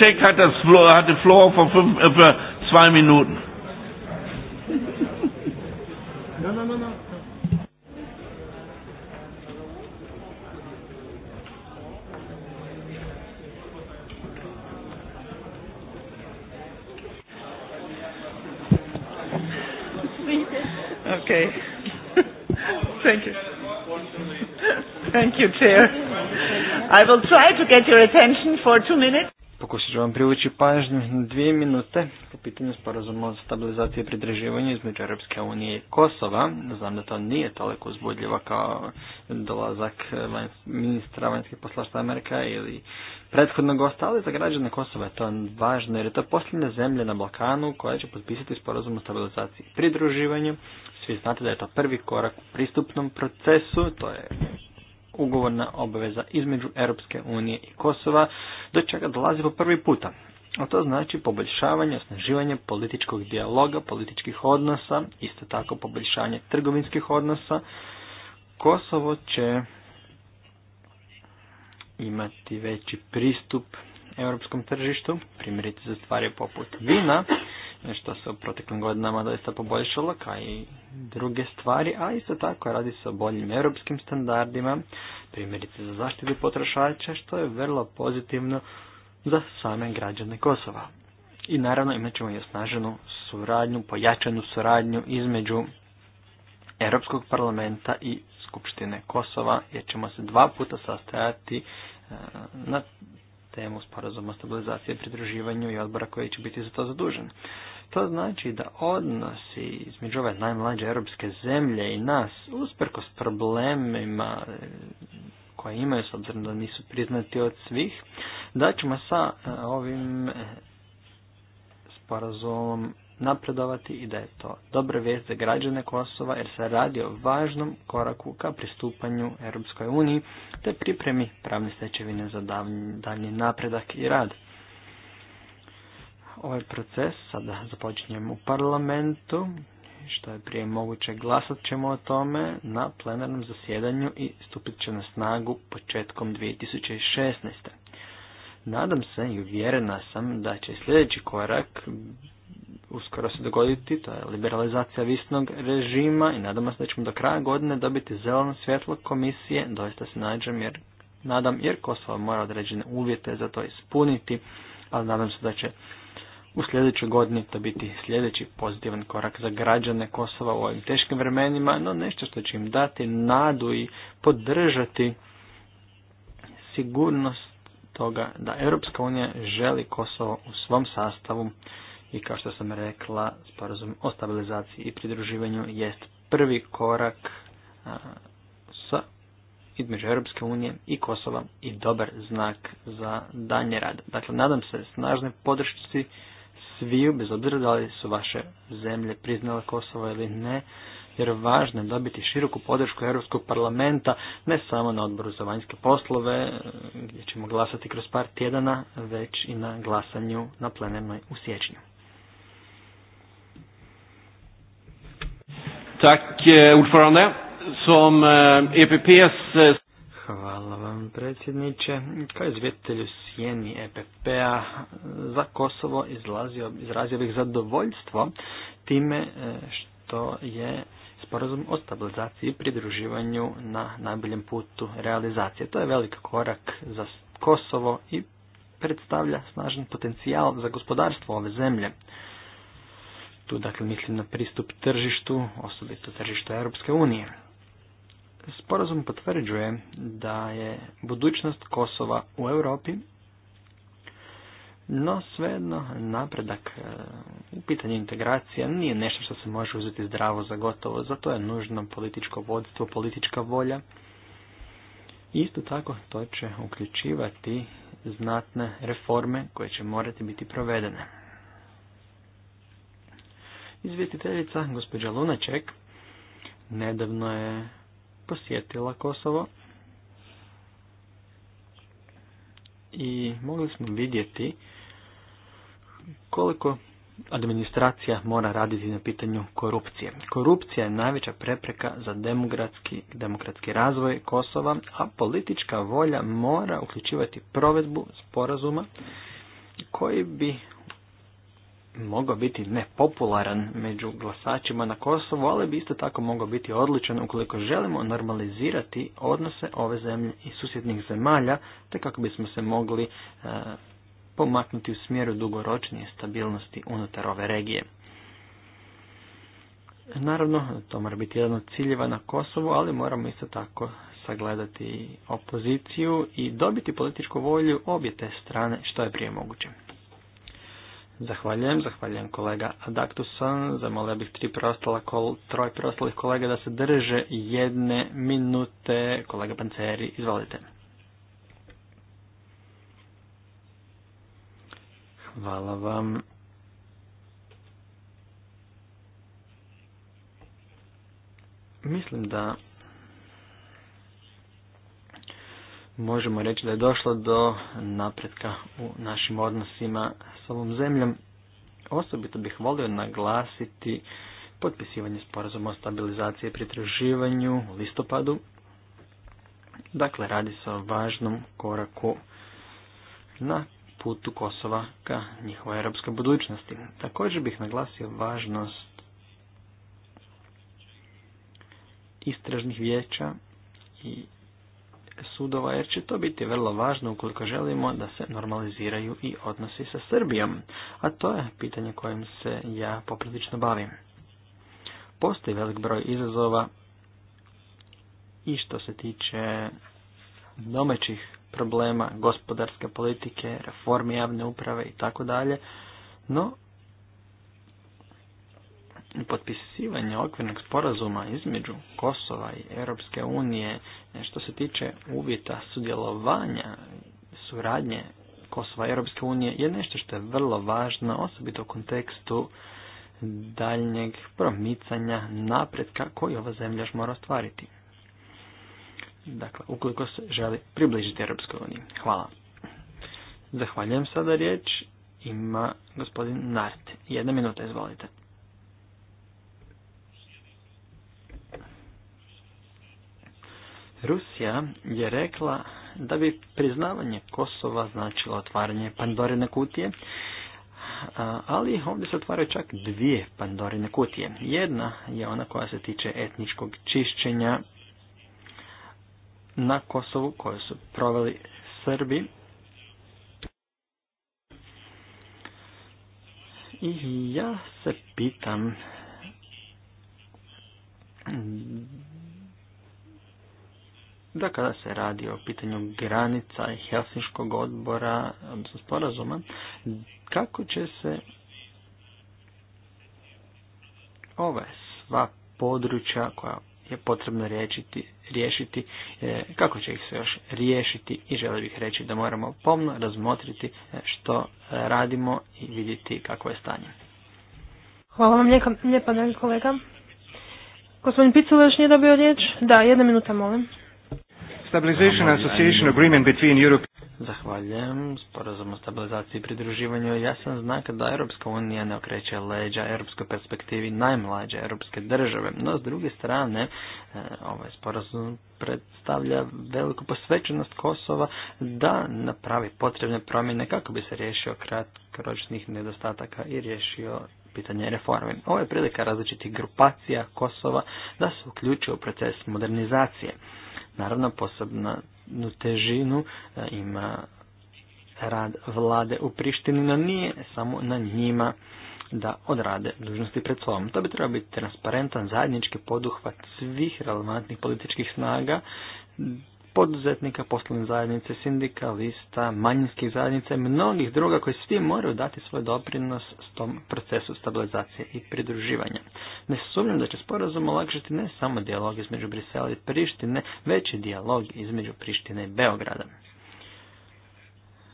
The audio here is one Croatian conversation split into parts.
Check hat das hat hatte Floor vor, fünf, äh, zwei Minuten. Okay. Thank you. Thank you, Chair. I will try to get your attention for two minutes ću vam privući pažnju na dvije minute po pitanju sporazuma o stabilizaciji i pridruživanju između Europske unije i Kosova. Znam da to nije toliko uzbudljivo kao dolazak ministra vanjskih poslašta Amerika ili prethodnog gosta, ali za građane Kosova je to važno jer je to posljednja zemlja na Balkanu koja će potpisati sporazum o stabilizaciji i pridruživanju. Svi znate da je to prvi korak u pristupnom procesu, to je ugovorna obveza između Europske unije i Kosova, do čega dolazi po prvi puta. A to znači poboljšavanje, osnaživanje političkog dijaloga, političkih odnosa, isto tako poboljšanje trgovinskih odnosa. Kosovo će imati veći pristup europskom tržištu, primjerice za stvari poput vina, što se u proteklim godinama doista poboljšalo, kao i druge stvari, a isto tako radi se o boljim europskim standardima, primjerice za zaštitu potrošača, što je vrlo pozitivno za same građane Kosova. I naravno imat ćemo i osnaženu suradnju, pojačanu suradnju između Europskog parlamenta i Skupštine Kosova, jer ćemo se dva puta sastajati e, na temu sporazuma o stabilizaciji pridruživanju i odbora koji će biti za to zadužen. To znači da odnosi između ove najmlađe europske zemlje i nas, usprkos problemima e, koje imaju, s obzirom da nisu priznati od svih, da ćemo sa e, ovim e, sporazumom napredovati i da je to dobra vijest za građane Kosova jer se radi o važnom koraku ka pristupanju Europskoj uniji te pripremi pravne stečevine za daljnji napredak i rad ovaj proces sada započinjemo u parlamentu, što je prije moguće glasat ćemo o tome na plenarnom zasjedanju i stupit će na snagu početkom 2016. Nadam se i uvjerena sam da će sljedeći korak uskoro se dogoditi, to je liberalizacija visnog režima i nadam se da ćemo do kraja godine dobiti zeleno svjetlo komisije, doista se nađem jer nadam jer Kosovo mora određene uvjete za to ispuniti, ali nadam se da će u sljedećoj godini to biti sljedeći pozitivan korak za građane Kosova u ovim teškim vremenima, no nešto što će im dati nadu i podržati sigurnost toga da Europska unija želi Kosovo u svom sastavu i kao što sam rekla, sporazum o stabilizaciji i pridruživanju jest prvi korak a, sa između Europske unije i Kosova i dobar znak za danje rad. Dakle, nadam se snažnoj podršci sviju, bez obzira da li su vaše zemlje priznale Kosovo ili ne, jer važno je dobiti široku podršku Europskog parlamenta, ne samo na odboru za vanjske poslove, gdje ćemo glasati kroz par tjedana, već i na glasanju na plenarnoj u siječnju. Tak, eh, Som EPPs eh, e eh, Hvala vam predsjedniče. Kao izvjetelju Sjeni EPP-a za Kosovo izrazio bih zadovoljstvo time e, što je sporazum o stabilizaciji i pridruživanju na najboljem putu realizacije. To je velik korak za Kosovo i predstavlja snažan potencijal za gospodarstvo ove zemlje. Tu dakle mislim na pristup tržištu, osobito tržištu Europske unije. Sporazum potvrđuje da je budućnost Kosova u Europi, no svejedno napredak e, u pitanju integracija nije nešto što se može uzeti zdravo za gotovo, zato je nužno političko vodstvo, politička volja. Isto tako to će uključivati znatne reforme koje će morati biti provedene. Izvjetiteljica, gospođa Lunaček nedavno je posjetila Kosovo i mogli smo vidjeti koliko administracija mora raditi na pitanju korupcije. Korupcija je najveća prepreka za demokratski, demokratski razvoj Kosova, a politička volja mora uključivati provedbu sporazuma koji bi mogao biti nepopularan među glasačima na Kosovu, ali bi isto tako mogao biti odličan ukoliko želimo normalizirati odnose ove zemlje i susjednih zemalja, te kako bismo se mogli e, pomaknuti u smjeru dugoročnije stabilnosti unutar ove regije. Naravno, to mora biti jedan od ciljeva na Kosovu, ali moramo isto tako sagledati opoziciju i dobiti političku volju obje te strane što je prije moguće. Zahvaljujem, zahvaljujem kolega Adaktuson. Zamolio bih tri preostala kol, troj preostalih kolega da se drže jedne minute. Kolega Panceri, izvolite. Hvala vam. Mislim da možemo reći da je došlo do napretka u našim odnosima s ovom zemljom. Osobito bih volio naglasiti potpisivanje sporazuma o stabilizaciji i pritraživanju u listopadu. Dakle, radi se o važnom koraku na putu Kosova ka njihove europske budućnosti. Također bih naglasio važnost istražnih vijeća i sudova jer će to biti vrlo važno ukoliko želimo da se normaliziraju i odnosi sa Srbijom, a to je pitanje kojim se ja poprilično bavim. Postoji velik broj izazova i što se tiče domaćih problema, gospodarske politike, reforme javne uprave i tako dalje, no potpisivanje okvirnog sporazuma između Kosova i Europske unije e, što se tiče uvjeta sudjelovanja suradnje Kosova i Europske unije je nešto što je vrlo važno, osobito u kontekstu daljnjeg promicanja napretka koji ova zemlja mora ostvariti. Dakle, ukoliko se želi približiti Europskoj uniji. Hvala. Zahvaljujem sada riječ. Ima gospodin Nart. Jedna minuta, izvolite. Rusija je rekla da bi priznavanje Kosova značilo otvaranje Pandorine kutije, ali ovdje se otvaraju čak dvije Pandorine kutije. Jedna je ona koja se tiče etničkog čišćenja na Kosovu koju su proveli Srbi I ja se pitam da kada se radi o pitanju granica i Helsinškog odbora, odnosno sporazuma, kako će se ove sva područja koja je potrebno riješiti, riješiti kako će ih se još riješiti i želio bih reći da moramo pomno razmotriti e, što radimo i vidjeti kako je stanje. Hvala vam lijepa, dragi kolega. Gospodin Picula još nije dobio riječ? Da, jedna minuta molim. Stabilization Association Agreement between Europe. Zahvaljujem. Sporazum o stabilizaciji i pridruživanju je jasan znak da Europska unija ne okreće leđa europskoj perspektivi najmlađe europske države. No, s druge strane, e, ovaj sporazum predstavlja veliku posvećenost Kosova da napravi potrebne promjene kako bi se riješio kratkoročnih nedostataka i riješio pitanje reforme Ovo je prilika različitih grupacija Kosova da se uključe u proces modernizacije. Naravno, posebnu težinu e, ima rad vlade u Prištini, no nije samo na njima da odrade dužnosti pred sobom. To bi trebao biti transparentan zajednički poduhvat svih relevantnih političkih snaga poduzetnika, poslovne zajednice, sindikalista, manjinskih zajednica i mnogih druga koji svi moraju dati svoj doprinos s tom procesu stabilizacije i pridruživanja. Ne sumnjam da će sporazum olakšati ne samo dijalog između Brisela i Prištine, već i dijalog između Prištine i Beograda.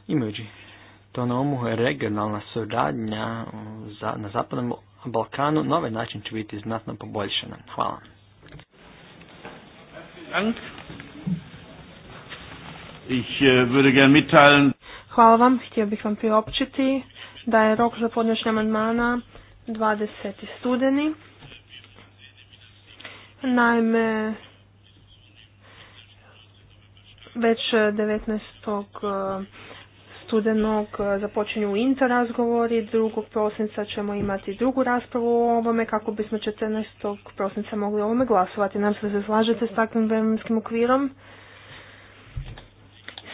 Imajući to na umu regionalna suradnja na Zapadnom Balkanu na ovaj način će biti znatno poboljšana. Hvala. Ich äh, würde mitteilen. Hvala vam, htio bih vam priopćiti da je rok za podnošenje amandmana 20. studeni. Naime, već 19. E, studenog e, započinju interazgovori, 2. prosinca ćemo imati drugu raspravu o ovome kako bismo 14. prosinca mogli o ovome glasovati. Nam se slažete s takvim vremenskim okvirom?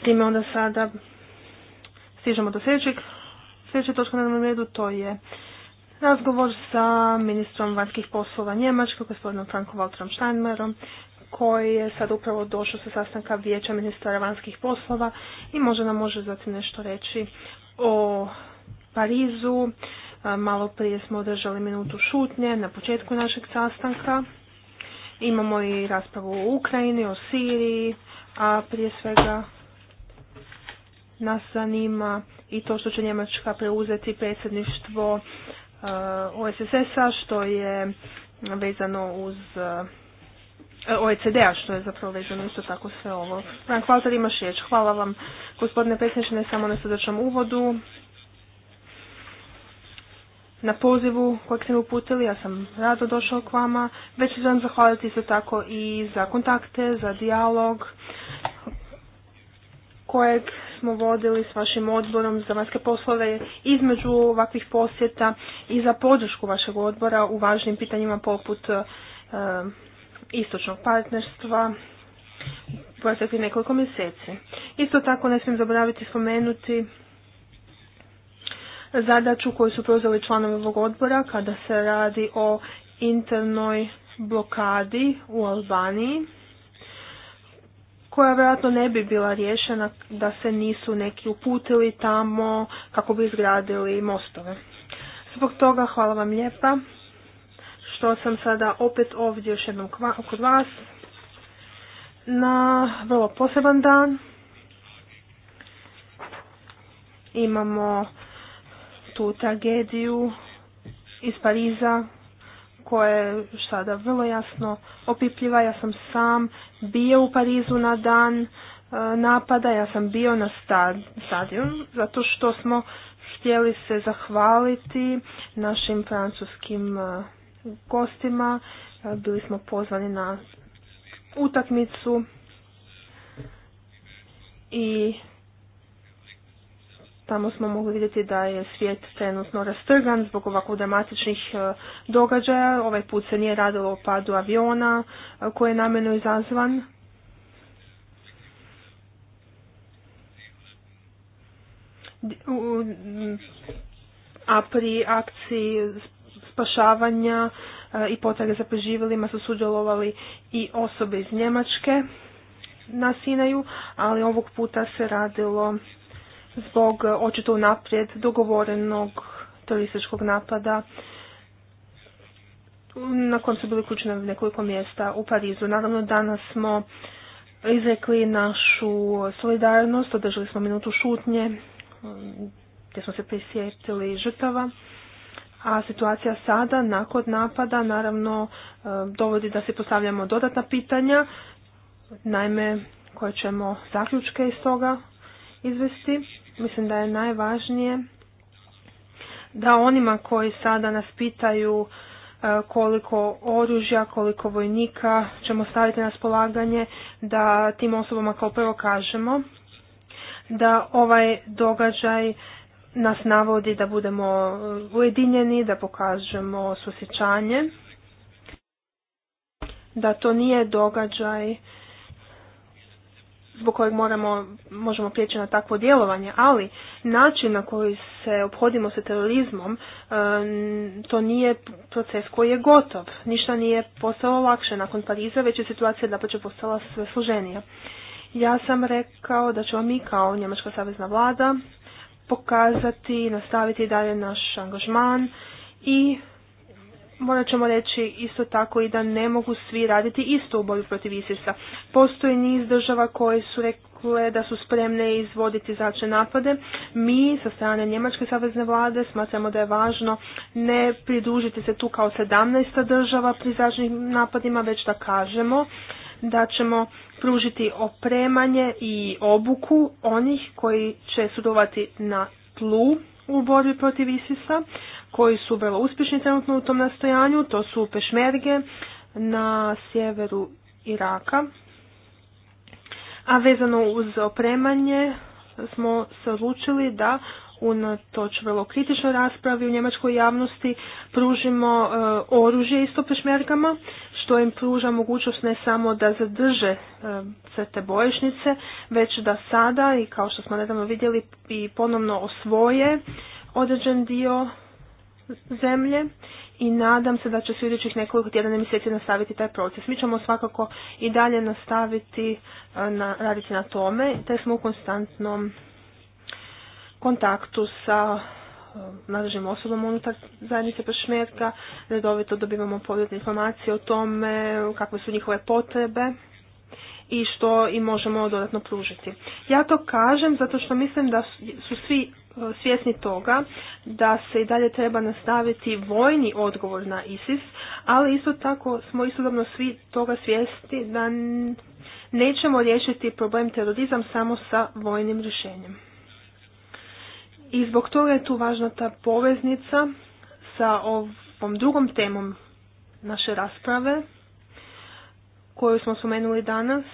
time onda sada stižemo do sljedećeg, sljedeće točka na redu, to je razgovor sa ministrom vanjskih poslova Njemačke, gospodinom Frankom Walterom Steinmerom, koji je sad upravo došao sa sastanka vijeća ministara vanjskih poslova i možda nam može zatim nešto reći o Parizu. Malo prije smo održali minutu šutnje na početku našeg sastanka. Imamo i raspravu o Ukrajini, o Siriji, a prije svega nas zanima i to što će Njemačka preuzeti predsjedništvo uh, OSSS-a što je vezano uz uh, OECD-a što je zapravo vezano isto tako sve ovo. Frank Walter imaš riječ. Hvala vam gospodine predsjedniče ne samo na sadačnom uvodu na pozivu kojeg ste mi uputili, ja sam rado došao k vama. Već želim zahvaliti isto tako i za kontakte, za dijalog kojeg smo vodili s vašim odborom za vanjske poslove između ovakvih posjeta i za podršku vašeg odbora u važnim pitanjima poput e, istočnog partnerstva u proteklih nekoliko mjeseci. Isto tako ne smijem zaboraviti spomenuti zadaću koju su preuzeli članovi ovog odbora kada se radi o internoj blokadi u Albaniji koja vjerojatno ne bi bila riješena da se nisu neki uputili tamo kako bi izgradili mostove. Zbog toga hvala vam lijepa što sam sada opet ovdje još jednom kod vas na vrlo poseban dan. Imamo tu tragediju iz Pariza koja je sada vrlo jasno opipljiva. Ja sam sam bio u Parizu na dan e, napada, ja sam bio na stadion zato što smo htjeli se zahvaliti našim francuskim e, gostima. E, bili smo pozvani na utakmicu i Tamo smo mogli vidjeti da je svijet trenutno rastrgan zbog ovako dramatičnih e, događaja. Ovaj put se nije radilo o padu aviona e, koji je namjerno izazvan. A pri akciji spašavanja e, i potrage za preživjelima su sudjelovali i osobe iz Njemačke na Sinaju, ali ovog puta se radilo zbog e, očito unaprijed dogovorenog terorističkog napada na kojem su bili uključene nekoliko mjesta u Parizu. Naravno danas smo izrekli našu solidarnost, održali smo minutu šutnje mm, gdje smo se prisjetili žrtava, a situacija sada nakon napada naravno e, dovodi da se postavljamo dodatna pitanja, naime koje ćemo zaključke iz toga izvesti. Mislim da je najvažnije da onima koji sada nas pitaju e, koliko oružja, koliko vojnika ćemo staviti na spolaganje da tim osobama kao prvo kažemo da ovaj događaj nas navodi da budemo ujedinjeni, da pokažemo susjećanje, da to nije događaj zbog kojeg moramo, možemo prijeći na takvo djelovanje, ali način na koji se obhodimo sa terorizmom, to nije proces koji je gotov. Ništa nije postalo lakše nakon Pariza, već je situacija da će postala sve složenija. Ja sam rekao da ćemo mi kao Njemačka savezna vlada pokazati, nastaviti dalje naš angažman i morat ćemo reći isto tako i da ne mogu svi raditi isto u borbi protiv ISIS-a. Postoji niz država koje su rekle da su spremne izvoditi zračne napade. Mi sa strane Njemačke savezne vlade smatramo da je važno ne pridružiti se tu kao 17. država pri zračnim napadima, već da kažemo da ćemo pružiti opremanje i obuku onih koji će sudovati na tlu u borbi protiv ISIS-a, koji su vrlo uspješni trenutno u tom nastojanju, to su pešmerge na sjeveru Iraka. A vezano uz opremanje smo se odlučili da unatoč vrlo kritičnoj raspravi u njemačkoj javnosti pružimo e, oružje isto pešmergama, što im pruža mogućnost ne samo da zadrže e, sve te bojišnice, već da sada i kao što smo nedavno vidjeli i ponovno osvoje određen dio zemlje i nadam se da će slijedećih nekoliko tjedana mjeseci nastaviti taj proces. Mi ćemo svakako i dalje nastaviti e, na, raditi na tome, te smo u konstantnom kontaktu sa e, nadležnim osobom unutar zajednice Pešmerka, redovito dobivamo povjetne informacije o tome kakve su njihove potrebe i što im možemo dodatno pružiti. Ja to kažem zato što mislim da su svi svjesni toga da se i dalje treba nastaviti vojni odgovor na ISIS, ali isto tako smo istodobno svi toga svjesni da nećemo riješiti problem terorizam samo sa vojnim rješenjem. I zbog toga je tu važna ta poveznica sa ovom drugom temom naše rasprave koju smo spomenuli danas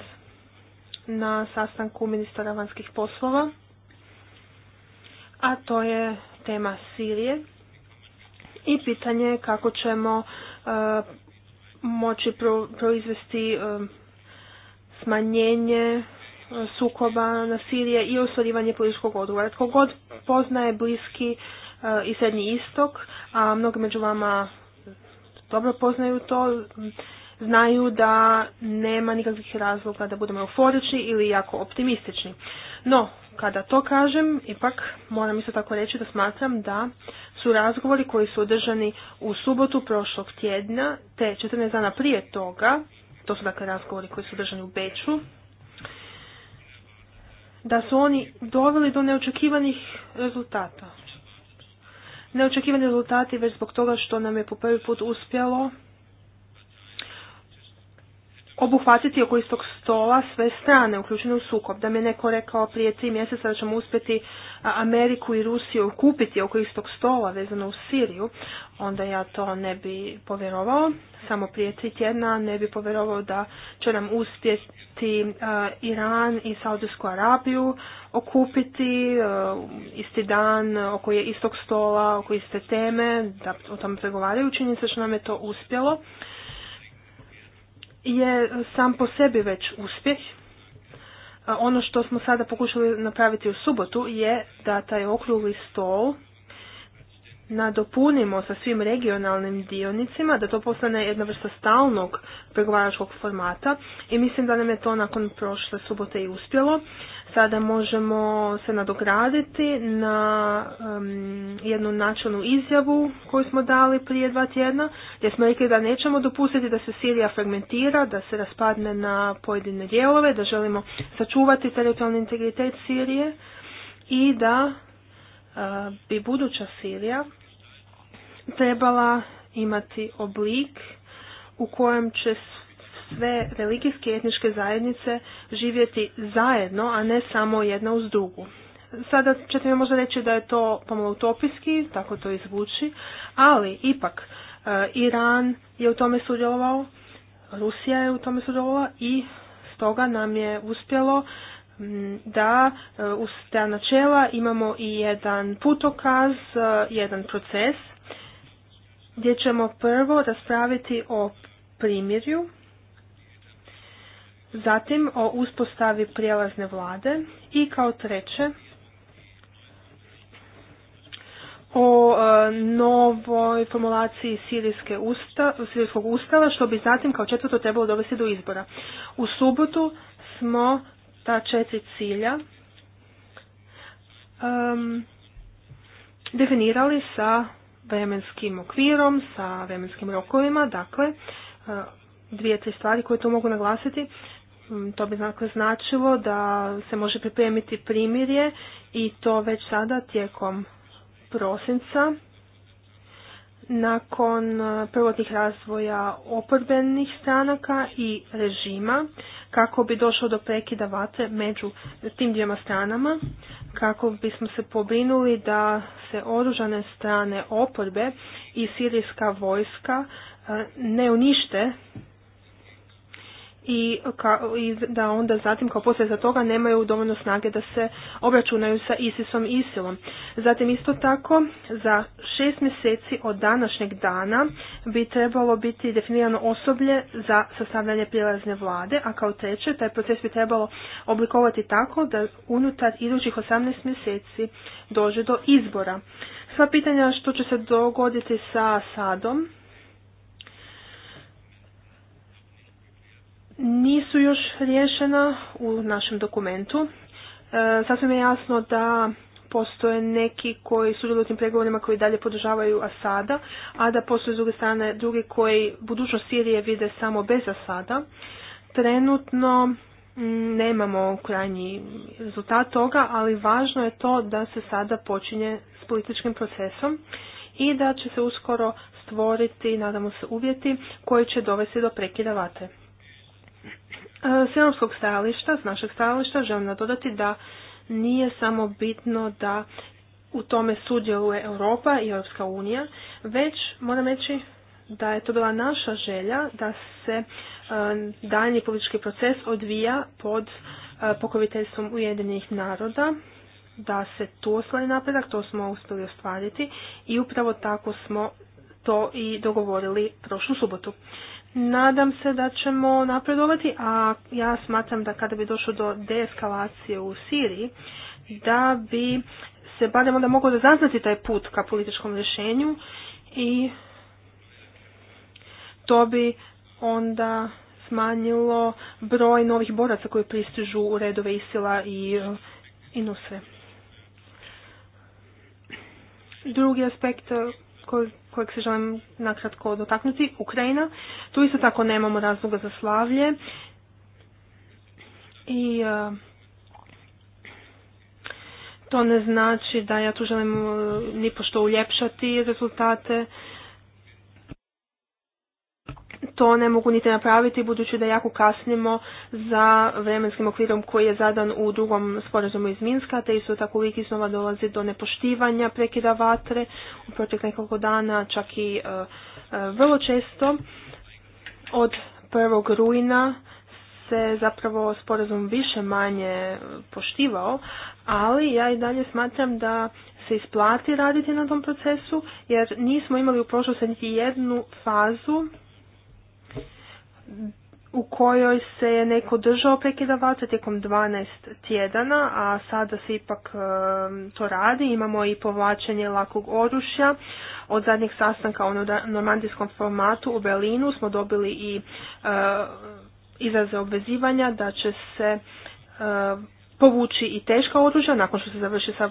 na sastanku ministara vanjskih poslova a to je tema Sirije i pitanje kako ćemo e, moći proizvesti e, smanjenje e, sukoba na Sirije i ostvarivanje političkog odgovora. Tko god poznaje bliski i Srednji istok, a mnogi među vama dobro poznaju to, znaju da nema nikakvih razloga da budemo euforični ili jako optimistični. No, kada to kažem, ipak moram isto tako reći da smatram da su razgovori koji su održani u subotu prošlog tjedna, te 14 dana prije toga, to su dakle razgovori koji su održani u Beču, da su oni doveli do neočekivanih rezultata. Neočekivani rezultati već zbog toga što nam je po prvi put uspjelo obuhvatiti oko istog stola sve strane, uključene u sukob. Da mi je neko rekao prije tri mjeseca da ćemo uspjeti Ameriku i Rusiju kupiti oko istog stola vezano u Siriju, onda ja to ne bi povjerovao. Samo prije tri tjedna ne bi povjerovao da će nam uspjeti Iran i Saudijsku Arabiju okupiti isti dan oko istog stola, oko iste teme, da o tom pregovaraju. se što nam je to uspjelo je sam po sebi već uspjeh. E, ono što smo sada pokušali napraviti u subotu je da taj okrugli stol nadopunimo sa svim regionalnim dionicima, da to postane jedna vrsta stalnog pregovaračkog formata i mislim da nam je to nakon prošle subote i uspjelo. Sada možemo se nadograditi na jednu načelnu izjavu koju smo dali prije dva tjedna, gdje smo rekli da nećemo dopustiti da se Sirija fragmentira, da se raspadne na pojedine dijelove, da želimo sačuvati teritorijalni integritet Sirije i da eh, bi buduća Sirija trebala imati oblik u kojem će sve religijske i etničke zajednice živjeti zajedno, a ne samo jedna uz drugu. Sada ćete mi možda reći da je to pomalo utopijski, tako to i zvuči, ali ipak e, Iran je u tome sudjelovao, Rusija je u tome sudjelovala i stoga nam je uspjelo da e, uz ta načela imamo i jedan putokaz, e, jedan proces gdje ćemo prvo raspraviti o primjerju, zatim o uspostavi prijelazne vlade i kao treće o e, novoj formulaciji sirijske usta, sirijskog ustava, što bi zatim kao četvrto trebalo dovesti do izbora. U subotu smo ta četiri cilja definirali sa vremenskim okvirom, sa vremenskim rokovima, dakle, e, dvije, tri stvari koje to mogu naglasiti. Mm, to bi dakle značilo da se može pripremiti primirje i to već sada tijekom prosinca nakon e, prvotnih razvoja oporbenih stranaka i režima kako bi došlo do prekida vatre među tim dvijema stranama, kako bismo se pobrinuli da se oružane strane oporbe i sirijska vojska eh, ne unište i, da onda zatim kao za toga nemaju dovoljno snage da se obračunaju sa ISISom i ISILom. Zatim isto tako za šest mjeseci od današnjeg dana bi trebalo biti definirano osoblje za sastavljanje prijelazne vlade, a kao treće taj proces bi trebalo oblikovati tako da unutar idućih 18 mjeseci dođe do izbora. Sva pitanja što će se dogoditi sa Sadom, nisu još riješena u našem dokumentu. E, sasvim je jasno da postoje neki koji sudjeluju u tim pregovorima koji dalje podržavaju Asada, a da postoje s druge strane drugi koji budućnost Sirije vide samo bez Asada. Trenutno nemamo krajnji rezultat toga, ali važno je to da se sada počinje s političkim procesom i da će se uskoro stvoriti, nadamo se, uvjeti koji će dovesti do prekida E, s europskog stajališta, s našeg stajališta, želim nadodati da nije samo bitno da u tome sudjeluje Europa i Europska unija, već moram reći da je to bila naša želja da se e, daljnji politički proces odvija pod e, pokoviteljstvom Ujedinjenih naroda, da se tu ostvari napredak, to smo uspjeli ostvariti i upravo tako smo to i dogovorili prošlu subotu. Nadam se da ćemo napredovati, a ja smatram da kada bi došlo do deeskalacije u Siriji, da bi se barem onda moglo zaznati taj put ka političkom rješenju i to bi onda smanjilo broj novih boraca koji pristižu u redove Isila i, i Nusre. Drugi aspekt koji kojeg se želim nakratko dotaknuti, Ukrajina. Tu isto tako nemamo razloga za slavlje. I e, to ne znači da ja tu želim uh, e, nipošto uljepšati rezultate to ne mogu niti napraviti budući da jako kasnimo za vremenskim okvirom koji je zadan u drugom sporazumu iz Minska, te isto tako uvijek iznova dolazi do nepoštivanja prekida vatre u proteklih nekoliko dana, čak i e, e, vrlo često. Od 1. rujna se zapravo sporazum više manje poštivao, ali ja i dalje smatram da se isplati raditi na tom procesu, jer nismo imali u prošlosti niti jednu fazu u kojoj se je neko držao prekida tijekom 12 tjedana, a sada se ipak to radi. Imamo i povlačenje lakog oružja. Od zadnjih sastanka u normandijskom formatu u Berlinu smo dobili i e, izraze obvezivanja da će se eh, povući i teška oružja nakon što se završi sa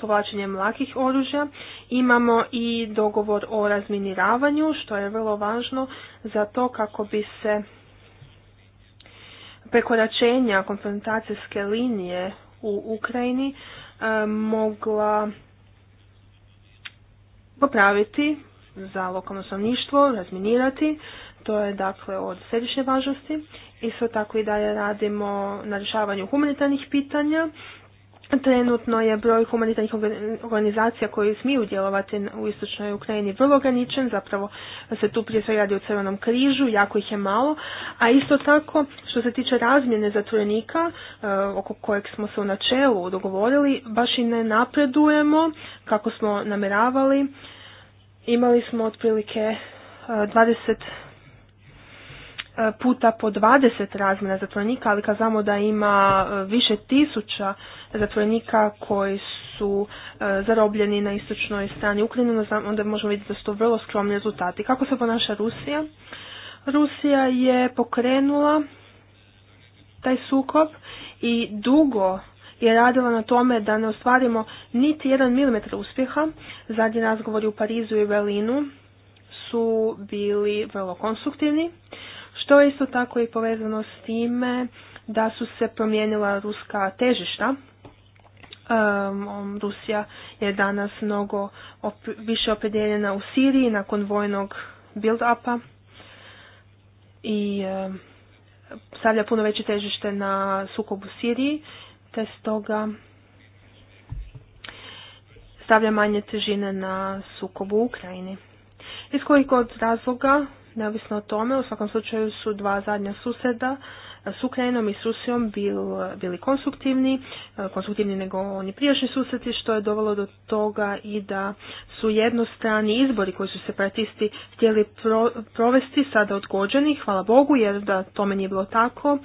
povlačenjem lakih oružja. Imamo i dogovor o razminiravanju što je vrlo važno za to kako bi se prekoračenja konfrontacijske linije u Ukrajini e, mogla popraviti za lokalno stanovništvo, razminirati. To je dakle od središnje važnosti. Isto tako i dalje radimo na rješavanju humanitarnih pitanja. Trenutno je broj humanitarnih organizacija koji smiju djelovati u istočnoj Ukrajini vrlo ograničen, zapravo se tu prije sve radi o Crvenom križu, jako ih je malo, a isto tako što se tiče razmjene zatvorenika e, oko kojeg smo se u načelu dogovorili, baš i ne napredujemo kako smo namjeravali Imali smo otprilike 20 e, E, puta po 20 razmjena zatvorenika, ali kad znamo da ima e, više tisuća zatvorenika koji su e, zarobljeni na istočnoj strani Ukrajine, onda možemo vidjeti da su to vrlo skromni rezultati. Kako se ponaša Rusija? Rusija je pokrenula taj sukob i dugo je radila na tome da ne ostvarimo niti jedan milimetar uspjeha. Zadnji razgovori u Parizu i Berlinu su bili vrlo konstruktivni što je isto tako i povezano s time da su se promijenila ruska težišta. Rusija je danas mnogo više opredjeljena u Siriji nakon vojnog build-upa i stavlja puno veće težište na sukobu u Siriji, te stoga stavlja manje težine na sukobu u Ukrajini. Iz kojih od razloga Neovisno o tome, u svakom slučaju su dva zadnja suseda e, s Ukrajinom i Rusijom bili, konstruktivni, e, konstruktivni nego oni prijašnji susreti, što je dovelo do toga i da su jednostrani izbori koji su separatisti htjeli provesti sada odgođeni, hvala Bogu, jer da tome nije bilo tako,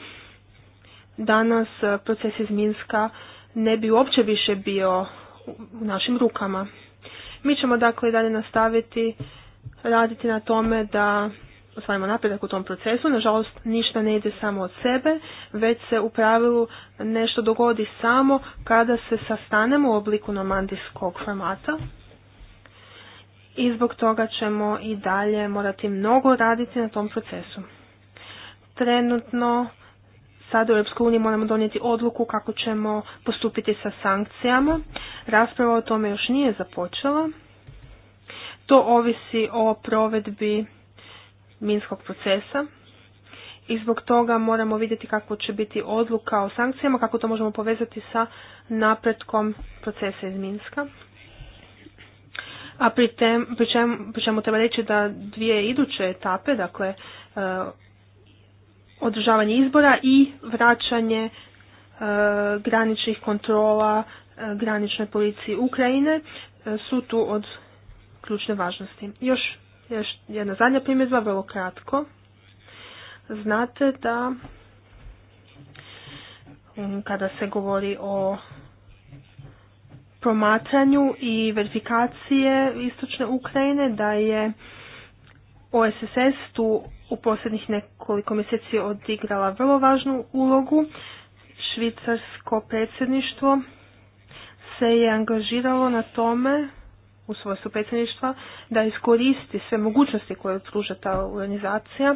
danas e, proces iz Minska ne bi uopće više bio u našim rukama. Mi ćemo dakle dalje nastaviti raditi na tome da osvajamo napredak u tom procesu. Nažalost, ništa ne ide samo od sebe, već se u pravilu nešto dogodi samo kada se sastanemo u obliku nomandijskog formata. I zbog toga ćemo i dalje morati mnogo raditi na tom procesu. Trenutno sad u EU moramo donijeti odluku kako ćemo postupiti sa sankcijama. Rasprava o tome još nije započela. To ovisi o provedbi minskog procesa i zbog toga moramo vidjeti kako će biti odluka o sankcijama, kako to možemo povezati sa napretkom procesa iz Minska. A pri, tem, pri, čemu, pri čemu treba reći da dvije iduće etape, dakle e, održavanje izbora i vraćanje e, graničnih kontrola e, graničnoj policiji Ukrajine e, su tu od ključne važnosti. Još, još jedna zadnja primjedba, vrlo kratko. Znate da mm, kada se govori o promatranju i verifikacije istočne Ukrajine, da je OSSS tu u posljednjih nekoliko mjeseci odigrala vrlo važnu ulogu. Švicarsko predsjedništvo se je angažiralo na tome u svojstvu predsjedništva da iskoristi sve mogućnosti koje pruža ta organizacija,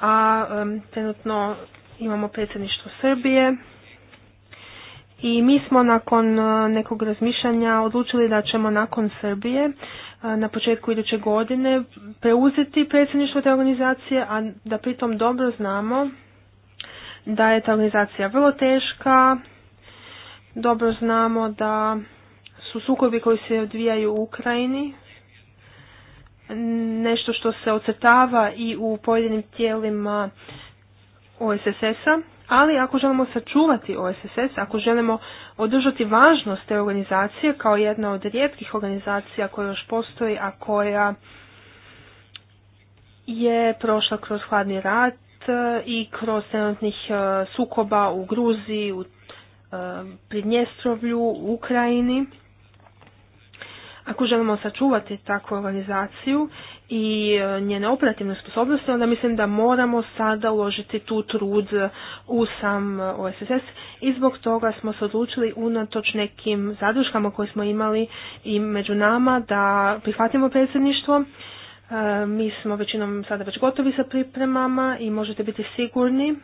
a trenutno imamo predsjedništvo Srbije i mi smo nakon e, nekog razmišljanja odlučili da ćemo nakon Srbije e, na početku iduće godine preuzeti predsjedništvo te organizacije, a da pritom dobro znamo da je ta organizacija vrlo teška, dobro znamo da su sukobi koji se odvijaju u Ukrajini, nešto što se ocrtava i u pojedinim tijelima OSSS-a, ali ako želimo sačuvati OSSS, ako želimo održati važnost te organizacije kao jedna od rijetkih organizacija koja još postoji, a koja je prošla kroz hladni rat e, i kroz trenutnih e, sukoba u Gruziji, u e, Pridnjestrovlju, u Ukrajini, ako želimo sačuvati takvu organizaciju i e, njene operativne sposobnosti, onda mislim da moramo sada uložiti tu trud u sam e, OSSS i zbog toga smo se odlučili unatoč nekim zadruškama koje smo imali i među nama da prihvatimo predsjedništvo. E, mi smo većinom sada već gotovi sa pripremama i možete biti sigurni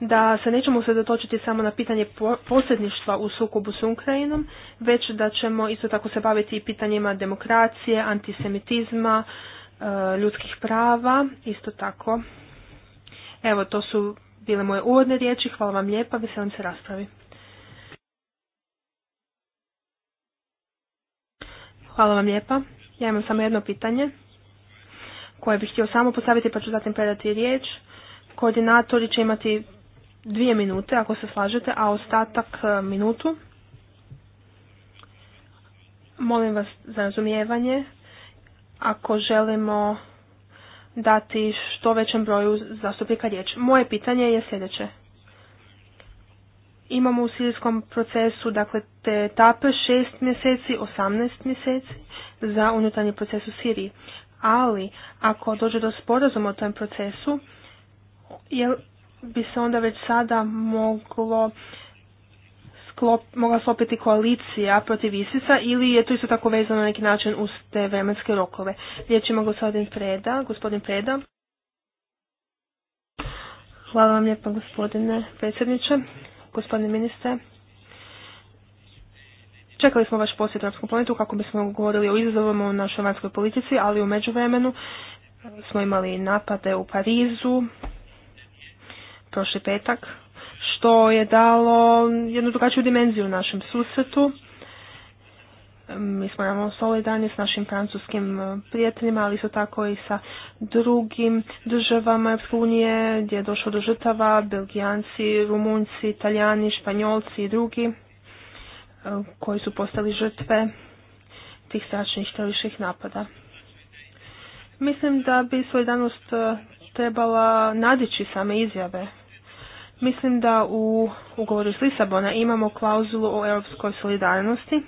da se nećemo usredotočiti samo na pitanje posredništva u sukobu s Ukrajinom, već da ćemo isto tako se baviti i pitanjima demokracije, antisemitizma, e, ljudskih prava, isto tako. Evo, to su bile moje uvodne riječi, hvala vam lijepa, veselim se raspravi. Hvala vam lijepa. Ja imam samo jedno pitanje koje bih htio samo postaviti pa ću zatim predati riječ. Koordinatori će imati dvije minute ako se slažete, a ostatak e, minutu. Molim vas za razumijevanje. Ako želimo dati što većem broju zastupnika riječ. Moje pitanje je sljedeće. Imamo u sirijskom procesu dakle, te etape 6 mjeseci, 18 mjeseci za unutarnji proces u Siriji. Ali ako dođe do sporazuma o tom procesu, je bi se onda već sada moglo sklop, mogla sklopiti koalicija protiv Isisa ili je to isto tako vezano na neki način uz te vremenske rokove. Riječ ima gospodin Preda. Gospodin Preda. Hvala vam lijepa gospodine predsjedniče, gospodine ministre. Čekali smo vaš posjet u kako bismo govorili o izazovima u našoj vanjskoj politici, ali u međuvremenu smo imali napade u Parizu, prošli petak, što je dalo jednu drugačiju dimenziju u našem susretu. Mi smo nam solidarni s našim francuskim e, prijateljima, ali isto tako i sa drugim državama Europske unije gdje je došlo do žrtava, Belgijanci, Rumunci, Italijani, Španjolci i drugi e, koji su postali žrtve tih stračnih, teroriških napada. Mislim da bi solidarnost e, trebala nadići same izjave. Mislim da u ugovoru s Lisabona imamo klauzulu o europskoj solidarnosti.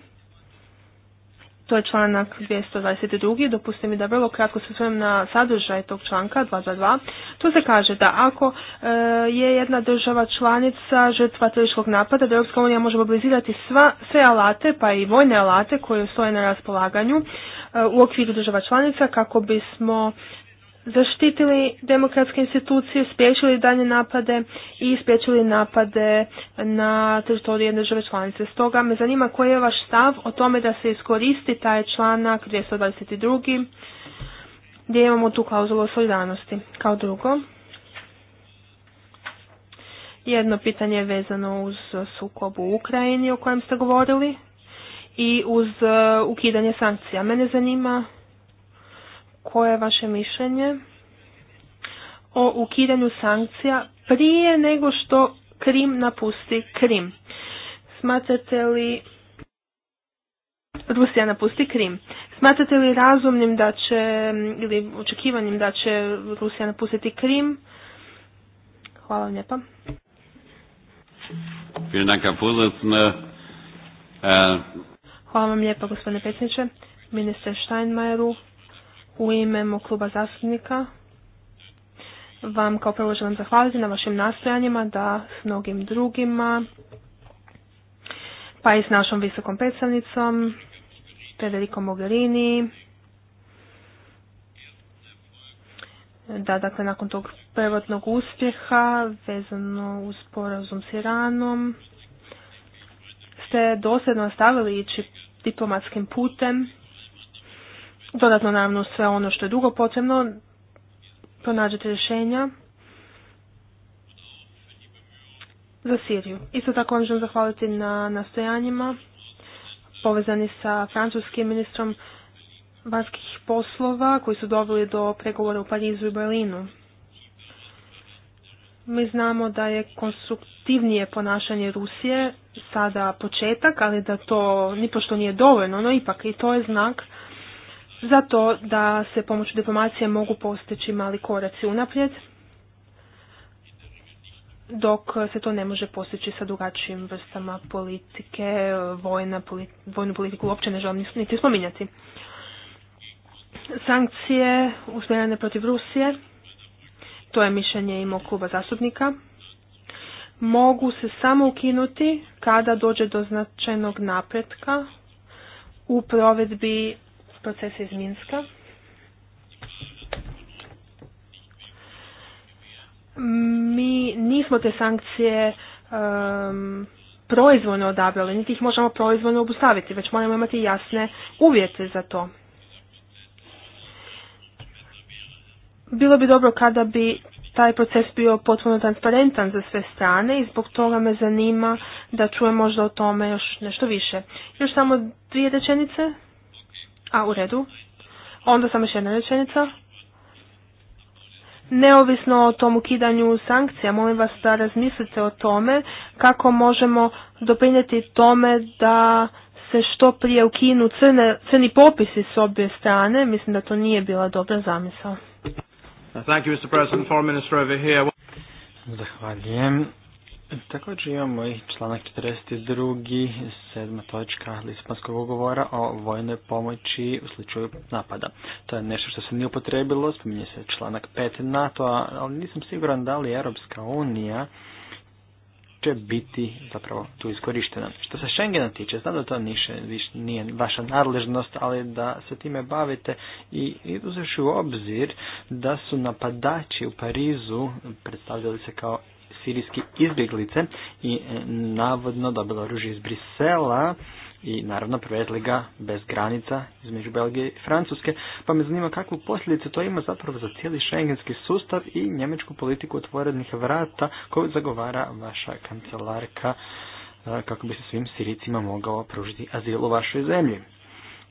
To je članak 222. Dopustite mi da vrlo kratko se svojim na sadržaj tog članka 222. Tu se kaže da ako e, je jedna država članica žrtva tržiškog napada, da Europska unija može mobilizirati sva, sve alate, pa i vojne alate koje stoje na raspolaganju e, u okviru država članica kako bismo zaštitili demokratske institucije, spriječili dalje napade i spriječili napade na teritoriju jedne države članice. Stoga me zanima koji je vaš stav o tome da se iskoristi taj članak 222. gdje imamo tu klauzulu o solidarnosti. Kao drugo, jedno pitanje je vezano uz sukob u Ukrajini o kojem ste govorili i uz uh, ukidanje sankcija. Mene zanima koje je vaše mišljenje o ukidanju sankcija prije nego što Krim napusti Krim? Smatrate li Rusija napusti Krim? Smatrate li razumnim da će, ili očekivanjem da će Rusija napustiti Krim? Hvala vam lijepa. Äh, Hvala vam lijepa gospodine predsjedniče, ministre Steinmeieru, u ime mog kluba zastupnika vam kao prvo želim zahvaliti na vašim nastojanjima da s mnogim drugima pa i s našom visokom predstavnicom Federico Mogherini da dakle nakon tog prvotnog uspjeha vezano uz sporazum s Iranom ste dosljedno nastavili ići diplomatskim putem dodatno naravno sve ono što je dugo potrebno, pronađete rješenja za Siriju. Isto tako vam želim zahvaliti na nastojanjima povezani sa francuskim ministrom vanjskih poslova koji su doveli do pregovora u Parizu i Berlinu. Mi znamo da je konstruktivnije ponašanje Rusije sada početak, ali da to nipošto nije dovoljno, no ipak i to je znak za to da se pomoću diplomacije mogu postići mali koraci unaprijed, dok se to ne može postići sa drugačijim vrstama politike, vojna, vojnu politiku uopće ne želim niti spominjati. Sankcije usmjerene protiv Rusije, to je mišljenje i mog kluba zastupnika, mogu se samo ukinuti kada dođe do značajnog napretka u provedbi proces iz Minska. Mi nismo te sankcije um, proizvoljno odabrali, niti ih možemo proizvoljno obustaviti, već moramo imati jasne uvjete za to. Bilo bi dobro kada bi taj proces bio potpuno transparentan za sve strane i zbog toga me zanima da čujem možda o tome još nešto više. Još samo dvije rečenice. A u redu. Onda samo još jedna rečenica. Neovisno o tom ukidanju sankcija, molim vas da razmislite o tome kako možemo doprinijeti tome da se što prije ukinu crni popisi s obje strane. Mislim da to nije bila dobra zamisla. Zahvaljujem. Također imamo i članak 42. sedma točka Lisbonskog ugovora o vojnoj pomoći u slučaju napada. To je nešto što se nije upotrebilo, spominje se članak 5 nato ali nisam siguran da li Europska unija će biti zapravo tu iskorištena. Što se Schengena tiče, znam da to niše, viš, nije vaša nadležnost, ali da se time bavite i uzeš u obzir da su napadači u Parizu predstavljali se kao sirijski izbjeglice i e, navodno dobilo oružje iz Brisela i naravno prevezli ga bez granica između Belgije i Francuske. Pa me zanima kakvu posljedicu to ima zapravo za cijeli šengenski sustav i njemečku politiku otvorenih vrata koju zagovara vaša kancelarka e, kako bi se svim Sirijcima mogao pružiti azil u vašoj zemlji.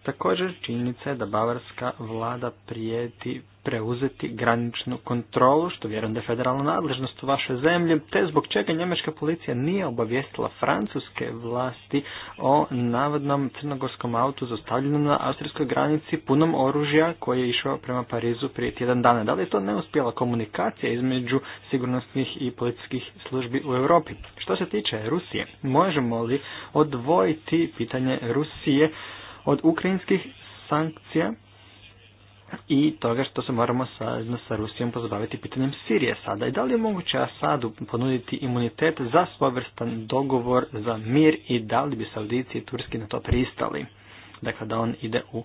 Također činjenica je da bavarska vlada prijeti preuzeti graničnu kontrolu, što vjerujem da je federalna nadležnost u vašoj zemlji, te zbog čega njemačka policija nije obavijestila francuske vlasti o navodnom crnogorskom autu zostavljenom na austrijskoj granici punom oružja koji je išao prema Parizu prije tjedan dana. Da li je to neuspjela komunikacija između sigurnosnih i policijskih službi u Europi? Što se tiče Rusije, možemo li odvojiti pitanje Rusije od ukrajinskih sankcija i toga što se moramo sa Rusijom pozabaviti pitanjem Sirije sada. I da li je moguće Asadu ponuditi imunitet za svovrstan dogovor za mir i da li bi Saudici i Turski na to pristali? Dakle, da on ide u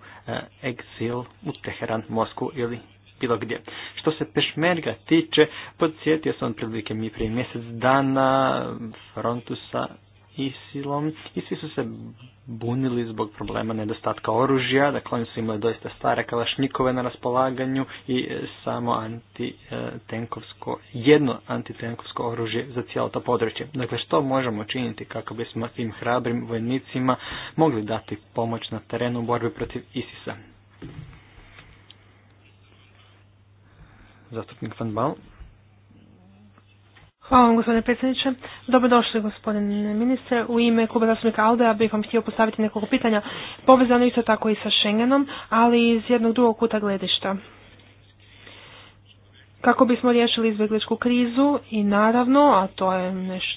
eksil u Teheran, Mosku ili bilo gdje. Što se pešmerga tiče, podsjetio sam prilike mi prije mjesec dana frontu sa Isilom i svi su se bunili zbog problema nedostatka oružja, dakle oni su imali doista stare kalašnikove na raspolaganju i e, samo antitenkovsko, e, jedno antitenkovsko oružje za cijelo to područje. Dakle, što možemo činiti kako bismo tim hrabrim vojnicima mogli dati pomoć na terenu u borbi protiv Isisa? Zastupnik Van Bal. Hvala vam gospodine predsjedniče. Dobrodošli gospodine ministre. U ime kluba zastupnika Aldeja bih vam htio postaviti nekoliko pitanja. Povezano isto tako i sa Schengenom, ali iz jednog drugog kuta gledišta. Kako bismo riješili izbjegličku krizu i naravno, a to je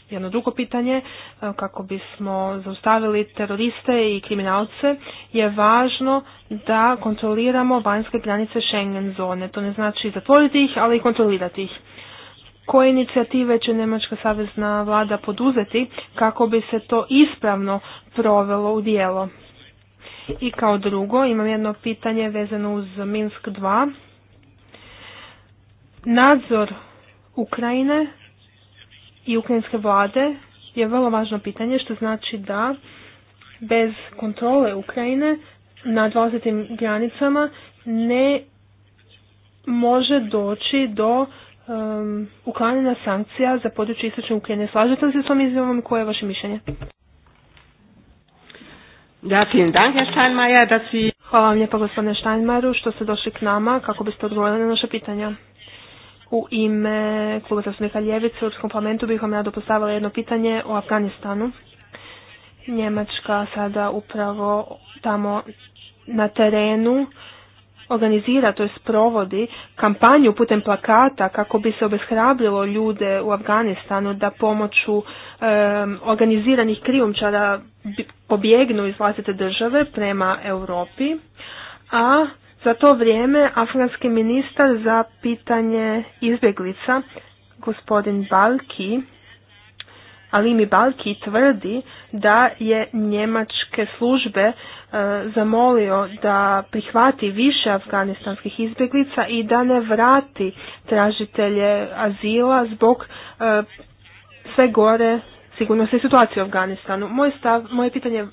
jedno drugo pitanje, e, kako bismo zaustavili teroriste i kriminalce, je važno da kontroliramo vanjske granice Schengen zone. To ne znači zatvoriti ih, ali i kontrolirati ih koje inicijative će Njemačka savezna vlada poduzeti kako bi se to ispravno provelo u dijelo? I kao drugo, imam jedno pitanje vezano uz Minsk 2. Nadzor Ukrajine i ukrajinske vlade je vrlo važno pitanje, što znači da bez kontrole Ukrajine na 20. granicama ne može doći do um, uklanjena sankcija za područje istočne Ukrajine. Slažete li se s ovom izjavom i koje je vaše mišljenje? Ja, vielen Dank, Steinmeier, da Hvala vam lijepo, gospodine Steinmeieru što ste došli k nama kako biste odgovorili na naše pitanja. U ime Kluba zastupnika Ljevice u Europskom parlamentu bih vam rado postavila jedno pitanje o Afganistanu. Njemačka sada upravo tamo na terenu organizira, to je sprovodi kampanju putem plakata kako bi se obeshrabrilo ljude u Afganistanu da pomoću organiziranih krijumčara pobjegnu iz vlastite države prema Europi, a za to vrijeme afganski ministar za pitanje izbjeglica, gospodin Balki, Alimi Balki tvrdi da je njemačke službe e, zamolio da prihvati više afganistanskih izbjeglica i da ne vrati tražitelje azila zbog e, sve gore sigurnosne situacije u Afganistanu. Moj stav, moje pitanje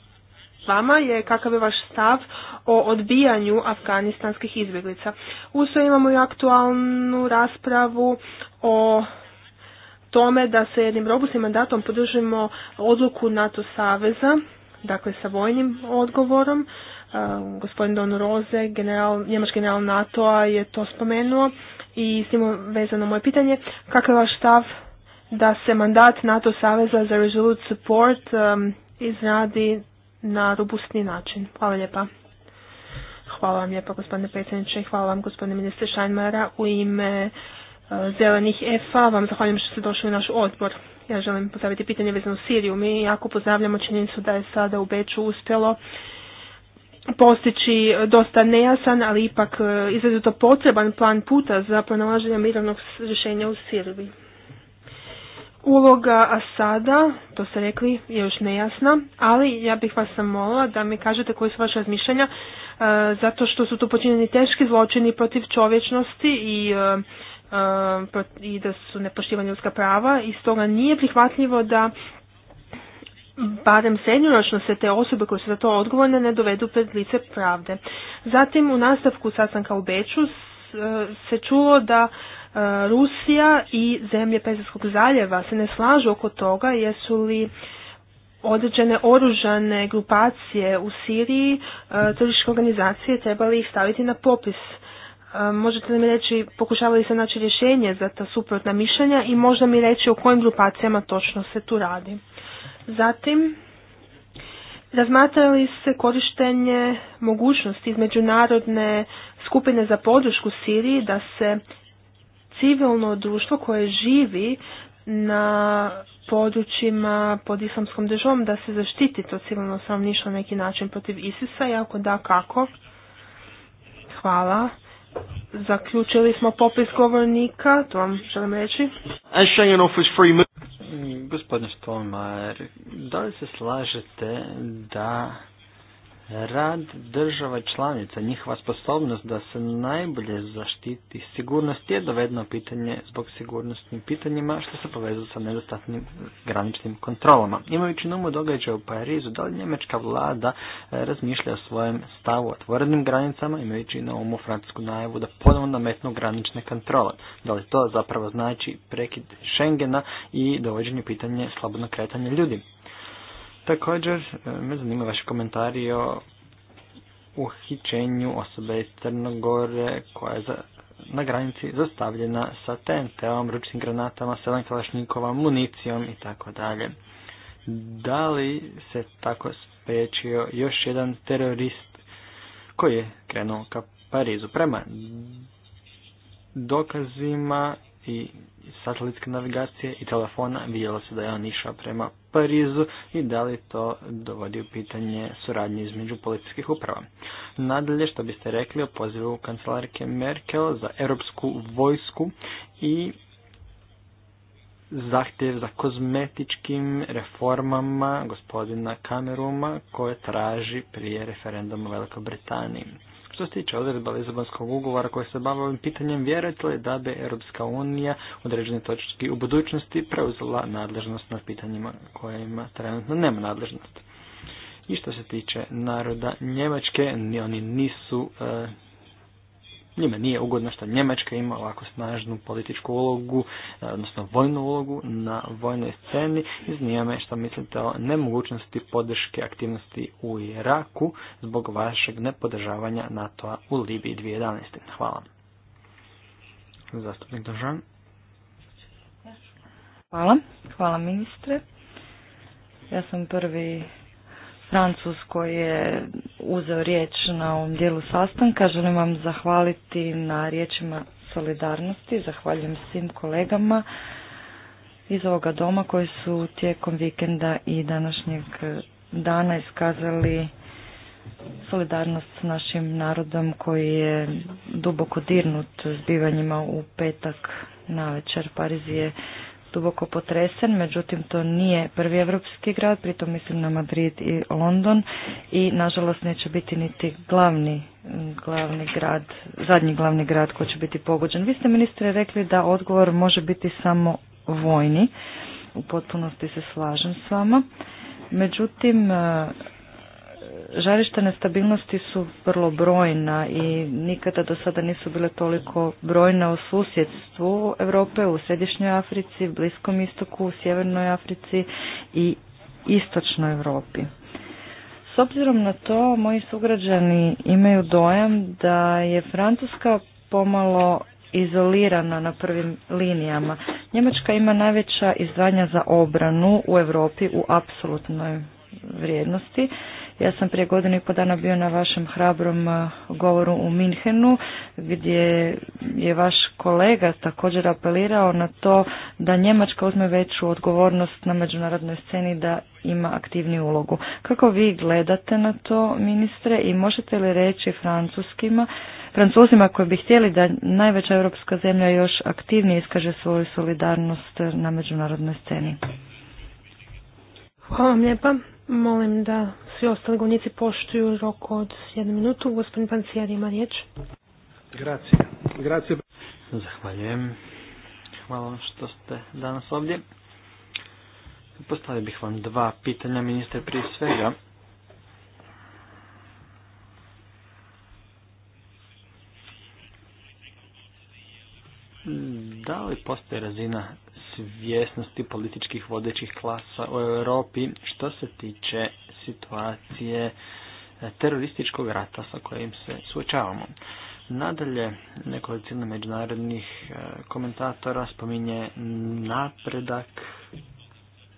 vama je kakav je vaš stav o odbijanju afganistanskih izbjeglica. Uso imamo i aktualnu raspravu o tome da se jednim robustnim mandatom podržimo odluku NATO saveza, dakle sa vojnim odgovorom. E, gospodin Don Roze, general, njemački general NATO-a je to spomenuo i s njim vezano moje pitanje, kakav je vaš stav da se mandat NATO saveza za Resolute Support e, izradi na robustni način? Hvala lijepa. Hvala vam lijepa gospodine predsjedniče i hvala vam gospodine ministre Šajnmara u ime Eh, zelenih EFA. Vam zahvaljujem što ste došli u naš odbor. Ja želim postaviti pitanje vezano u Siriju. Mi jako pozdravljamo činjenicu da je sada u Beču uspjelo postići dosta nejasan, ali ipak eh, izrazito potreban plan puta za pronalaženje mirovnog rješenja u Siriji. Uloga Asada, to ste rekli, je još nejasna, ali ja bih vas zamolila da mi kažete koji su vaše razmišljanja, eh, zato što su tu počinjeni teški zločini protiv čovječnosti i Um, i da su nepoštivanje ljudska prava i stoga nije prihvatljivo da barem srednjoročno se te osobe koje su za to odgovorne ne dovedu pred lice pravde. Zatim u nastavku sastanka u Beču uh, se čulo da uh, Rusija i zemlje Pezarskog zaljeva se ne slažu oko toga jesu li određene oružane grupacije u Siriji uh, terorističke organizacije trebali ih staviti na popis Možete li mi reći, pokušavali se naći rješenje za ta suprotna mišljenja i možda mi reći o kojim grupacijama točno se tu radi. Zatim, razmatrali se korištenje mogućnosti iz međunarodne skupine za podršku Siriji da se civilno društvo koje živi na područjima pod islamskom državom da se zaštiti to civilno stanovništvo na neki način protiv ISIS-a i ako da kako? Hvala. Zaključili smo popis govornika, to vam želim reći. Mm, Gospodin Stolmar, da li se slažete da rad država članica, njihova sposobnost da se najbolje zaštiti sigurnost je dovedno pitanje zbog sigurnosnim pitanjima što se povezuje sa nedostatnim graničnim kontrolama. Imajući na umu događaja u Parizu, da li njemačka vlada e, razmišlja o svojem stavu o otvorenim granicama, imajući na umu francusku najavu da ponovno nametnu granične kontrole? Da li to zapravo znači prekid Schengena i dovođenje pitanje slobodno kretanje ljudi? Također e, me zanima vaš komentar o uhićenju osobe iz Crnogore koja je na granici zastavljena sa TNT-om, ručnim granatama, selan kalašnikova, municijom i tako dalje. Da li se tako spriječio još jedan terorist koji je krenuo ka Parizu prema dokazima i satelitske navigacije i telefona vidjelo se da je on išao prema Parizu i da li to dovodi u pitanje suradnje između političkih uprava. Nadalje, što biste rekli o pozivu kancelarke Merkel za europsku vojsku i zahtjev za kozmetičkim reformama gospodina Kameruma koje traži prije referendum u Velikoj Britaniji. Što se tiče odredba Lizabonskog ugovora koje se bave ovim pitanjem, vjerujete li da bi Europska unija određene točki u budućnosti preuzela nadležnost nad pitanjima kojima trenutno nema nadležnost? I što se tiče naroda Njemačke, oni nisu e, njima nije ugodno što Njemačka ima ovako snažnu političku ulogu, eh, odnosno vojnu ulogu na vojnoj sceni i zanima me što mislite o nemogućnosti podrške aktivnosti u Iraku zbog vašeg nepodržavanja NATO-a u Libiji 2011. Hvala. Zastupnik Dožan. Hvala. Hvala ministre. Ja sam prvi koji je uzeo riječ na ovom dijelu sastanka. Želim vam zahvaliti na riječima solidarnosti. Zahvaljujem svim kolegama iz ovoga doma koji su tijekom vikenda i današnjeg dana iskazali solidarnost s našim narodom koji je duboko dirnut zbivanjima u petak na večer. Parizije duboko potresen, međutim to nije prvi evropski grad, pritom mislim na Madrid i London i nažalost neće biti niti glavni glavni grad, zadnji glavni grad koji će biti pogođen. Vi ste ministre rekli da odgovor može biti samo vojni. U potpunosti se slažem s vama. Međutim, žarišta nestabilnosti su vrlo brojna i nikada do sada nisu bile toliko brojna u susjedstvu Europe, u Središnjoj Africi, Bliskom istoku, u Sjevernoj Africi i Istočnoj Europi. S obzirom na to, moji sugrađani imaju dojam da je Francuska pomalo izolirana na prvim linijama. Njemačka ima najveća izdvajanja za obranu u Europi u apsolutnoj vrijednosti. Ja sam prije godinu i po dana bio na vašem hrabrom eh, govoru u Minhenu gdje je vaš kolega također apelirao na to da Njemačka uzme veću odgovornost na međunarodnoj sceni da ima aktivniju ulogu. Kako vi gledate na to ministre i možete li reći francuskima Francuzima koji bi htjeli da najveća europska zemlja još aktivnije iskaže svoju solidarnost na međunarodnoj sceni. Hvala vam lijepa. Molim da svi ostali govornici poštuju rok od jednu minutu. Gospodin Pancijer ima riječ. Grazie. Grazie. Zahvaljujem. Hvala vam što ste danas ovdje. Postavio bih vam dva pitanja, ministar, prije svega. Da li postoji razina svjesnosti političkih vodećih klasa u Europi što se tiče situacije e, terorističkog rata sa kojim se suočavamo. Nadalje, nekolicina međunarodnih e, komentatora spominje napredak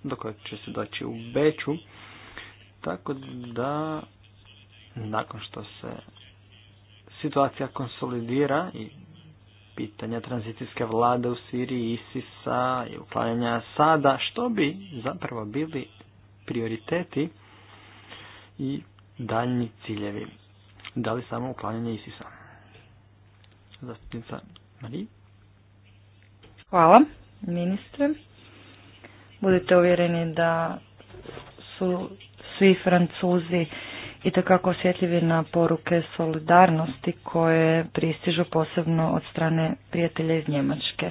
do kojeg će se doći u Beću, tako da nakon što se situacija konsolidira i pitanja tranzicijske vlade u Siriji, ISIS-a i uklanjanja Sada, što bi zapravo bili prioriteti i daljni ciljevi. Da li samo uklanjanje ISIS-a? Zastupnica Marije. Hvala, ministre. Budite uvjereni da su svi Francuzi i takako osjetljivi na poruke solidarnosti koje pristižu posebno od strane prijatelja iz Njemačke.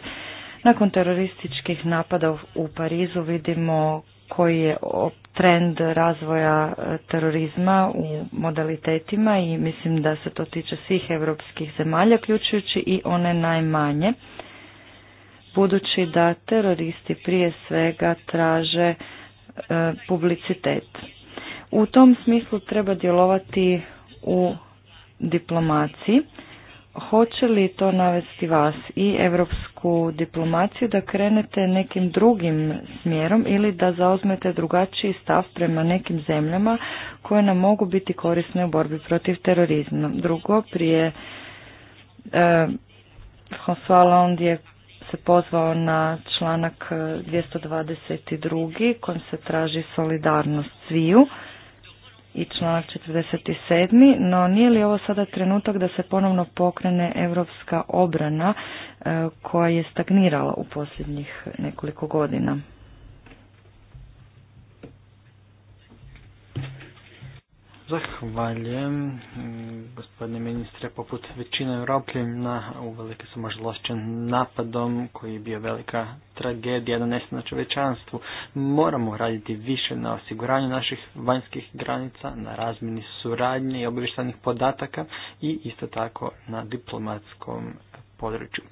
Nakon terorističkih napada u Parizu vidimo koji je trend razvoja e, terorizma u modalitetima i mislim da se to tiče svih europskih zemalja, ključujući i one najmanje, budući da teroristi prije svega traže e, publicitet. U tom smislu treba djelovati u diplomaciji. Hoće li to navesti vas i evropsku diplomaciju da krenete nekim drugim smjerom ili da zauzmete drugačiji stav prema nekim zemljama koje nam mogu biti korisne u borbi protiv terorizma? Drugo, prije eh, François je se pozvao na članak 222. kojim se traži solidarnost sviju i članak 47. No nije li ovo sada trenutak da se ponovno pokrene europska obrana e, koja je stagnirala u posljednjih nekoliko godina? Zahvaljujem, mm, gospodine ministre, poput većine na uvelike sam ožalošćen napadom koji je bio velika tragedija donesena čovečanstvu. Moramo raditi više na osiguranju naših vanjskih granica, na razmini suradnje i obještanih podataka i isto tako na diplomatskom području.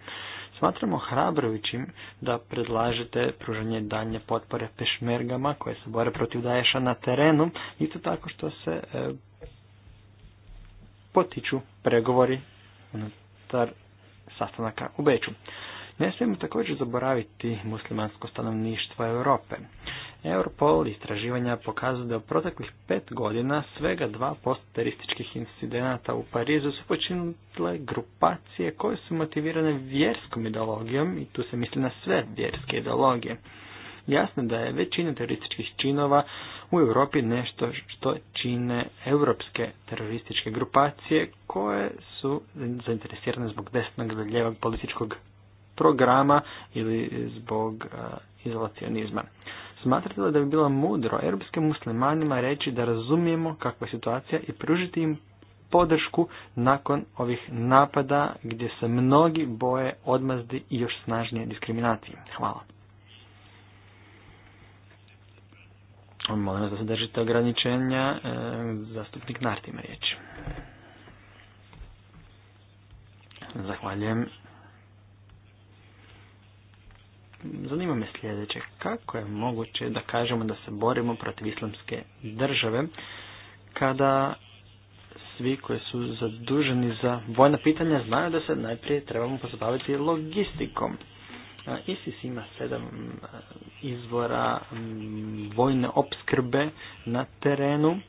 Smatramo hrabrovićim da predlažete pružanje danje potpore pešmergama koje se bore protiv Daješa na terenu, isto tako što se e, potiču pregovori unutar sastanaka u Beću. Ne smijemo također zaboraviti muslimansko stanovništvo Europe. Europol istraživanja pokazuju da u proteklih pet godina svega 2% terorističkih incidenata u Parizu su počinile grupacije koje su motivirane vjerskom ideologijom i tu se misli na sve vjerske ideologije. Jasno da je većina terorističkih činova u Europi nešto što čine europske terorističke grupacije koje su zainteresirane zbog desnog ili političkog programa ili zbog eh, izolacionizma. Smatrate li da bi bilo mudro europskim muslimanima reći da razumijemo kakva je situacija i pružiti im podršku nakon ovih napada gdje se mnogi boje odmazdi i još snažnije diskriminacije? Hvala. Molim vas da se držite ograničenja. E, zastupnik Nartima riječ. Zahvaljujem zanima me sljedeće. Kako je moguće da kažemo da se borimo protiv islamske države kada svi koji su zaduženi za vojna pitanja znaju da se najprije trebamo pozabaviti logistikom. ISIS ima sedam izvora vojne opskrbe na terenu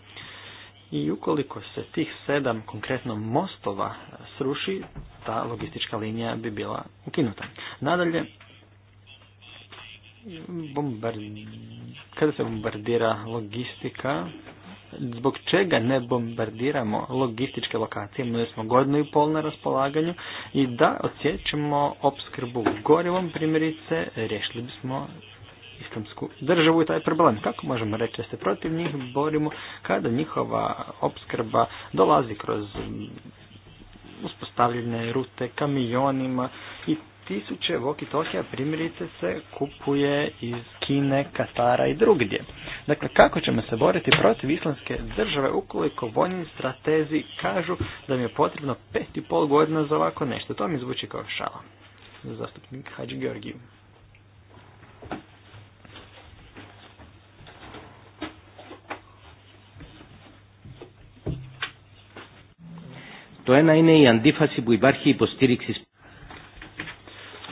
i ukoliko se tih sedam konkretno mostova sruši, ta logistička linija bi bila ukinuta. Nadalje, kada se bombardira logistika, zbog čega ne bombardiramo logističke lokacije, mi smo godinu i pol na raspolaganju i da osjećamo opskrbu gorivom primjerice, riješili bismo islamsku državu i taj problem. Kako možemo reći da se protiv njih borimo kada njihova opskrba dolazi kroz uspostavljene rute kamionima i tisuće Vokitohija, primjerice se kupuje iz Kine, Katara i drugdje. Dakle, kako ćemo se boriti protiv islamske države ukoliko vojni stratezi kažu da mi je potrebno pet i pol godina za ovako nešto? To mi zvuči kao šala. Zastupnik Hadži Georgiju. je ένα i η i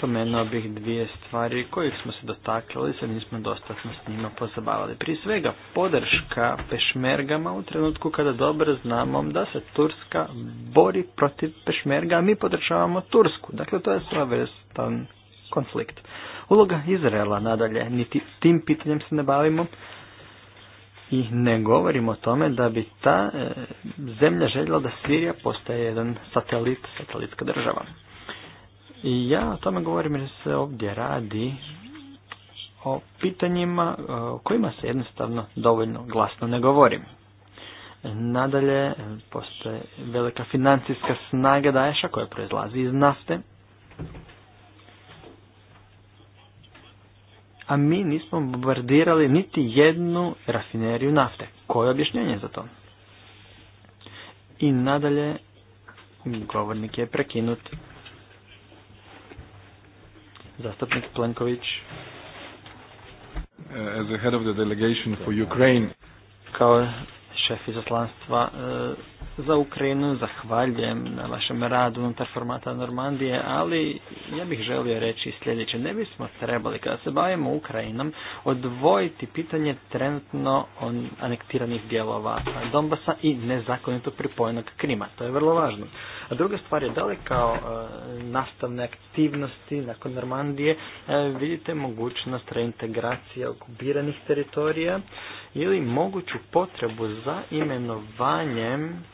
spomenuo bih dvije stvari kojih smo se dotakli, se nismo dostatno s njima pozabavili. Prije svega, podrška pešmergama u trenutku kada dobro znamo da se Turska bori protiv pešmerga, a mi podržavamo Tursku. Dakle, to je svojavrstan konflikt. Uloga Izraela nadalje, niti tim pitanjem se ne bavimo i ne govorimo o tome da bi ta e, zemlja željela da Sirija postaje jedan satelit, satelitska država. I ja o tome govorim jer se ovdje radi o pitanjima e, o kojima se jednostavno dovoljno glasno ne govorim. Nadalje, e, postoje velika financijska snaga Daješa koja proizlazi iz nafte. A mi nismo bombardirali niti jednu rafineriju nafte. Koje je objašnjenje za to? I nadalje, govornik je prekinut. Zastupnik Plenković. Uh, as the head of the delegation for Ukraine. Kao šef izaslanstva e, za Ukrajinu. Zahvaljujem na vašem radu unutar formata Normandije, ali ja bih želio reći sljedeće. Ne bismo trebali, kada se bavimo Ukrajinom, odvojiti pitanje trenutno anektiranih dijelova Donbasa i nezakonito pripojenog Krima. To je vrlo važno. A druga stvar je da li kao e, nastavne aktivnosti nakon Normandije e, vidite mogućnost reintegracije okupiranih teritorija ili moguću potrebu za imenovanjem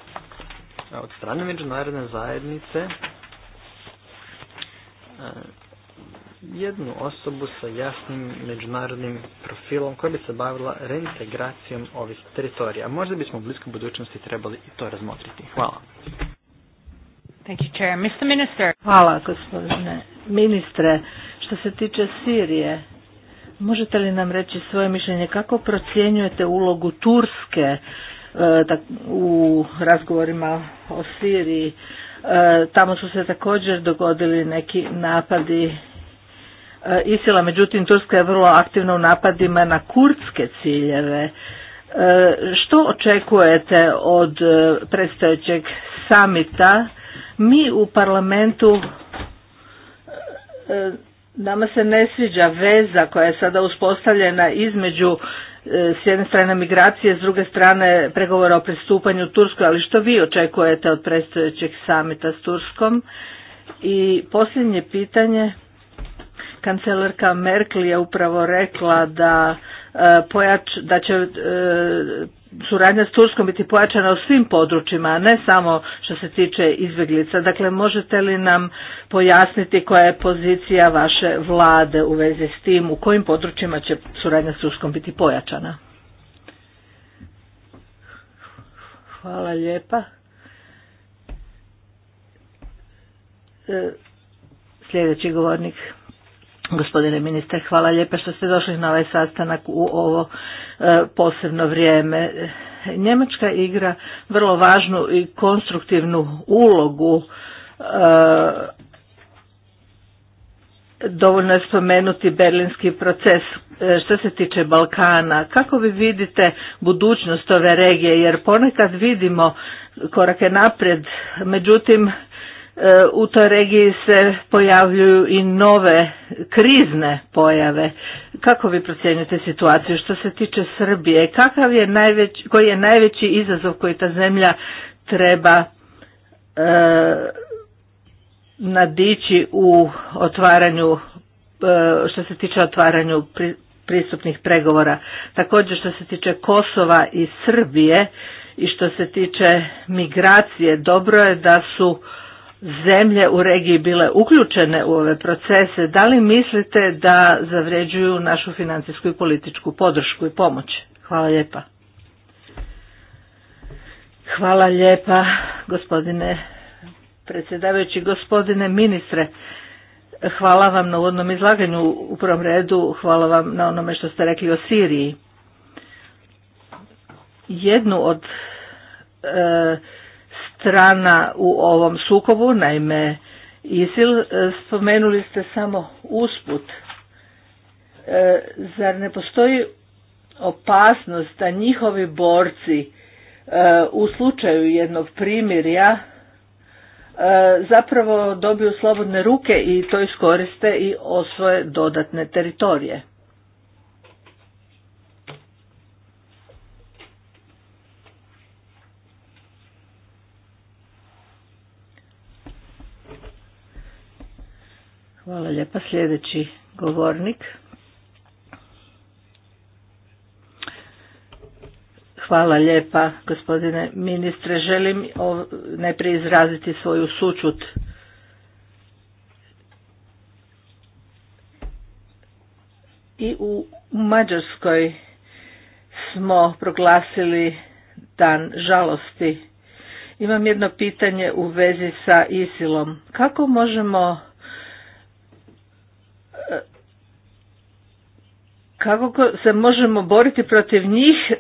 od strane međunarodne zajednice jednu osobu sa jasnim međunarodnim profilom koja bi se bavila reintegracijom ovih teritorija. Možda bismo u bliskoj budućnosti trebali i to razmotriti. Hvala. Thank you, Chair. Mr. Minister. Hvala, gospodine ministre. Što se tiče Sirije, Možete li nam reći svoje mišljenje kako procjenjujete ulogu Turske e, u razgovorima o Siriji? E, tamo su se također dogodili neki napadi e, Isila, međutim Turska je vrlo aktivna u napadima na kurdske ciljeve. Što očekujete od predstojećeg samita? Mi u parlamentu Nama se ne sviđa veza koja je sada uspostavljena između e, s jedne strane migracije, s druge strane pregovora o pristupanju Turskoj, ali što vi očekujete od predstojećeg samita s Turskom? I posljednje pitanje, kancelarka Merkel je upravo rekla da, e, pojač, da će e, suradnja s Turskom biti pojačana u svim područjima, a ne samo što se tiče izbjeglica. Dakle, možete li nam pojasniti koja je pozicija vaše vlade u vezi s tim, u kojim područjima će suradnja s Turskom biti pojačana? Hvala lijepa. E, sljedeći govornik. Gospodine ministre, hvala lijepa što ste došli na ovaj sastanak u ovo e, posebno vrijeme. Njemačka igra vrlo važnu i konstruktivnu ulogu. E, dovoljno je spomenuti berlinski proces e, što se tiče Balkana. Kako vi vidite budućnost ove regije? Jer ponekad vidimo korake naprijed, međutim E, u toj regiji se pojavljuju i nove krizne pojave. Kako vi procjenjujete situaciju što se tiče Srbije? Kakav je najveći, koji je najveći izazov koji ta zemlja treba e, nadići u otvaranju e, što se tiče otvaranju pristupnih pregovora. Također što se tiče Kosova i Srbije i što se tiče migracije, dobro je da su zemlje u regiji bile uključene u ove procese, da li mislite da zavređuju našu financijsku i političku podršku i pomoć? Hvala lijepa. Hvala lijepa gospodine predsjedavajući, gospodine ministre. Hvala vam na uvodnom izlaganju u prvom redu, hvala vam na onome što ste rekli o Siriji. Jednu od e, strana u ovom sukobu, naime ISIL, e, spomenuli ste samo usput. E, zar ne postoji opasnost da njihovi borci e, u slučaju jednog primirja zapravo dobiju slobodne ruke i to iskoriste i osvoje dodatne teritorije? Hvala lijepa. Sljedeći govornik. Hvala lijepa gospodine ministre. Želim najprije izraziti svoju sučut i u Mađarskoj smo proglasili dan žalosti. Imam jedno pitanje u vezi sa Isilom. Kako možemo kako se možemo boriti protiv njih e,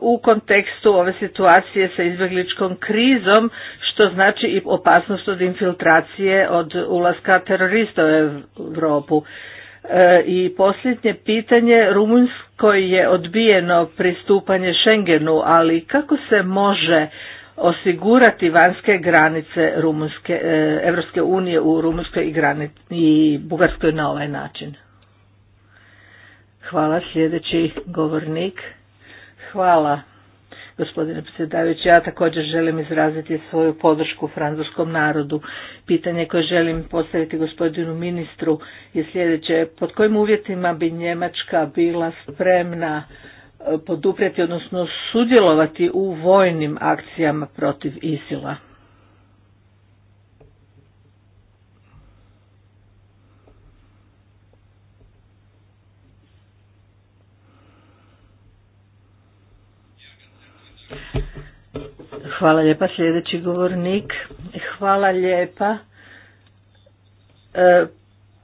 u kontekstu ove situacije sa izbjegličkom krizom, što znači i opasnost od infiltracije, od ulaska terorista u Europu. E, I posljednje pitanje, Rumunjskoj je odbijeno pristupanje Schengenu, ali kako se može osigurati vanjske granice Rumunjske, e, Evropske unije u Rumunjskoj i, i Bugarskoj na ovaj način? Hvala sljedeći govornik. Hvala gospodine predsjedavajući. Ja također želim izraziti svoju podršku francuskom narodu. Pitanje koje želim postaviti gospodinu ministru je sljedeće. Pod kojim uvjetima bi Njemačka bila spremna e, poduprijeti, odnosno sudjelovati u vojnim akcijama protiv Isila? Hvala lijepa sljedeći govornik. Hvala lijepa. E,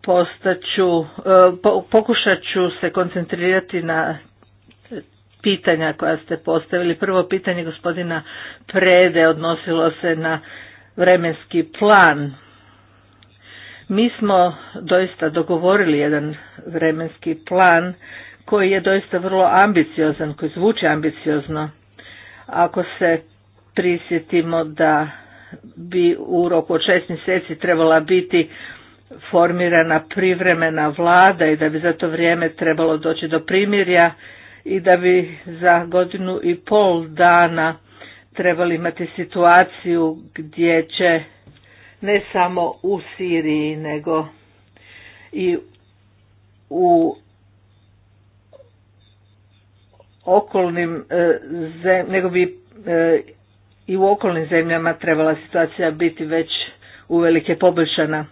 postaću, e, pokušat ću se koncentrirati na pitanja koja ste postavili. Prvo pitanje gospodina Prede odnosilo se na vremenski plan. Mi smo doista dogovorili jedan vremenski plan koji je doista vrlo ambiciozan, koji zvuči ambiciozno. Ako se prisjetimo da bi u roku od šest mjeseci trebala biti formirana privremena vlada i da bi za to vrijeme trebalo doći do primirja i da bi za godinu i pol dana trebali imati situaciju gdje će ne samo u Siriji nego i u okolnim e, nego bi e, i u okolnim zemljama trebala situacija biti već uvelike poboljšana.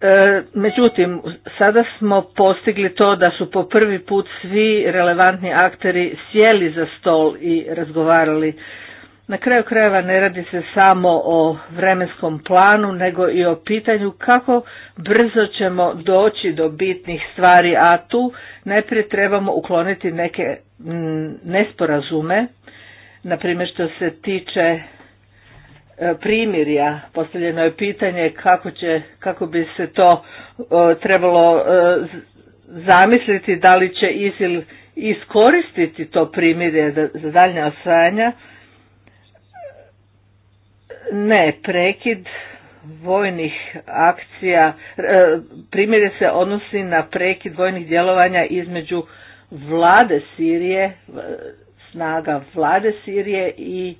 E, međutim, sada smo postigli to da su po prvi put svi relevantni akteri sjeli za stol i razgovarali na kraju krajeva ne radi se samo o vremenskom planu, nego i o pitanju kako brzo ćemo doći do bitnih stvari, a tu najprije trebamo ukloniti neke nesporazume, na primjer što se tiče e, primirja, postavljeno je pitanje kako, će, kako bi se to e, trebalo e, zamisliti, da li će ISIL iskoristiti to primirje za daljnja osvajanja, ne, prekid vojnih akcija, e, Primjerice se odnosi na prekid vojnih djelovanja između vlade Sirije, snaga vlade Sirije i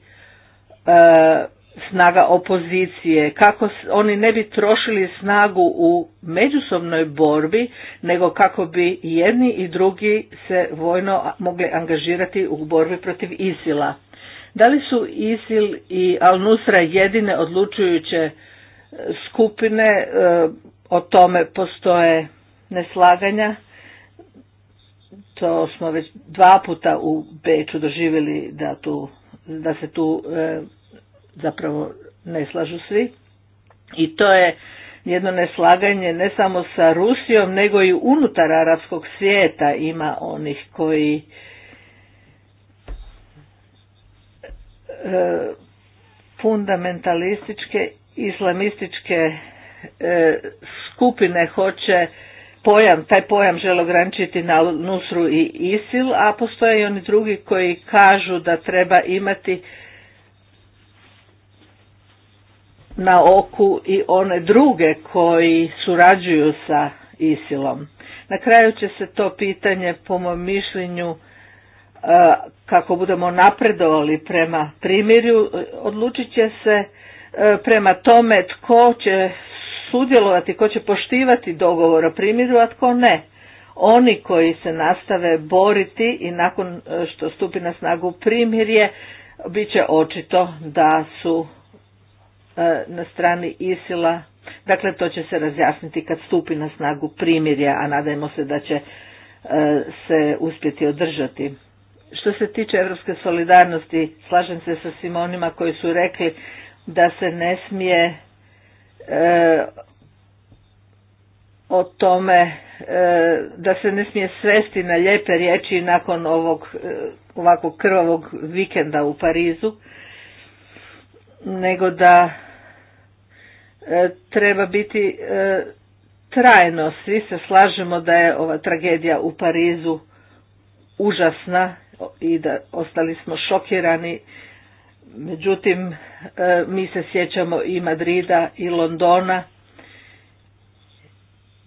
e, snaga opozicije, kako oni ne bi trošili snagu u međusobnoj borbi, nego kako bi jedni i drugi se vojno mogli angažirati u borbi protiv Isila. Da li su ISIL i Al-Nusra jedine odlučujuće e, skupine, e, o tome postoje neslaganja. To smo već dva puta u Beču doživjeli da, tu, da se tu e, zapravo ne slažu svi. I to je jedno neslaganje ne samo sa Rusijom, nego i unutar arapskog svijeta ima onih koji fundamentalističke islamističke e, skupine hoće pojam, taj pojam žele ograničiti na Nusru i Isil, a postoje i oni drugi koji kažu da treba imati na oku i one druge koji surađuju sa Isilom. Na kraju će se to pitanje, po mom mišljenju, kako budemo napredovali prema primirju, odlučit će se e, prema tome tko će sudjelovati, tko će poštivati dogovor o primirju, a tko ne. Oni koji se nastave boriti i nakon e, što stupi na snagu primirje, bit će očito da su e, na strani Isila. Dakle, to će se razjasniti kad stupi na snagu primirje, a nadajmo se da će se uspjeti održati. Što se tiče europske solidarnosti, slažem se sa svima onima koji su rekli da se ne smije e, o tome, e, da se ne smije svesti na lijepe riječi nakon ovog e, ovakvog krvavog vikenda u Parizu, nego da e, treba biti trajno. Svi se slažemo da je ova tragedija u Parizu užasna i da ostali smo šokirani. Međutim, e, mi se sjećamo i Madrida i Londona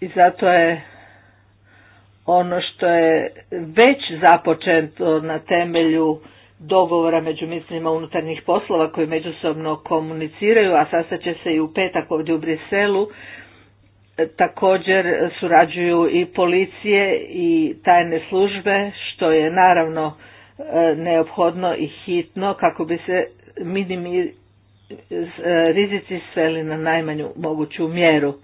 i zato je ono što je već započeto na temelju dogovora među mislima unutarnjih poslova koji međusobno komuniciraju, a sada će se i u petak ovdje u Briselu, također surađuju i policije i tajne službe što je naravno e, neophodno i hitno kako bi se minimi e, rizici sveli na najmanju moguću mjeru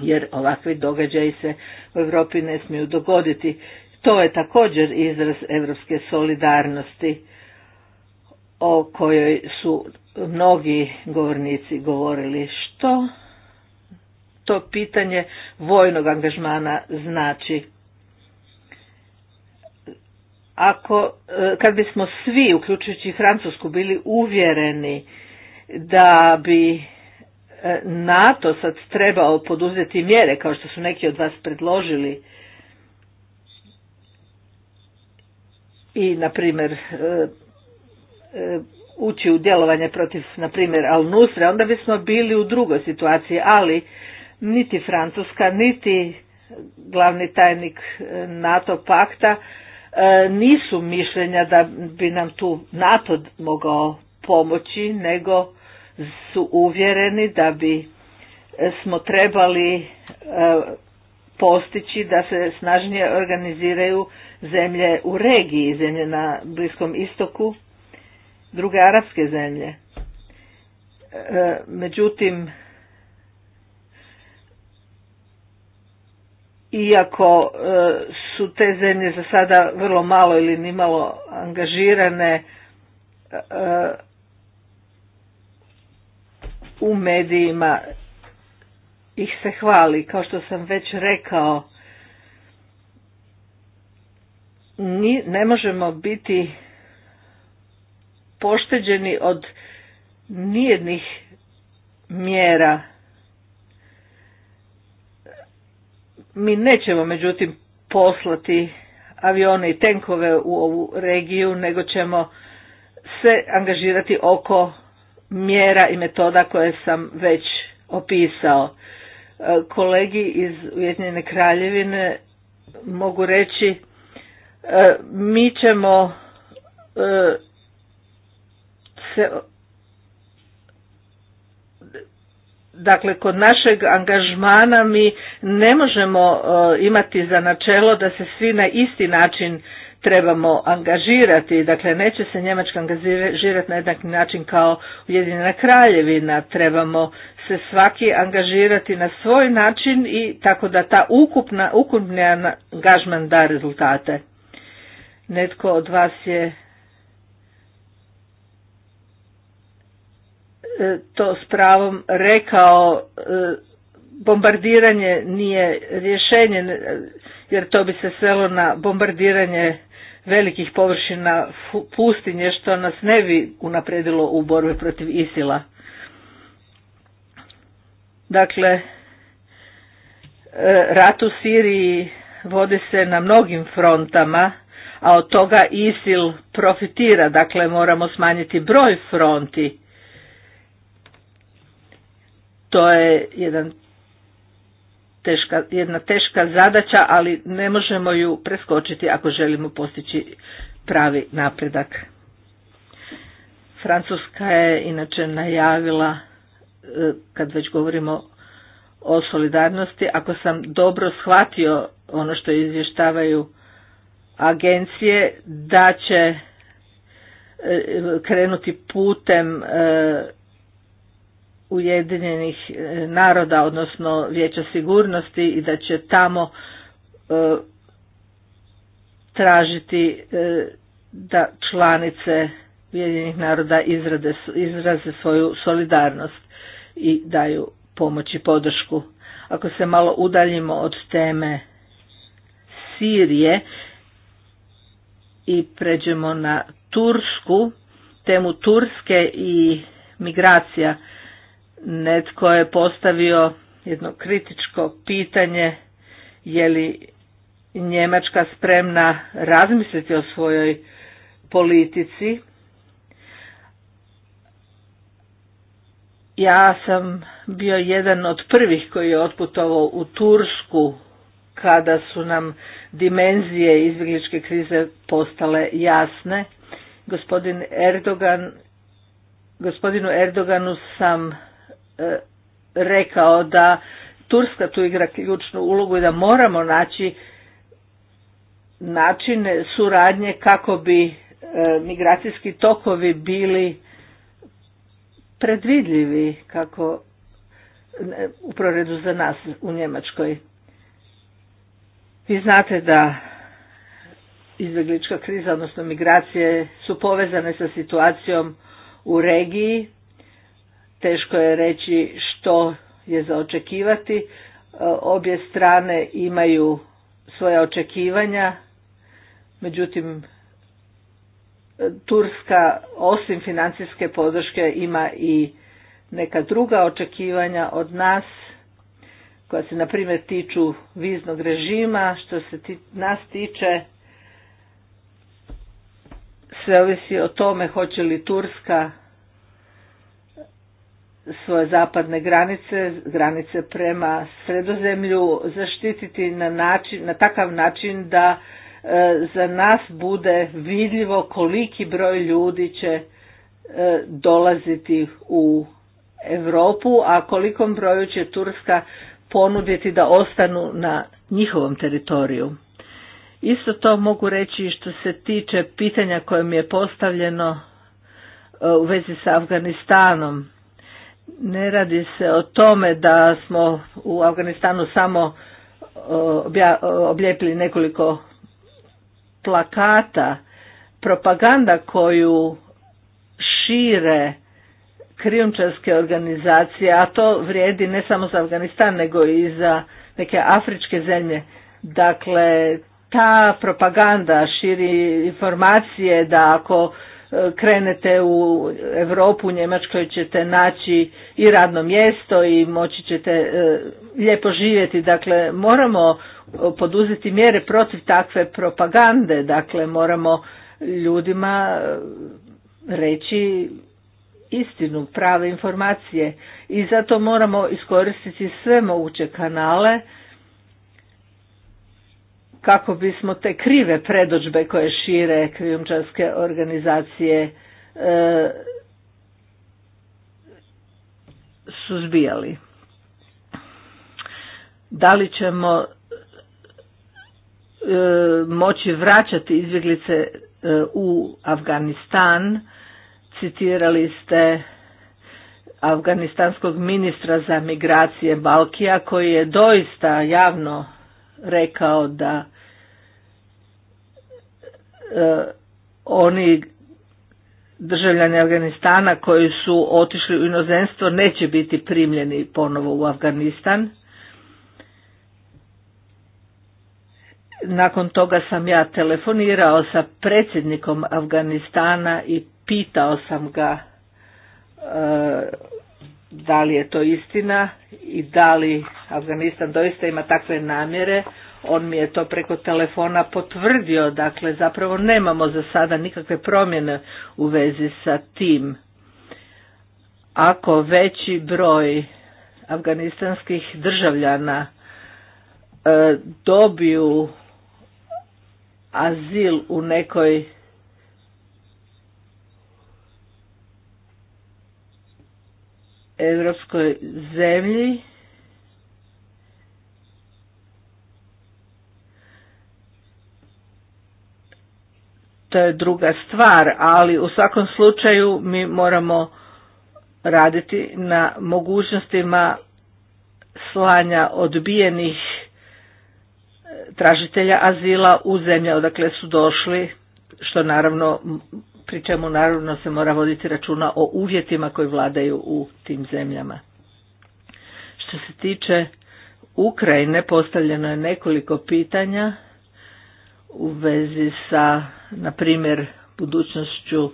jer ovakvi događaji se u Europi ne smiju dogoditi. To je također izraz evropske solidarnosti o kojoj su mnogi govornici govorili što to pitanje vojnog angažmana znači. Ako, e, kad bismo svi, uključujući i Francusku, bili uvjereni da bi e, NATO sad trebao poduzeti mjere, kao što su neki od vas predložili, i, na primjer, e, ući u djelovanje protiv, na primjer, Al-Nusra, onda bismo bili u drugoj situaciji, ali niti Francuska, niti glavni tajnik e, NATO pakta e, nisu mišljenja da bi nam tu NATO mogao pomoći, nego su uvjereni da bi smo trebali e, postići da se snažnije organiziraju zemlje u regiji, zemlje na Bliskom istoku, druge arapske zemlje. Međutim, iako e, su te zemlje za sada vrlo malo ili nimalo angažirane e, u medijima ih se hvali kao što sam već rekao ne možemo biti pošteđeni od nijednih mjera Mi nećemo međutim poslati avione i tenkove u ovu regiju, nego ćemo se angažirati oko mjera i metoda koje sam već opisao. E, kolegi iz Ujedinjene kraljevine mogu reći e, mi ćemo e, se Dakle, kod našeg angažmana mi ne možemo e, imati za načelo da se svi na isti način trebamo angažirati. Dakle, neće se Njemačka angažirati na jednak način kao Ujedinjena kraljevina. Trebamo se svaki angažirati na svoj način i tako da ta ukupna, ukupni angažman da rezultate. Netko od vas je E, to s pravom rekao, e, bombardiranje nije rješenje, e, jer to bi se svelo na bombardiranje velikih površina pustinje, što nas ne bi unapredilo u borbi protiv Isila. Dakle, rat u Siriji vodi se na mnogim frontama, a od toga Isil profitira, dakle moramo smanjiti broj fronti to je jedan teška, jedna teška zadaća, ali ne možemo ju preskočiti ako želimo postići pravi napredak. Francuska je inače najavila, e, kad već govorimo o solidarnosti, ako sam dobro shvatio ono što izvještavaju agencije, da će e, krenuti putem e, Ujedinjenih e, naroda, odnosno Vijeća sigurnosti i da će tamo e, tražiti e, da članice Ujedinjenih naroda izrade, izraze svoju solidarnost i daju pomoć i podršku. Ako se malo udaljimo od teme Sirije i pređemo na Tursku, temu Turske i migracija – Netko je postavio jedno kritičko pitanje je li Njemačka spremna razmisliti o svojoj politici. Ja sam bio jedan od prvih koji je otputovao u Tursku kada su nam dimenzije izbjegličke krize postale jasne. Gospodin Erdogan, gospodinu Erdoganu sam E, rekao da Turska tu igra ključnu ulogu i da moramo naći načine suradnje kako bi e, migracijski tokovi bili predvidljivi kako u proredu za nas u Njemačkoj. Vi znate da izbjeglička kriza, odnosno migracije su povezane sa situacijom u regiji teško je reći što je za očekivati. E, obje strane imaju svoja očekivanja, međutim e, Turska osim financijske podrške ima i neka druga očekivanja od nas koja se na primjer tiču viznog režima, što se nas tiče sve ovisi o tome hoće li Turska svoje zapadne granice, granice prema sredozemlju zaštititi na, način, na takav način da e, za nas bude vidljivo koliki broj ljudi će e, dolaziti u Europu, a kolikom broju će Turska ponuditi da ostanu na njihovom teritoriju. Isto to mogu reći što se tiče pitanja koje mi je postavljeno e, u vezi sa Afganistanom ne radi se o tome da smo u Afganistanu samo e, e, oblijepili nekoliko plakata. Propaganda koju šire krijumčarske organizacije, a to vrijedi ne samo za Afganistan nego i za neke afričke zemlje. Dakle, ta propaganda širi informacije da ako E, krenete u Europu, u Njemačkoj ćete naći i radno mjesto i moći ćete e, lijepo živjeti. Dakle, moramo e, poduzeti mjere protiv takve propagande. Dakle, moramo ljudima reći istinu, prave informacije i zato moramo iskoristiti sve moguće kanale kako bismo te krive predođbe koje šire krijumčarske organizacije e, suzbijali. Da li ćemo e, moći vraćati izbjeglice e, u Afganistan? Citirali ste afganistanskog ministra za migracije Balkija koji je doista javno rekao da E, oni državljani Afganistana koji su otišli u inozemstvo neće biti primljeni ponovo u Afganistan. Nakon toga sam ja telefonirao sa predsjednikom Afganistana i pitao sam ga e, da li je to istina i da li Afganistan doista ima takve namjere on mi je to preko telefona potvrdio, dakle zapravo nemamo za sada nikakve promjene u vezi sa tim. Ako veći broj afganistanskih državljana e, dobiju azil u nekoj europskoj zemlji, to je druga stvar, ali u svakom slučaju mi moramo raditi na mogućnostima slanja odbijenih e, tražitelja azila u zemlje odakle su došli, što naravno, pri čemu naravno se mora voditi računa o uvjetima koji vladaju u tim zemljama. Što se tiče Ukrajine, postavljeno je nekoliko pitanja u vezi sa, na primjer, budućnošću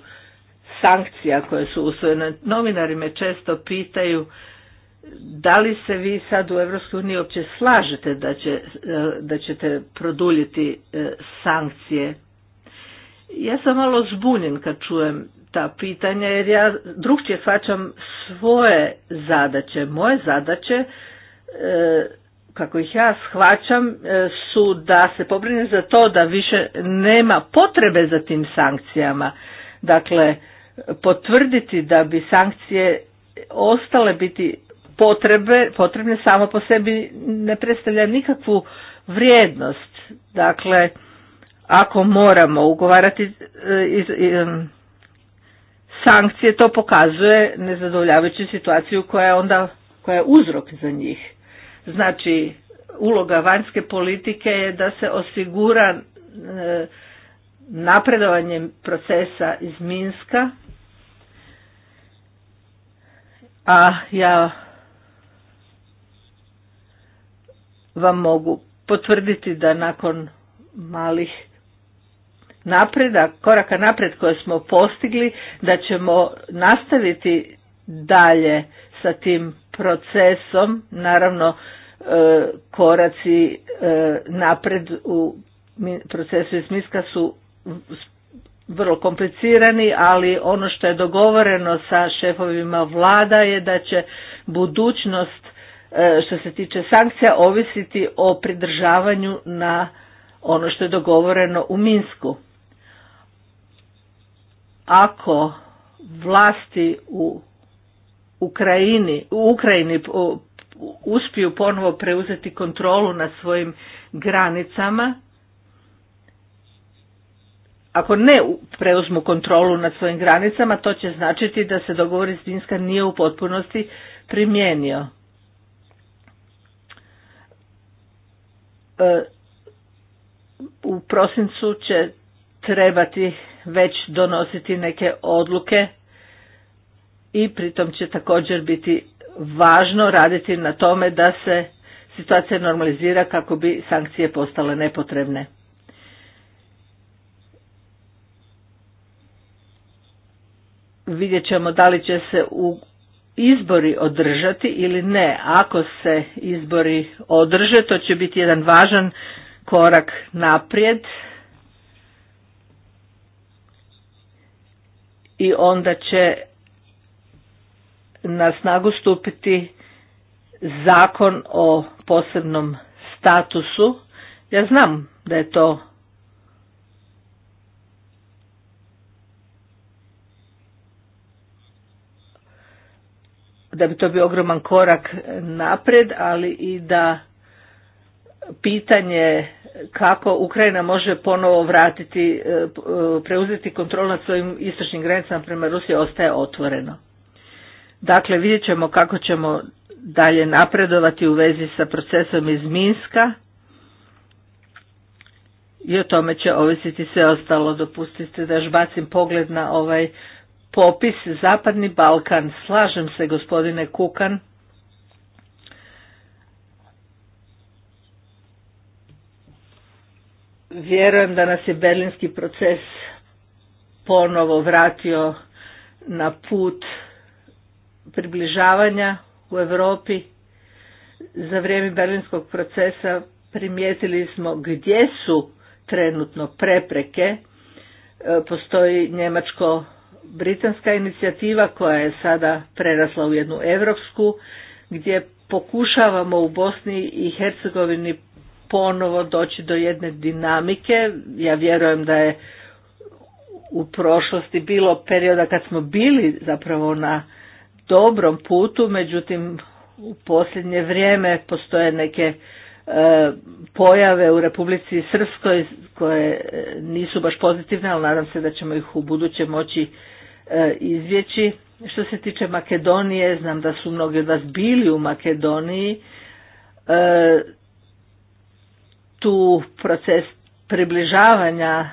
sankcija koje su usvojene. Novinari me često pitaju da li se vi sad u EU uopće slažete da, će, e, da ćete produljiti e, sankcije. Ja sam malo zbunjen kad čujem ta pitanja jer ja drugčije shvaćam svoje zadaće. Moje zadaće e, kako ih ja shvaćam, e, su da se pobrine za to da više nema potrebe za tim sankcijama. Dakle, potvrditi da bi sankcije ostale biti potrebe, potrebne samo po sebi ne predstavlja nikakvu vrijednost. Dakle, ako moramo ugovarati e, sankcije, to pokazuje nezadovoljavajuću situaciju koja je onda koja je uzrok za njih. Znači, uloga vanjske politike je da se osigura e, napredovanjem procesa iz Minska, a ja vam mogu potvrditi da nakon malih napreda, koraka napred koje smo postigli, da ćemo nastaviti dalje sa tim procesom, naravno e, koraci e, napred u procesu iz Miska su vrlo komplicirani, ali ono što je dogovoreno sa šefovima vlada je da će budućnost e, što se tiče sankcija ovisiti o pridržavanju na ono što je dogovoreno u Minsku. Ako vlasti u Ukrajini, u Ukrajini e, uspiju ponovo preuzeti kontrolu nad svojim granicama, ako ne preuzmu kontrolu nad svojim granicama, to će značiti da se dogovor iz Minska nije u potpunosti primijenio. E, u prosincu će trebati već donositi neke odluke i pritom će također biti važno raditi na tome da se situacija normalizira kako bi sankcije postale nepotrebne. Vidjet ćemo da li će se u izbori održati ili ne. Ako se izbori održe, to će biti jedan važan korak naprijed i onda će na snagu stupiti zakon o posebnom statusu. Ja znam da je to da bi to bio ogroman korak napred, ali i da pitanje kako Ukrajina može ponovo vratiti, e, e, preuzeti kontrol nad svojim istočnim granicama prema Rusiji ostaje otvoreno. Dakle, vidjet ćemo kako ćemo dalje napredovati u vezi sa procesom iz Minska i o tome će ovisiti sve ostalo. Dopustite da još bacim pogled na ovaj popis Zapadni Balkan. Slažem se gospodine Kukan. Vjerujem da nas je berlinski proces ponovo vratio na put približavanja u Europi za vrijeme berlinskog procesa primijetili smo gdje su trenutno prepreke. E, postoji njemačko-britanska inicijativa koja je sada prerasla u jednu evropsku gdje pokušavamo u Bosni i Hercegovini ponovo doći do jedne dinamike. Ja vjerujem da je u prošlosti bilo perioda kad smo bili zapravo na dobrom putu, međutim u posljednje vrijeme postoje neke e, pojave u Republici Srpskoj koje e, nisu baš pozitivne, ali nadam se da ćemo ih u buduće moći e, izvjeći. Što se tiče Makedonije, znam da su mnogi od vas bili u Makedoniji. Tu proces približavanja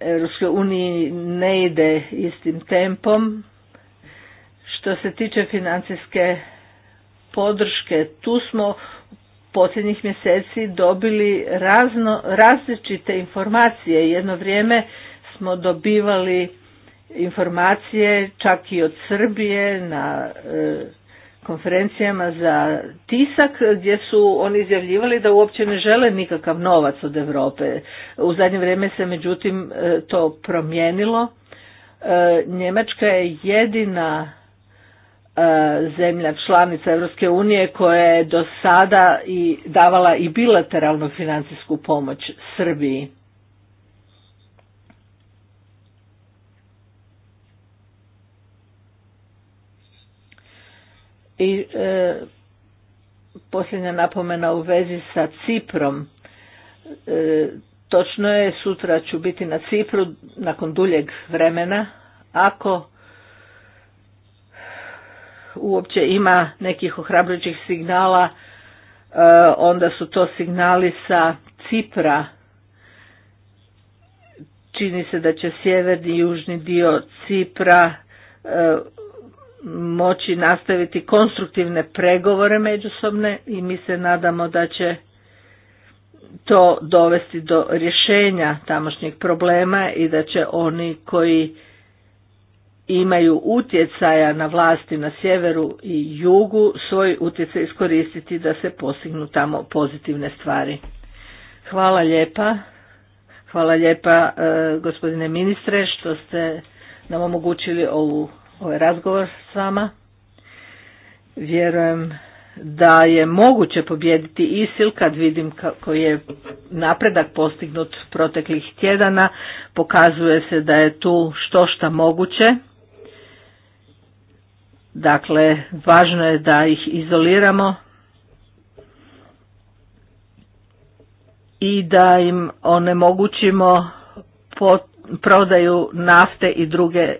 europske unije ne ide istim tempom. Što se tiče financijske podrške, tu smo u posljednjih mjeseci dobili razno, različite informacije. Jedno vrijeme smo dobivali informacije čak i od Srbije na e, konferencijama za tisak gdje su oni izjavljivali da uopće ne žele nikakav novac od Europe. U zadnje vrijeme se međutim e, to promijenilo. E, Njemačka je jedina e, zemlja članica Europske unije koja je do sada i davala i bilateralnu financijsku pomoć Srbiji. I e, posljednja napomena u vezi sa Ciprom. E, točno je, sutra ću biti na Cipru nakon duljeg vremena. Ako uopće ima nekih ohrabrujućih signala, e, onda su to signali sa Cipra. Čini se da će sjeverni i južni dio Cipra e, moći nastaviti konstruktivne pregovore međusobne i mi se nadamo da će to dovesti do rješenja tamošnjeg problema i da će oni koji imaju utjecaja na vlasti na sjeveru i jugu svoj utjecaj iskoristiti da se postignu tamo pozitivne stvari. Hvala lijepa. Hvala lijepa e, gospodine ministre što ste nam omogućili ovu ovaj razgovor s vama. Vjerujem da je moguće pobijediti ISIL kad vidim kako je napredak postignut proteklih tjedana. Pokazuje se da je tu što šta moguće. Dakle, važno je da ih izoliramo i da im onemogućimo prodaju nafte i druge e,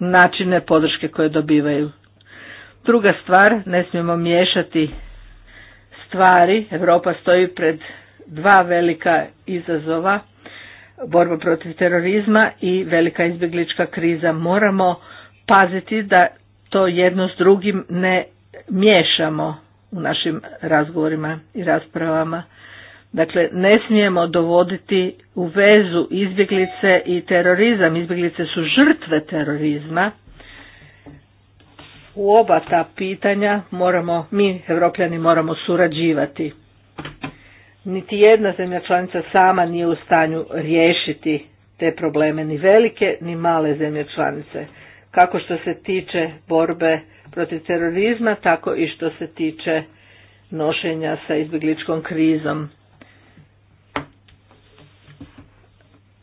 načine podrške koje dobivaju. Druga stvar, ne smijemo miješati stvari. Europa stoji pred dva velika izazova, borba protiv terorizma i velika izbjeglička kriza. Moramo paziti da to jedno s drugim ne miješamo u našim razgovorima i raspravama. Dakle, ne smijemo dovoditi u vezu izbjeglice i terorizam. Izbjeglice su žrtve terorizma. U oba ta pitanja moramo, mi evropljani moramo surađivati. Niti jedna zemlja članica sama nije u stanju riješiti te probleme, ni velike ni male zemlje članice, kako što se tiče borbe protiv terorizma, tako i što se tiče nošenja sa izbjegličkom krizom.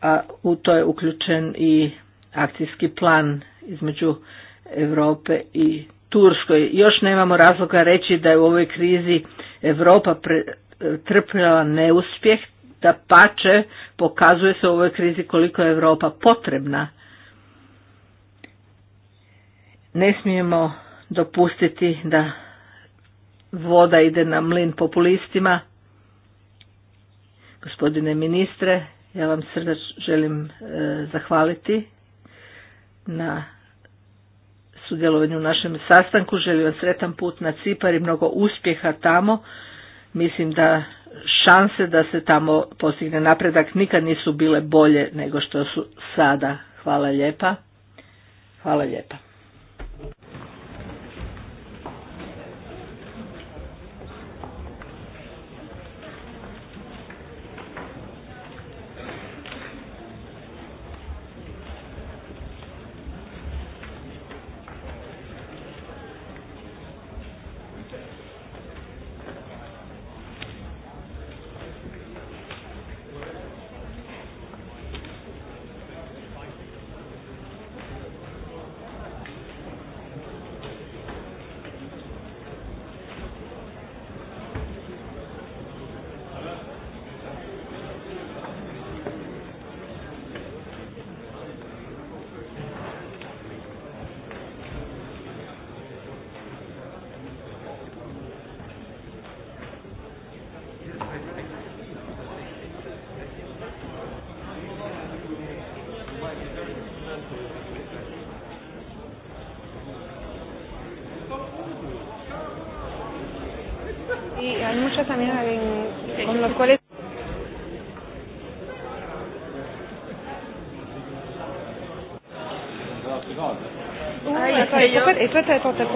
a u to je uključen i akcijski plan između Europe i Turskoj. Još nemamo razloga reći da je u ovoj krizi Europa trpila neuspjeh, da pače pokazuje se u ovoj krizi koliko je Europa potrebna. Ne smijemo dopustiti da voda ide na mlin populistima. Gospodine ministre, ja vam srdačno želim e, zahvaliti na sudjelovanju u našem sastanku. Želim vam sretan put na Cipar i mnogo uspjeha tamo. Mislim da šanse da se tamo postigne napredak nikad nisu bile bolje nego što su sada. Hvala lijepa. Hvala lijepa. peut te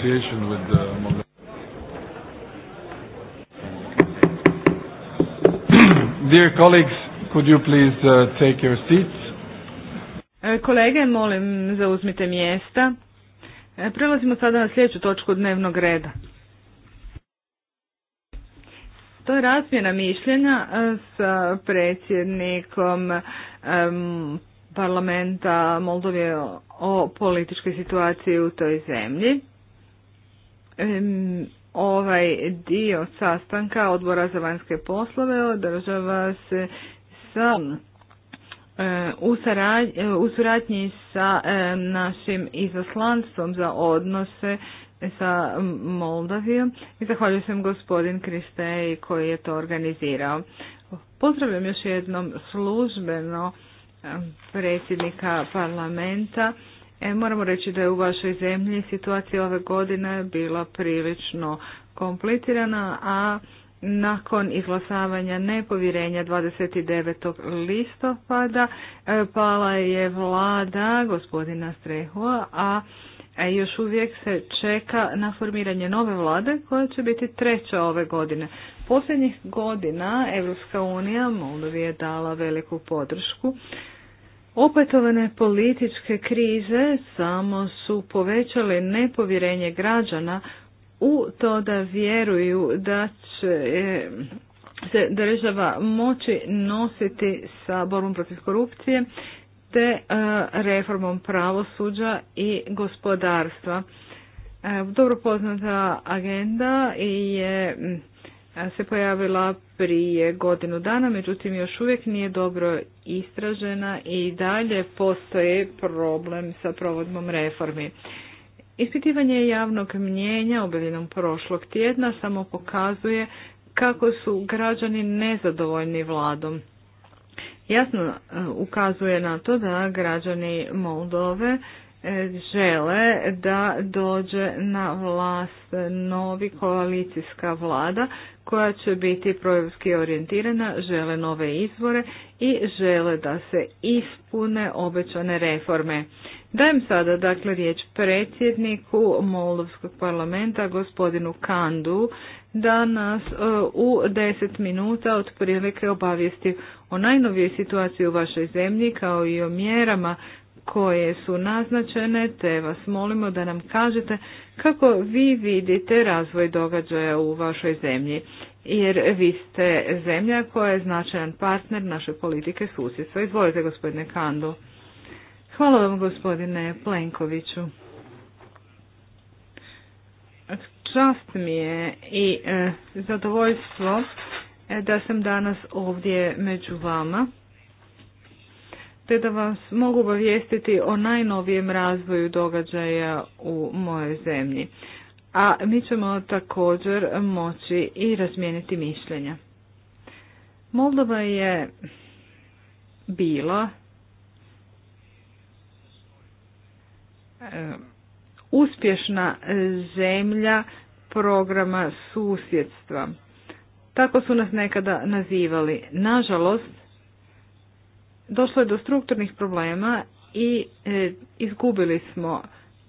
association with uh, Dear colleagues, could you please uh, take your seats? E, kolege, molim zauzmite mjesta. E, prelazimo sada na sljedeću točku dnevnog reda. To je razmjena mišljenja e, sa predsjednikom um, parlamenta Moldove o političkoj situaciji u toj zemlji ovaj dio sastanka odbora za vanjske poslove održava se sa e, e, u, suradnji sa e, našim izaslanstvom za odnose sa Moldavijom i zahvaljujem se gospodin Kristej koji je to organizirao. Pozdravljam još jednom službeno predsjednika parlamenta E, moramo reći da je u vašoj zemlji situacija ove godine bila prilično komplicirana, a nakon izglasavanja nepovjerenja 29. listopada e, pala je vlada gospodina Strehua, a još uvijek se čeka na formiranje nove vlade koja će biti treća ove godine. Posljednjih godina Europska unija Moldovi je dala veliku podršku Opetovane političke krize samo su povećale nepovjerenje građana u to da vjeruju da će e, se država moći nositi sa borbom protiv korupcije te e, reformom pravosuđa i gospodarstva. E, dobro poznata agenda je se pojavila prije godinu dana, međutim još uvijek nije dobro istražena i dalje postoje problem sa provodbom reformi. Ispitivanje javnog mnjenja obavljenom prošlog tjedna samo pokazuje kako su građani nezadovoljni vladom. Jasno e, ukazuje na to da građani Moldove E, žele da dođe na vlast novi koalicijska vlada koja će biti projevski orijentirana, žele nove izvore i žele da se ispune obećane reforme. Dajem sada dakle riječ predsjedniku Moldovskog parlamenta gospodinu Kandu da nas e, u 10 minuta otprilike obavijesti o najnovijoj situaciji u vašoj zemlji kao i o mjerama koje su naznačene, te vas molimo da nam kažete kako vi vidite razvoj događaja u vašoj zemlji, jer vi ste zemlja koja je značajan partner naše politike susjedstva. Izvolite, gospodine Kando. Hvala vam, gospodine Plenkoviću. Čast mi je i e, zadovoljstvo e, da sam danas ovdje među vama da vas mogu obavijestiti o najnovijem razvoju događaja u mojoj zemlji. A mi ćemo također moći i razmijeniti mišljenja. Moldova je bila eh, uspješna zemlja programa susjedstva. Tako su nas nekada nazivali. Nažalost, došlo je do strukturnih problema i e, izgubili smo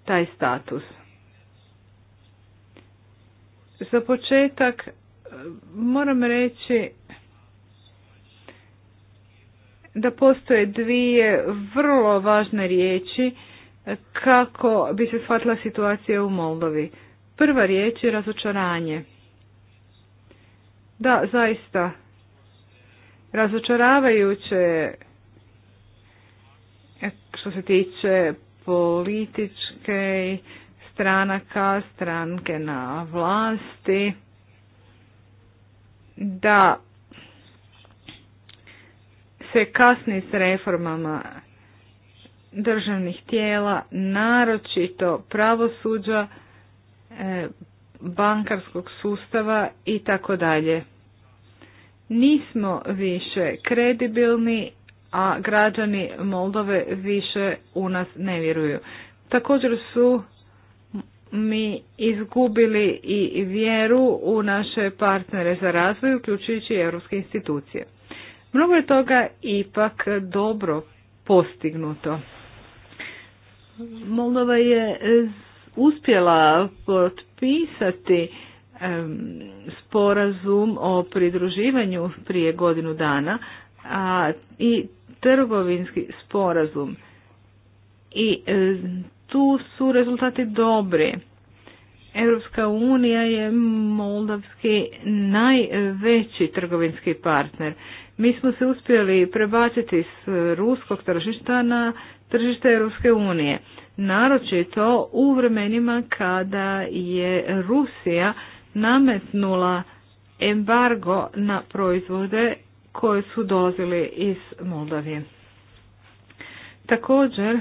taj status. Za početak e, moram reći da postoje dvije vrlo važne riječi kako bi se shvatila situacija u Moldovi. Prva riječ je razočaranje. Da, zaista. Razočaravajuće E, što se tiče političke stranaka, stranke na vlasti, da se kasni s reformama državnih tijela, naročito pravosuđa, e, bankarskog sustava i tako dalje. Nismo više kredibilni a građani Moldove više u nas ne vjeruju. Također su mi izgubili i vjeru u naše partnere za razvoj, uključujući europske institucije. Mnogo je toga ipak dobro postignuto. Moldova je uspjela potpisati sporazum o pridruživanju prije godinu dana a, i trgovinski sporazum i e, tu su rezultati dobri. Europska unija je moldavski najveći trgovinski partner. Mi smo se uspjeli prebaciti s ruskog tržišta na tržište Europske unije. Naročito u vremenima kada je Rusija nametnula embargo na proizvode koji su dolazili iz Moldavije. Također,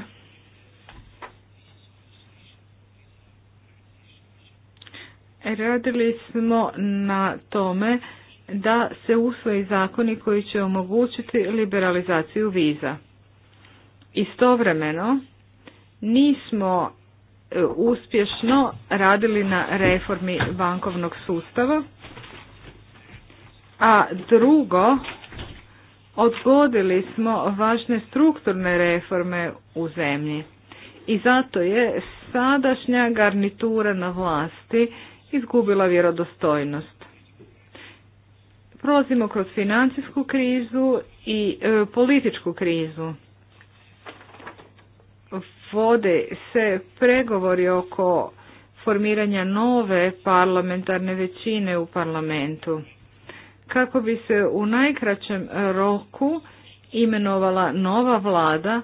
radili smo na tome da se usvoji zakoni koji će omogućiti liberalizaciju viza. Istovremeno, nismo e, uspješno radili na reformi bankovnog sustava, a drugo, odgodili smo važne strukturne reforme u zemlji. I zato je sadašnja garnitura na vlasti izgubila vjerodostojnost. Prolazimo kroz financijsku krizu i e, političku krizu. Vode se pregovori oko formiranja nove parlamentarne većine u parlamentu kako bi se u najkraćem roku imenovala nova vlada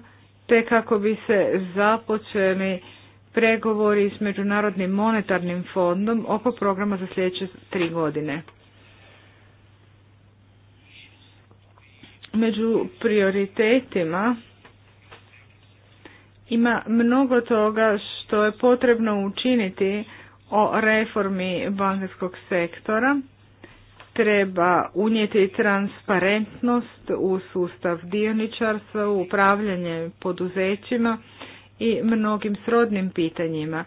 te kako bi se započeli pregovori s Međunarodnim monetarnim fondom oko programa za sljedeće tri godine. Među prioritetima ima mnogo toga što je potrebno učiniti o reformi bankarskog sektora treba unijeti transparentnost u sustav dioničarstva, u upravljanje poduzećima i mnogim srodnim pitanjima,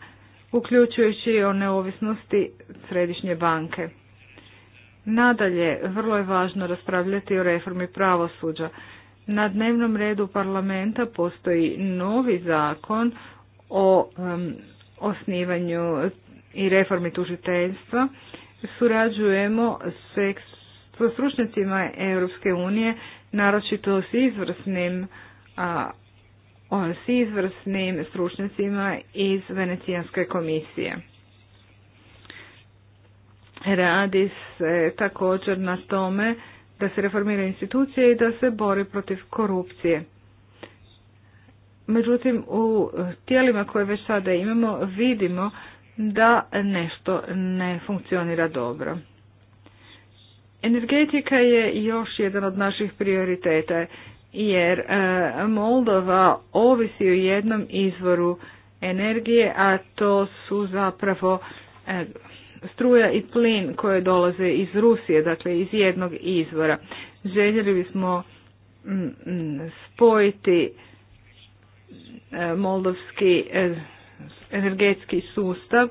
uključujući i o neovisnosti središnje banke. Nadalje, vrlo je važno raspravljati o reformi pravosuđa. Na dnevnom redu parlamenta postoji novi zakon o osnivanju i reformi tužiteljstva surađujemo sa stručnjacima Europske unije, naročito s izvrsnim a, s izvrsnim stručnjacima iz Venecijanske komisije. Radi se također na tome da se reformiraju institucije i da se bori protiv korupcije. Međutim, u tijelima koje već sada imamo vidimo da nešto ne funkcionira dobro. Energetika je još jedan od naših prioriteta jer e, Moldova ovisi o jednom izvoru energije, a to su zapravo e, struja i plin koje dolaze iz Rusije, dakle iz jednog izvora. Željeli bismo spojiti e, moldovski energetski sustav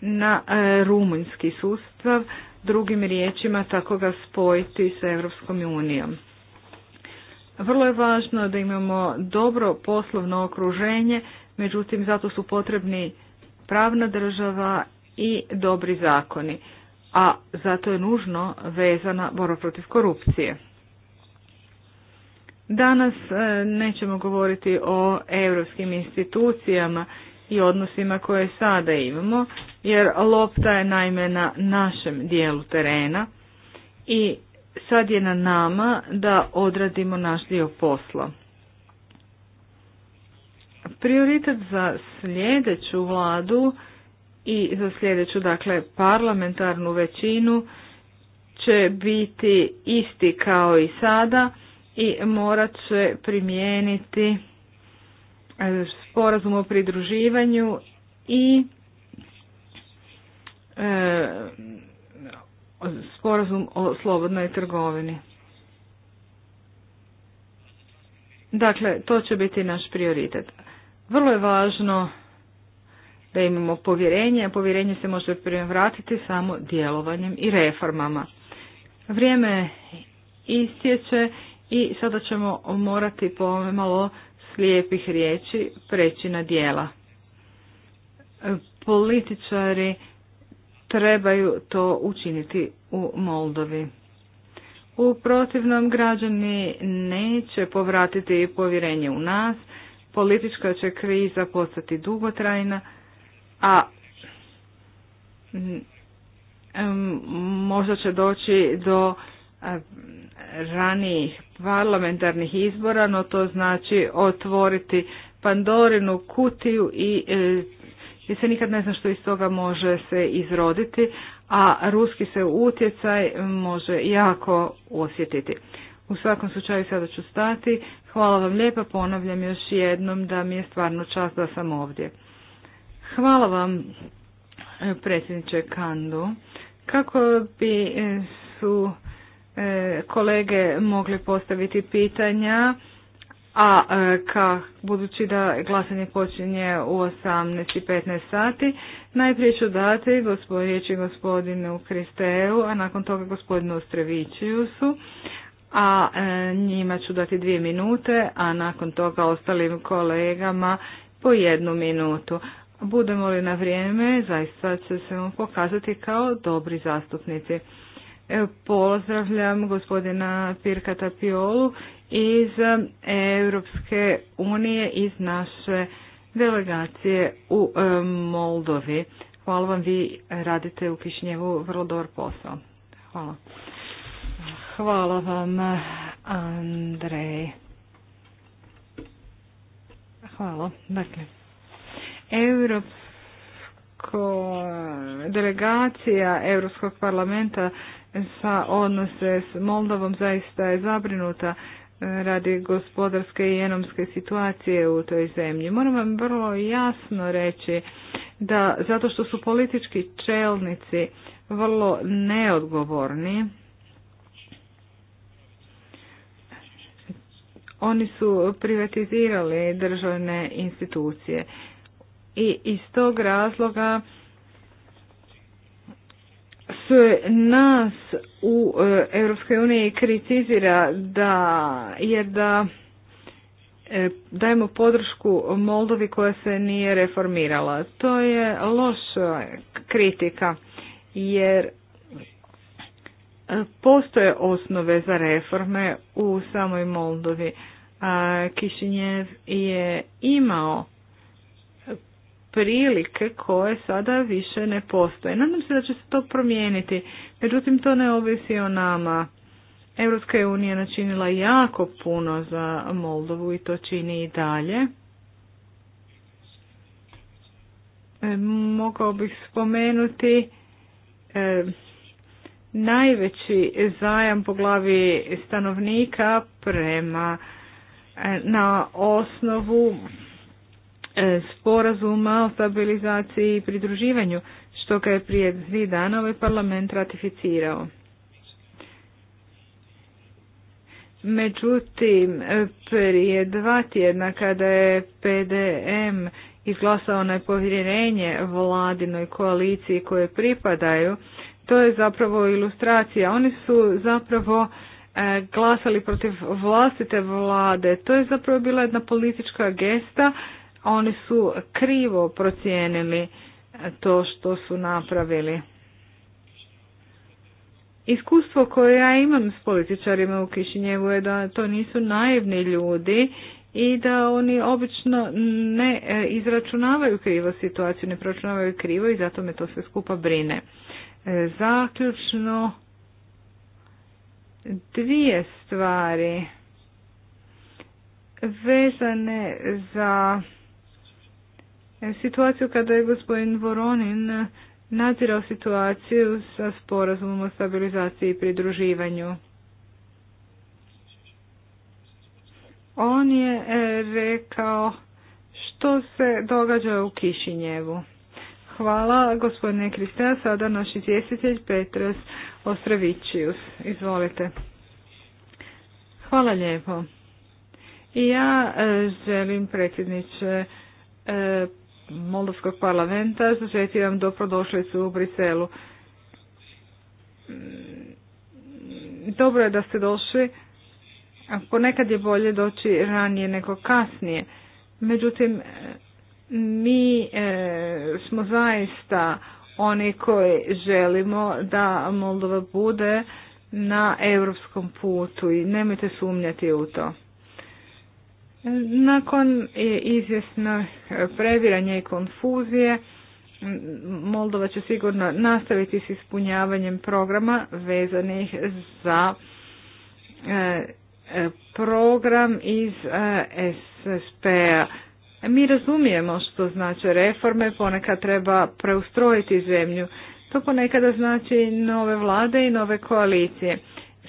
na e, rumunjski sustav, drugim riječima tako ga spojiti sa Europskom unijom. Vrlo je važno da imamo dobro poslovno okruženje, međutim zato su potrebni pravna država i dobri zakoni, a zato je nužno vezana borba protiv korupcije. Danas e, nećemo govoriti o europskim institucijama i odnosima koje sada imamo, jer lopta je naime na našem dijelu terena i sad je na nama da odradimo naš dio posla. Prioritet za sljedeću vladu i za sljedeću dakle parlamentarnu većinu će biti isti kao i sada i morat će primijeniti sporazum o pridruživanju i e, sporazum o slobodnoj trgovini. Dakle, to će biti naš prioritet. Vrlo je važno da imamo povjerenje, a povjerenje se može vratiti samo djelovanjem i reformama. Vrijeme istječe i sada ćemo morati pomalo lijepih riječi preći na dijela. Političari trebaju to učiniti u Moldovi. U protivnom građani neće povratiti povjerenje u nas, politička će kriza postati dugotrajna, a možda će doći do ranijih parlamentarnih izbora, no to znači otvoriti Pandorinu kutiju i e, se nikad ne zna što iz toga može se izroditi, a ruski se utjecaj može jako osjetiti. U svakom slučaju sada ću stati. Hvala vam lijepa, ponavljam još jednom da mi je stvarno čast da sam ovdje. Hvala vam e, predsjedniče Kandu. Kako bi e, su E, kolege mogli postaviti pitanja, a e, ka, budući da glasanje počinje u 18.15 sati, najprije ću dati riječi gospodinu Kristeju, a nakon toga gospodinu Ostrevićijusu, a e, njima ću dati dvije minute, a nakon toga ostalim kolegama po jednu minutu. Budemo li na vrijeme, zaista će se pokazati kao dobri zastupnici. Pozdravljam gospodina Pirka Tapiolu iz e, Europske unije iz naše delegacije u e, Moldovi. Hvala vam, vi radite u Kišnjevu vrlo dobar posao. Hvala. Hvala vam, Andrej. Hvala. Dakle, Europsko delegacija Europskog parlamenta sa pa odnose s Moldovom zaista je zabrinuta e, radi gospodarske i jenomske situacije u toj zemlji. Moram vam vrlo jasno reći da zato što su politički čelnici vrlo neodgovorni, oni su privatizirali državne institucije i iz tog razloga nas u e, EU uniji kritizira da je da e, dajemo podršku Moldovi koja se nije reformirala. To je loša kritika jer e, postoje osnove za reforme u samoj Moldovi. Kišinjev je imao prilike koje sada više ne postoje. Nadam se da će se to promijeniti, međutim to ne ovisi o nama. Europska unija načinila jako puno za Moldovu i to čini i dalje. E, mogao bih spomenuti e, najveći zajam po glavi stanovnika prema e, na osnovu E, sporazuma o stabilizaciji i pridruživanju, što ga je prije dvije dana ovaj parlament ratificirao. Međutim, prije dva tjedna kada je PDM izglasao nepovjerenje vladinoj koaliciji koje pripadaju, to je zapravo ilustracija. Oni su zapravo e, glasali protiv vlastite vlade. To je zapravo bila jedna politička gesta oni su krivo procijenili to što su napravili. Iskustvo koje ja imam s političarima u Kišinjevu je da to nisu naivni ljudi i da oni obično ne e, izračunavaju krivo situaciju, ne proračunavaju krivo i zato me to sve skupa brine. E, zaključno dvije stvari vezane za situaciju kada je gospodin Voronin nadzirao situaciju sa sporazumom o stabilizaciji i pridruživanju. On je e, rekao što se događa u Kišinjevu. Hvala gospodine a sada naš izvjestitelj Petros Ostravićius. Izvolite. Hvala lijepo. I ja e, želim predsjedniče e, Moldovskog parlamenta vam dobrodošlicu u Briselu. Mm, dobro je da ste došli. Ponekad je bolje doći ranije nego kasnije. Međutim, e, mi e, smo zaista oni koji želimo da Moldova bude na europskom putu i nemojte sumnjati u to. Nakon izvjesnog previranja i konfuzije, Moldova će sigurno nastaviti s ispunjavanjem programa vezanih za e, program iz e, SSP-a. Mi razumijemo što znače reforme, ponekad treba preustrojiti zemlju. To ponekada znači nove vlade i nove koalicije.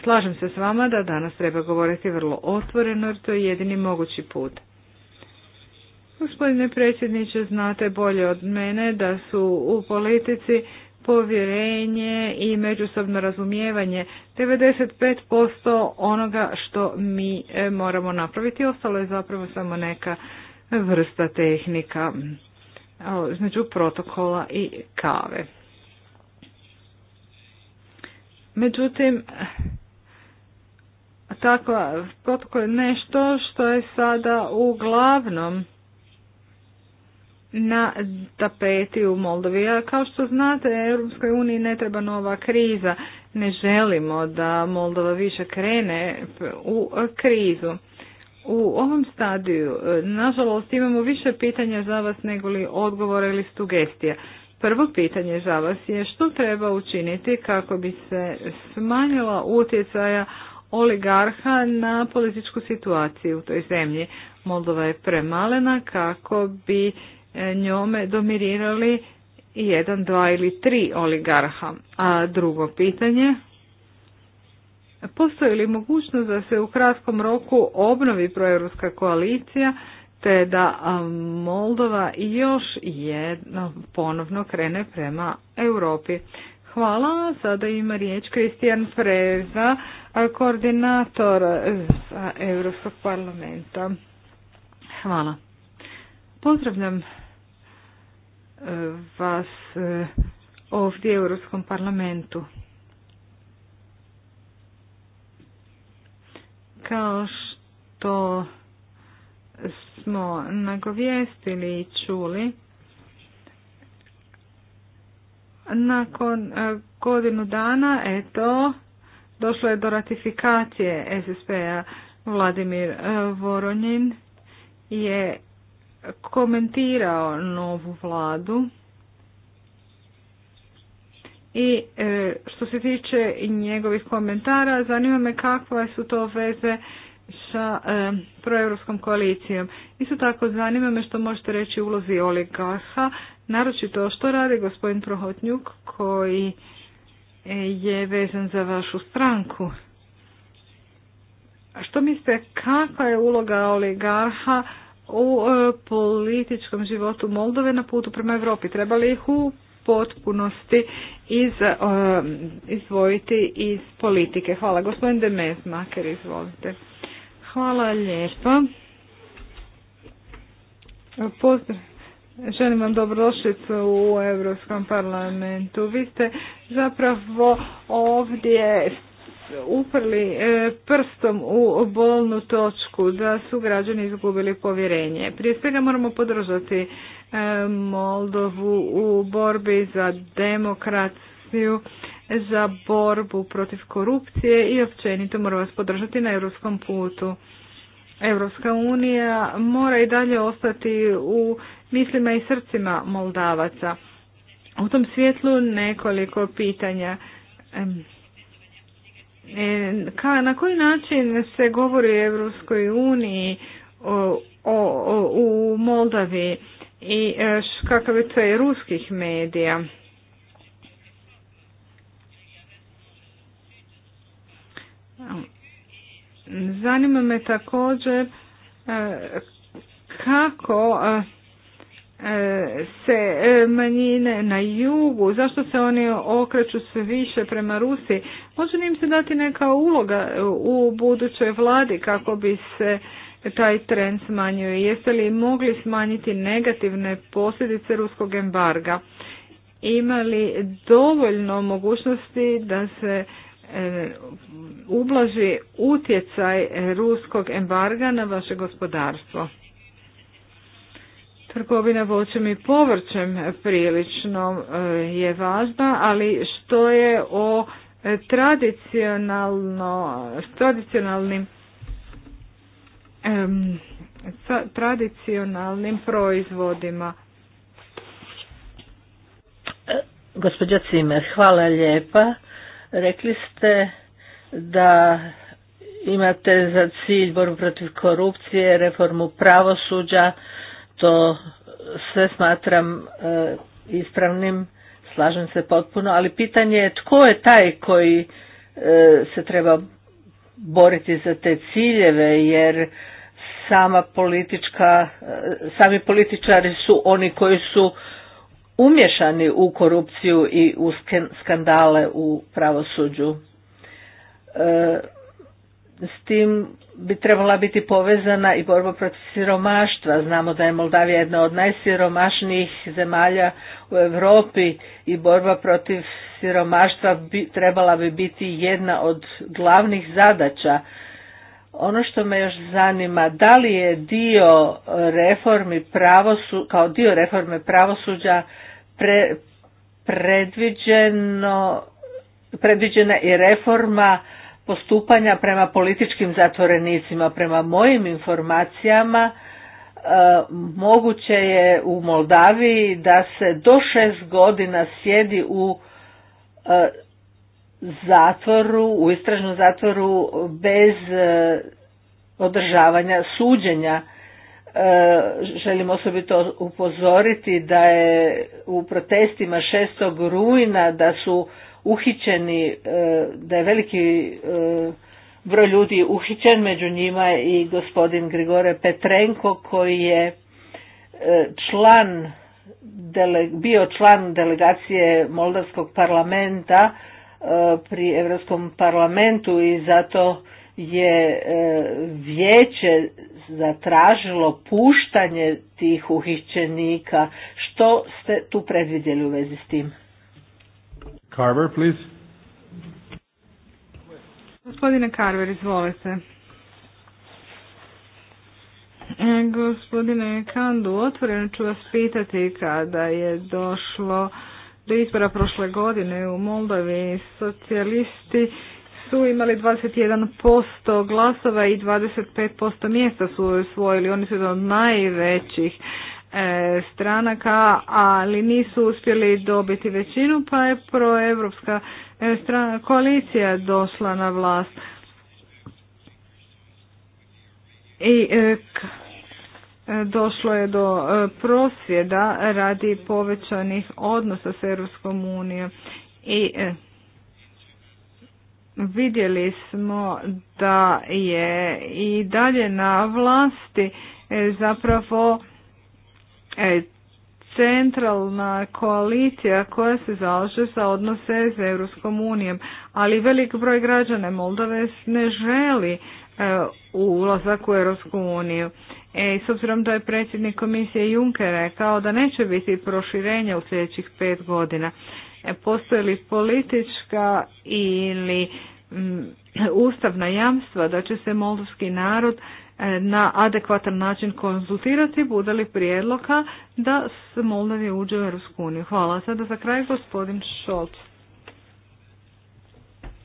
Slažem se s vama da danas treba govoriti vrlo otvoreno jer to je jedini mogući put. Gospodine predsjedniče, znate bolje od mene da su u politici povjerenje i međusobno razumijevanje 95% onoga što mi e, moramo napraviti. Ostalo je zapravo samo neka vrsta tehnika između protokola i kave. Međutim, takva protokol je nešto što je sada uglavnom na tapeti u Moldovi. A kao što znate, Europskoj uniji ne treba nova kriza. Ne želimo da Moldova više krene u krizu. U ovom stadiju, nažalost, imamo više pitanja za vas nego li odgovora ili sugestija. Prvo pitanje za vas je što treba učiniti kako bi se smanjila utjecaja oligarha na političku situaciju u toj zemlji. Moldova je premalena kako bi e, njome domirirali jedan, dva ili tri oligarha. A drugo pitanje, postoji li mogućnost da se u kratkom roku obnovi proeuropska koalicija te da Moldova još jedno ponovno krene prema Europi. Hvala. Sada ima riječ Kristijan Freza, koordinator Europskog parlamenta. Hvala. Pozdravljam e, vas e, ovdje u Europskom parlamentu. Kao što smo nagovijestili i čuli, nakon e, godinu dana, eto, došlo je do ratifikacije SSP-a. Vladimir e, Voronjin je komentirao novu vladu i e, što se tiče njegovih komentara, zanima me kakve su to veze sa proevropskom proeuropskom koalicijom. Isto tako zanima me što možete reći ulozi oligarha Naročito što radi gospodin Prohotnjuk koji je vezan za vašu stranku. A što mislite, kakva je uloga oligarha u e, političkom životu Moldove na putu prema Europi? Treba li ih u potpunosti iz, e, izdvojiti iz politike? Hvala. Gospodin Demez izvolite. Hvala lijepa. Pozdrav. Želim vam dobrodošlicu u Europskom parlamentu. Vi ste zapravo ovdje uprli e, prstom u bolnu točku da su građani izgubili povjerenje. Prije svega moramo podržati e, Moldovu u borbi za demokraciju, za borbu protiv korupcije i općenito moramo vas podržati na europskom putu. Europska unija mora i dalje ostati u mislima i srcima Moldavaca. U tom svjetlu nekoliko pitanja. E, na koji način se govori o Europskoj uniji o, o, u Moldavi i e, kakav je to je ruskih medija? Zanima me također e, kako se e, manjine na jugu, zašto se oni okreću sve više prema Rusiji, može im se dati neka uloga e, u budućoj vladi kako bi se taj trend smanjio. Jeste li mogli smanjiti negativne posljedice ruskog embarga? Imali dovoljno mogućnosti da se e, ublaži utjecaj ruskog embarga na vaše gospodarstvo? Trgovina voćem i povrćem prilično e, je važna, ali što je o e, tradicionalno, tradicionalnim tradicionalnim proizvodima. E, Gospođa Cimer, hvala lijepa. Rekli ste da imate za cilj borbu protiv korupcije, reformu pravosuđa, to sve smatram e, ispravnim, slažem se potpuno, ali pitanje je tko je taj koji e, se treba boriti za te ciljeve jer sama politička, e, sami političari su oni koji su umješani u korupciju i u skandale u pravosuđu s tim bi trebala biti povezana i borba protiv siromaštva. Znamo da je Moldavija jedna od najsiromašnijih zemalja u Europi i borba protiv siromaštva bi, trebala bi biti jedna od glavnih zadaća. Ono što me još zanima, da li je dio reformi pravosu, kao dio reforme pravosuđa pre, predviđeno, predviđena i reforma postupanja prema političkim zatvorenicima. Prema mojim informacijama e, moguće je u Moldaviji da se do šest godina sjedi u e, zatvoru, u istražnom zatvoru bez e, održavanja suđenja. Želim osobito upozoriti da je u protestima 6. rujna da su uhićeni, e, da je veliki e, broj ljudi uhićen, među njima i gospodin Grigore Petrenko koji je e, član bio član delegacije Moldavskog parlamenta pri Europskom parlamentu i zato je vijeće zatražilo puštanje tih uhićenika. Što ste tu predvidjeli u vezi s tim? Carver, please. Gospodine Carver, izvolite. E, gospodine Kandu, otvoreno ću vas pitati kada je došlo do izbora prošle godine u Moldavi. Socijalisti su imali 21% glasova i 25% mjesta su osvojili. Oni su jedan od najvećih E, stranaka, ali nisu uspjeli dobiti većinu, pa je proevropska e, strana, koalicija došla na vlast. I e, došlo je do prosvjeda radi povećanih odnosa s Europskom i vidjeli smo da je i dalje na vlasti zapravo E, centralna koalicija koja se zalaže za odnose s Europskom unijom, ali velik broj građana Moldave ne želi e, ulazak u Europsku uniju. E, s obzirom da je predsjednik komisije Juncker rekao da neće biti proširenja u sljedećih pet godina, e, postoji li politička ili mm, ustavna jamstva da će se moldovski narod na adekvatan način konzultirati bude li prijedloga da Moldavija uđe u Europsku uniju. Hvala. Sada za kraj gospodin Šolc.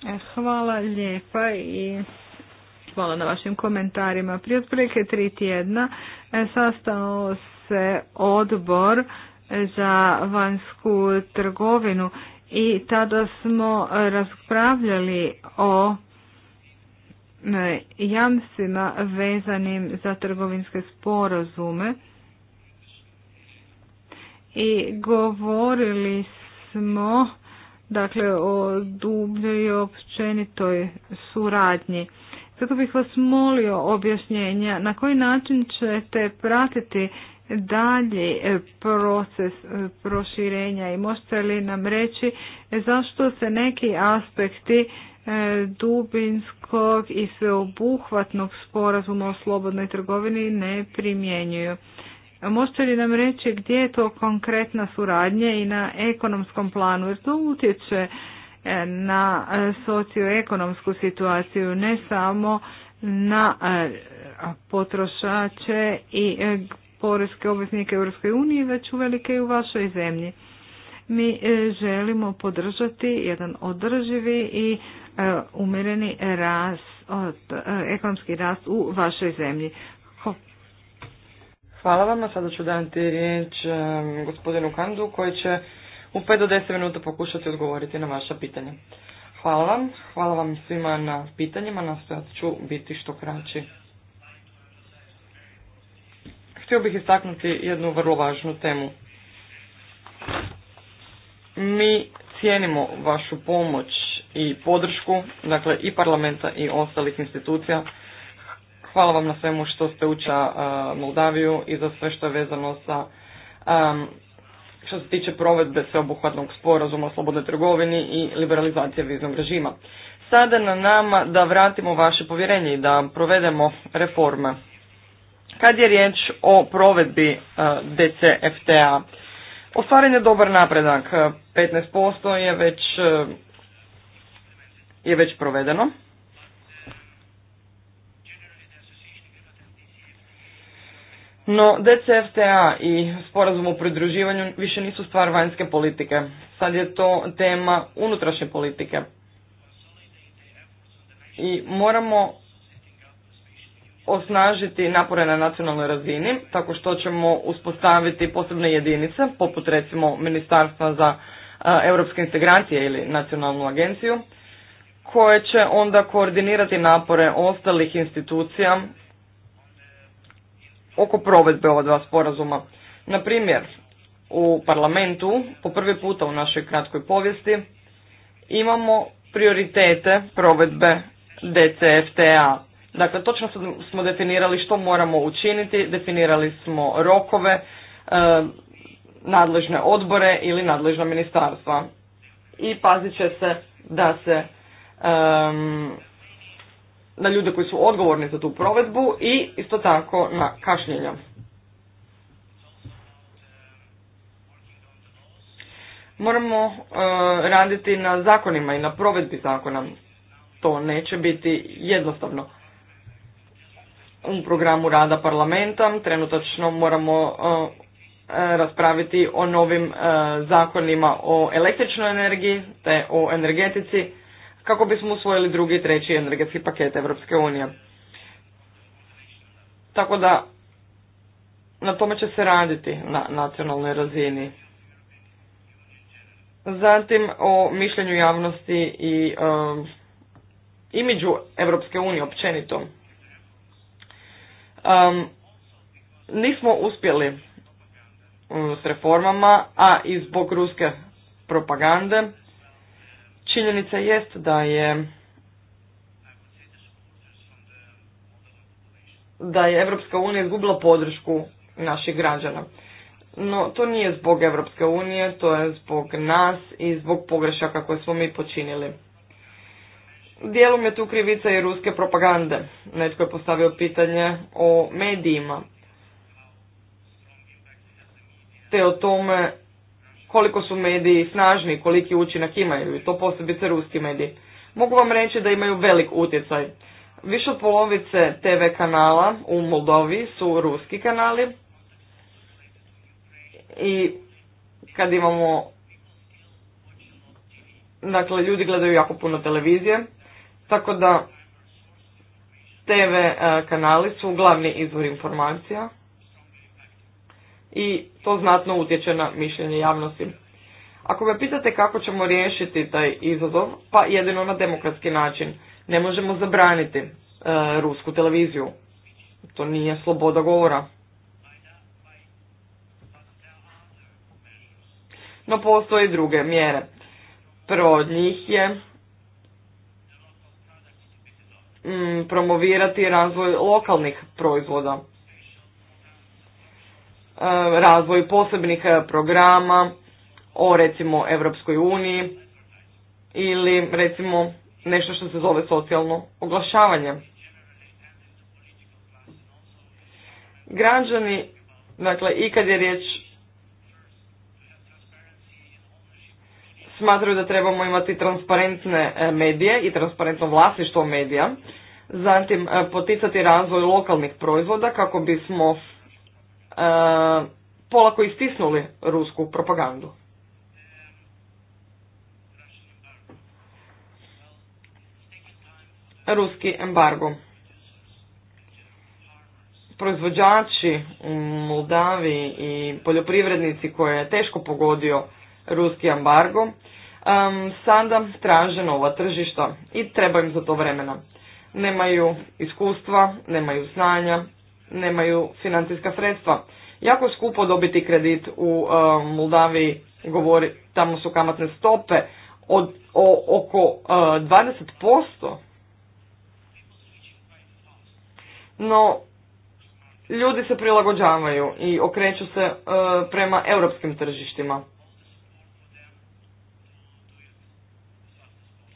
E, hvala lijepa i hvala na vašim komentarima. Prije otprilike tri tjedna e, sastao se odbor za vanjsku trgovinu i tada smo raspravljali o E, jamstvima vezanim za trgovinske sporazume i govorili smo dakle o dubljoj i općenitoj suradnji. Zato bih vas molio objašnjenja na koji način ćete pratiti dalji e, proces e, proširenja i možete li nam reći zašto se neki aspekti E, dubinskog i sveobuhvatnog sporazuma o slobodnoj trgovini ne primjenjuju. Možete li nam reći gdje je to konkretna suradnja i na ekonomskom planu, jer to utječe e, na e, socioekonomsku situaciju, ne samo na potrošače i porezke obveznike Europske unije, već u velike i u vašoj zemlji. Mi želimo podržati jedan održivi i E, umjereni rast, e, ekonomski rast u vašoj zemlji. Hvala vam, sada ću dati riječ e, gospodinu Kandu koji će u 5 do 10 minuta pokušati odgovoriti na vaša pitanja. Hvala vam, hvala vam svima na pitanjima, nastojat ću biti što kraći. Htio bih istaknuti jednu vrlo važnu temu. Mi cijenimo vašu pomoć i podršku, dakle i parlamenta i ostalih institucija. Hvala vam na svemu što ste uča Moldaviju i za sve što je vezano sa što se tiče provedbe sveobuhvatnog sporazuma o slobodnoj trgovini i liberalizacije viznog režima. Sada na nama da vratimo vaše povjerenje i da provedemo reforme. Kad je riječ o provedbi DCFTA, ostvaren je dobar napredak. 15% je već je već provedeno. No, DCFTA i sporazum o pridruživanju više nisu stvar vanjske politike. Sad je to tema unutrašnje politike. I moramo osnažiti napore na nacionalnoj razini, tako što ćemo uspostaviti posebne jedinice, poput recimo Ministarstva za europske integracije ili nacionalnu agenciju, koje će onda koordinirati napore ostalih institucija oko provedbe ova dva sporazuma. Na primjer, u parlamentu po prvi puta u našoj kratkoj povijesti imamo prioritete provedbe DCFTA. Dakle, točno smo definirali što moramo učiniti, definirali smo rokove, e, nadležne odbore ili nadležna ministarstva. I pazit će se da se na ljude koji su odgovorni za tu provedbu i isto tako na kašnjenja. Moramo e, raditi na zakonima i na provedbi zakona. To neće biti jednostavno. U programu rada parlamenta trenutačno moramo e, raspraviti o novim e, zakonima o električnoj energiji te o energetici kako bismo usvojili drugi i treći energetski paket Europske unije. Tako da na tome će se raditi na nacionalnoj razini. Zatim o mišljenju javnosti i um, imidžu Europske unije općenito. Um, nismo uspjeli um, s reformama, a i zbog ruske propagande Činjenica jest da je da je Evropska unija izgubila podršku naših građana. No, to nije zbog Evropske unije, to je zbog nas i zbog pogrešaka koje smo mi počinili. Dijelom je tu krivica i ruske propagande. Netko je postavio pitanje o medijima, te o tome koliko su mediji snažni, koliki učinak imaju, to posebice ruski mediji. Mogu vam reći da imaju velik utjecaj. Više od polovice TV kanala u Moldovi su ruski kanali i kad imamo dakle ljudi gledaju jako puno televizije, tako da TV eh, kanali su glavni izvor informacija i to znatno utječe na mišljenje javnosti. Ako me pitate kako ćemo riješiti taj izazov, pa jedino na demokratski način. Ne možemo zabraniti e, rusku televiziju. To nije sloboda govora. No postoje druge mjere. Prvo od njih je mm, promovirati razvoj lokalnih proizvoda. E, razvoj posebnih e, programa o recimo Europskoj uniji ili recimo nešto što se zove socijalno oglašavanje. Građani, dakle i kad je riječ smatraju da trebamo imati transparentne e, medije i transparentno vlasništvo medija, zatim poticati razvoj lokalnih proizvoda kako bismo E, polako istisnuli rusku propagandu. Ruski embargo. Proizvođači u Moldavi i poljoprivrednici koje je teško pogodio ruski embargo, um, sada traže nova tržišta i treba im za to vremena. Nemaju iskustva, nemaju znanja, nemaju financijska sredstva. Jako skupo dobiti kredit u uh, Moldaviji, govori, tamo su kamatne stope od o, oko 20%. Uh, no, ljudi se prilagođavaju i okreću se uh, prema europskim tržištima.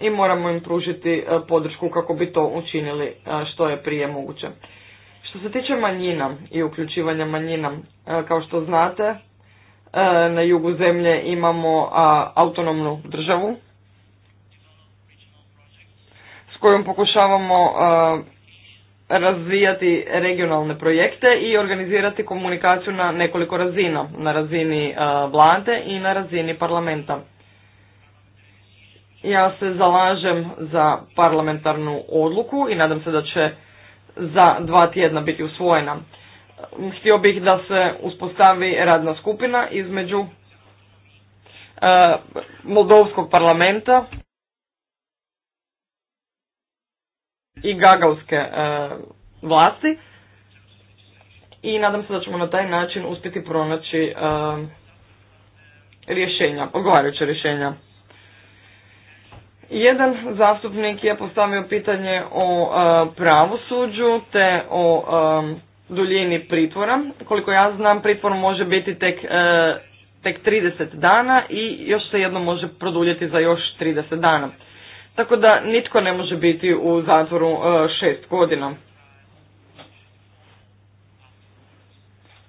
i moramo im pružiti podršku kako bi to učinili što je prije moguće. Što se tiče manjina i uključivanja manjina, e, kao što znate, e, na jugu zemlje imamo autonomnu državu s kojom pokušavamo e, razvijati regionalne projekte i organizirati komunikaciju na nekoliko razina, na razini vlade i na razini parlamenta. Ja se zalažem za parlamentarnu odluku i nadam se da će za dva tjedna biti usvojena. Htio bih da se uspostavi radna skupina između e, Moldovskog parlamenta i Gagavske e, vlasti i nadam se da ćemo na taj način uspjeti pronaći e, rješenja, odgovarajuća rješenja. Jedan zastupnik je postavio pitanje o e, pravosuđu te o e, duljini pritvora. Koliko ja znam, pritvor može biti tek, e, tek 30 dana i još se jedno može produljiti za još 30 dana. Tako da nitko ne može biti u zatvoru šest godina.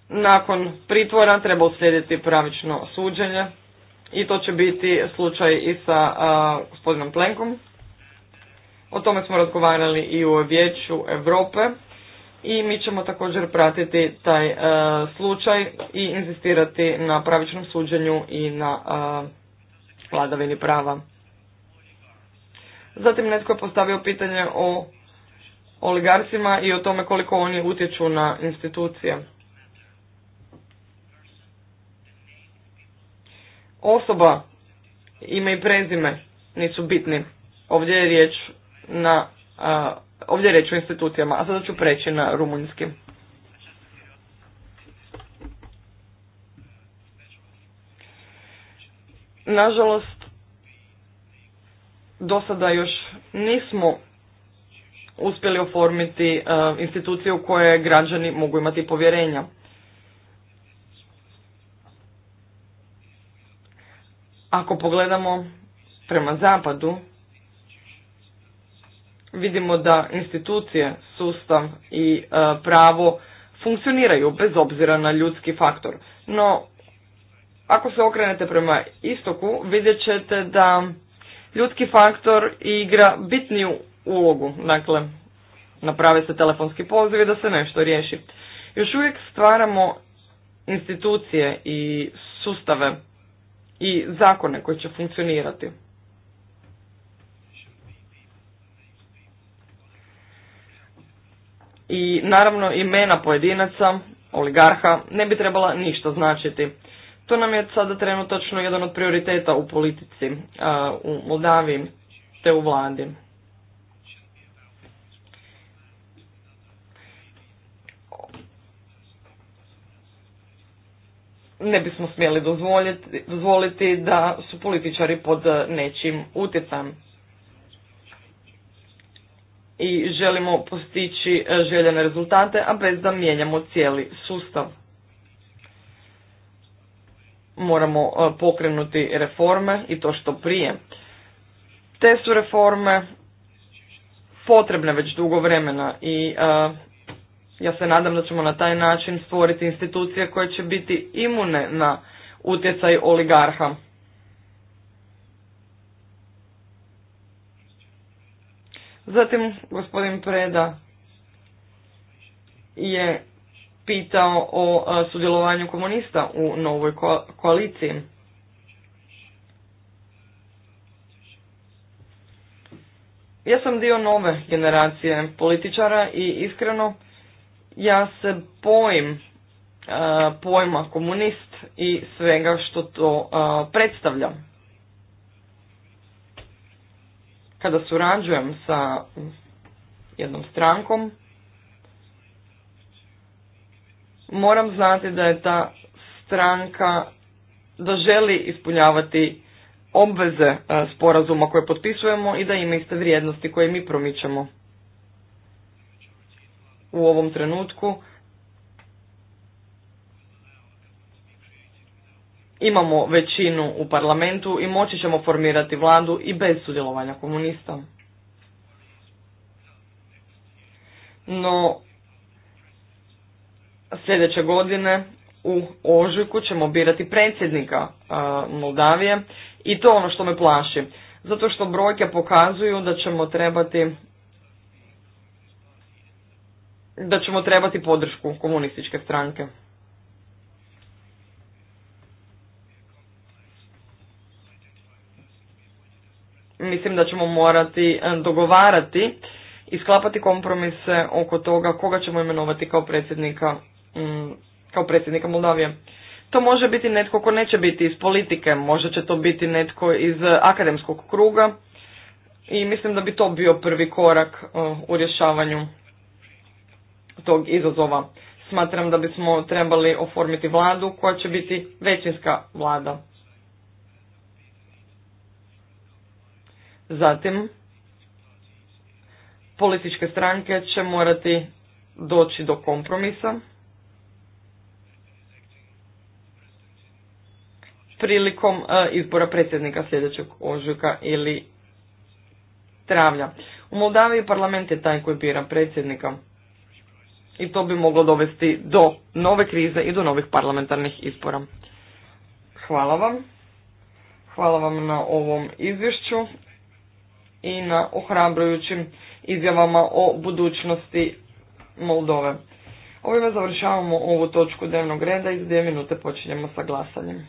Nakon pritvora treba uslijediti pravično suđenje i to će biti slučaj i sa gospodinom Plenkom. O tome smo razgovarali i u Vijeću Europe i mi ćemo također pratiti taj slučaj i inzistirati na pravičnom suđenju i na vladavini prava. Zatim netko je postavio pitanje o oligarcima i o tome koliko oni utječu na institucije. osoba, ime i prezime nisu bitni. Ovdje je riječ na, ovdje je riječ o institucijama, a sada ću preći na rumunjski. Nažalost, do sada još nismo uspjeli oformiti institucije u koje građani mogu imati povjerenja. Ako pogledamo prema zapadu, vidimo da institucije, sustav i e, pravo funkcioniraju bez obzira na ljudski faktor. No, ako se okrenete prema istoku, vidjet ćete da ljudski faktor igra bitniju ulogu. Dakle, naprave se telefonski pozivi da se nešto riješi. Još uvijek stvaramo institucije i sustave i zakone koji će funkcionirati. I naravno imena pojedinaca, oligarha, ne bi trebala ništa značiti. To nam je sada trenutačno jedan od prioriteta u politici, u Moldaviji te u vladi. ne bismo smjeli dozvoliti, dozvoliti da su političari pod eh, nečim utjecajem. I želimo postići eh, željene rezultate, a bez da mijenjamo cijeli sustav. Moramo eh, pokrenuti reforme i to što prije. Te su reforme potrebne već dugo vremena i ja se nadam da ćemo na taj način stvoriti institucije koje će biti imune na utjecaj oligarha. Zatim gospodin Preda je pitao o sudjelovanju komunista u novoj koaliciji. Ja sam dio nove generacije političara i iskreno ja se bojim e, pojma komunist i svega što to e, predstavlja. Kada surađujem sa jednom strankom, moram znati da je ta stranka da želi ispunjavati obveze e, sporazuma koje potpisujemo i da ima iste vrijednosti koje mi promičemo u ovom trenutku imamo većinu u parlamentu i moći ćemo formirati vladu i bez sudjelovanja komunista. No, sljedeće godine u ožujku ćemo birati predsjednika e, Moldavije i to ono što me plaši. Zato što brojke pokazuju da ćemo trebati da ćemo trebati podršku komunističke stranke. Mislim da ćemo morati e, dogovarati i sklapati kompromise oko toga koga ćemo imenovati kao predsjednika, mm, kao predsjednika Moldavije. To može biti netko ko neće biti iz politike, možda će to biti netko iz e, akademskog kruga i mislim da bi to bio prvi korak e, u rješavanju tog izazova. Smatram da bismo trebali oformiti vladu koja će biti većinska vlada. Zatim, političke stranke će morati doći do kompromisa prilikom e, izbora predsjednika sljedećeg ožujka ili travnja. U Moldaviji parlament je taj koji bira predsjednika i to bi moglo dovesti do nove krize i do novih parlamentarnih izbora. Hvala vam. Hvala vam na ovom izvješću i na ohrabrujućim izjavama o budućnosti Moldove. Ovime završavamo ovu točku dnevnog reda i s dvije minute počinjemo sa glasanjem.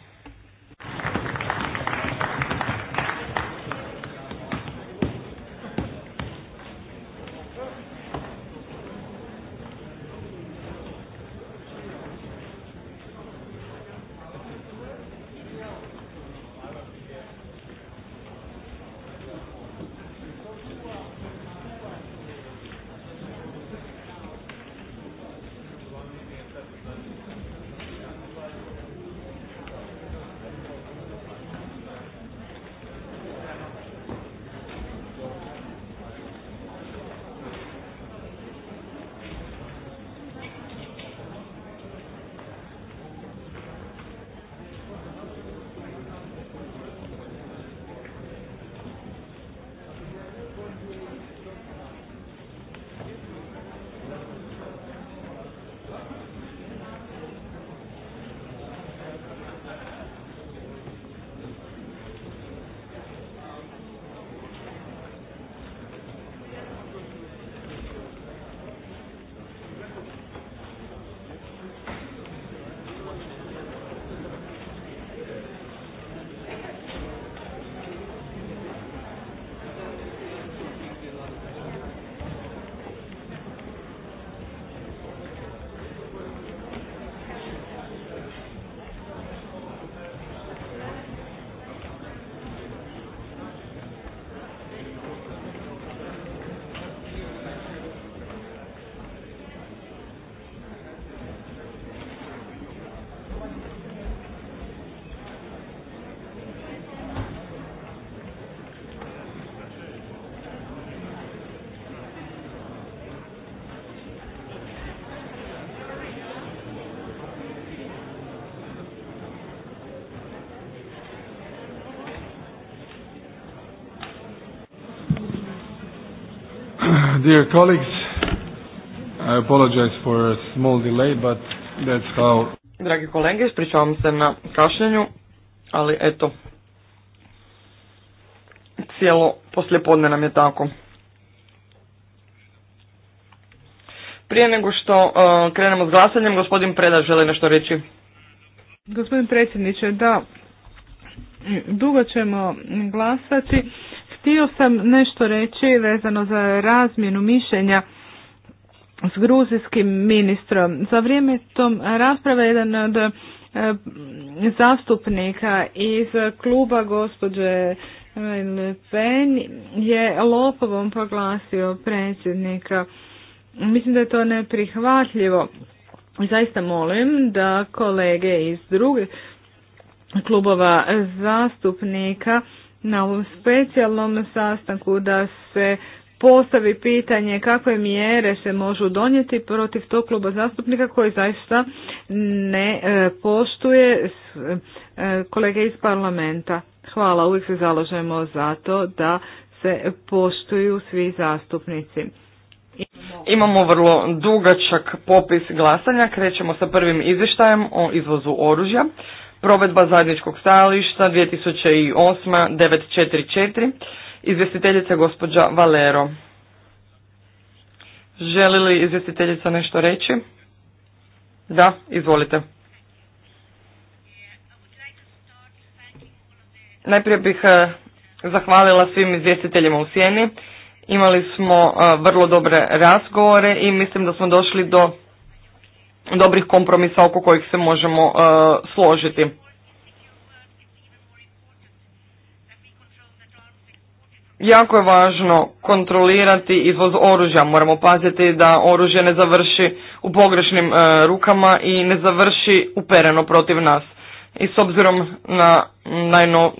Dear colleagues, I apologize for a small delay, but that's how... Dragi kolege, ispričavam se na kašljenju, ali eto, cijelo poslijepodne nam je tako. Prije nego što uh, krenemo s glasanjem, gospodin Preda želi nešto reći. Gospodin predsjedniče, da, dugo ćemo glasati Htio sam nešto reći vezano za razmjenu mišljenja s gruzijskim ministrom. Za vrijeme tom rasprave jedan od e, zastupnika iz kluba gospođe Le Pen je lopovom proglasio predsjednika. Mislim da je to neprihvatljivo. Zaista molim da kolege iz druge klubova zastupnika na ovom specijalnom sastanku da se postavi pitanje kakve mjere se možu donijeti protiv tog kluba zastupnika koji zaista ne e, poštuje e, kolege iz parlamenta. Hvala, uvijek se zalažemo za to da se poštuju svi zastupnici. Imamo vrlo dugačak popis glasanja. Krećemo sa prvim izvještajem o izvozu oružja provedba zajedničkog stajališta 2008-944, izvjestiteljica gospođa Valero. Želi li izvjestiteljica nešto reći? Da, izvolite. Najprije bih eh, zahvalila svim izvjestiteljima u sjeni. Imali smo eh, vrlo dobre razgovore i mislim da smo došli do dobrih kompromisa oko kojih se možemo e, složiti. Jako je važno kontrolirati izvoz oružja. Moramo paziti da oružje ne završi u pogrešnim e, rukama i ne završi upereno protiv nas. I s obzirom na najno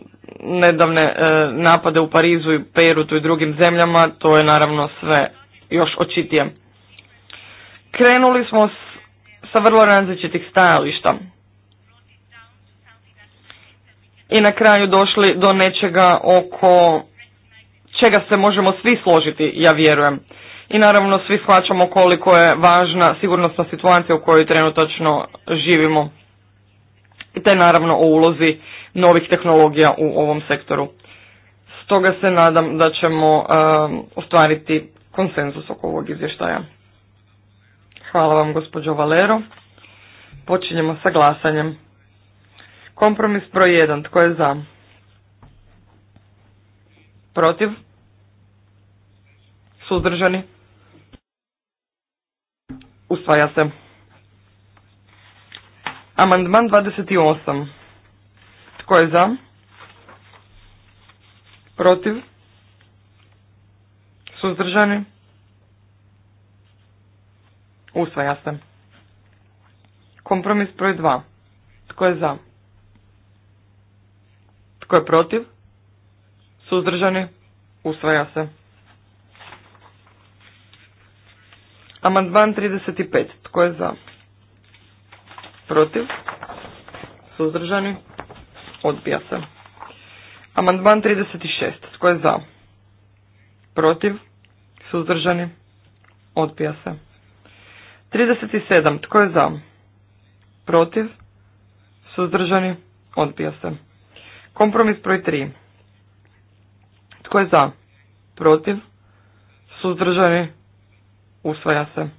nedavne e, napade u Parizu i Perutu i drugim zemljama, to je naravno sve još očitije. Krenuli smo sa vrlo različitih stajališta. I na kraju došli do nečega oko čega se možemo svi složiti, ja vjerujem. I naravno svi shvaćamo koliko je važna sigurnosna situacija u kojoj trenutačno živimo. I te naravno o ulozi novih tehnologija u ovom sektoru. Stoga se nadam da ćemo um, ostvariti konsenzus oko ovog izvještaja. Hvala vam gospođo Valero. Počinjemo sa glasanjem. Kompromis broj 1. Tko je za? Protiv? Suzdržani? Usvaja se. Amandman 28. Tko je za? Protiv? Suzdržani? Usvaja se. Kompromis broj 2. Tko je za? Tko je protiv? Suzdržani? Usvaja se. Amandman 35. Tko je za? Protiv? Suzdržani? Odbija se. Amandman 36. Tko je za? Protiv? Suzdržani? Odbija se. 37. Tko je za? Protiv? Suzdržani? Odbija se. Kompromis broj 3. Tko je za? Protiv? Suzdržani? Usvaja se.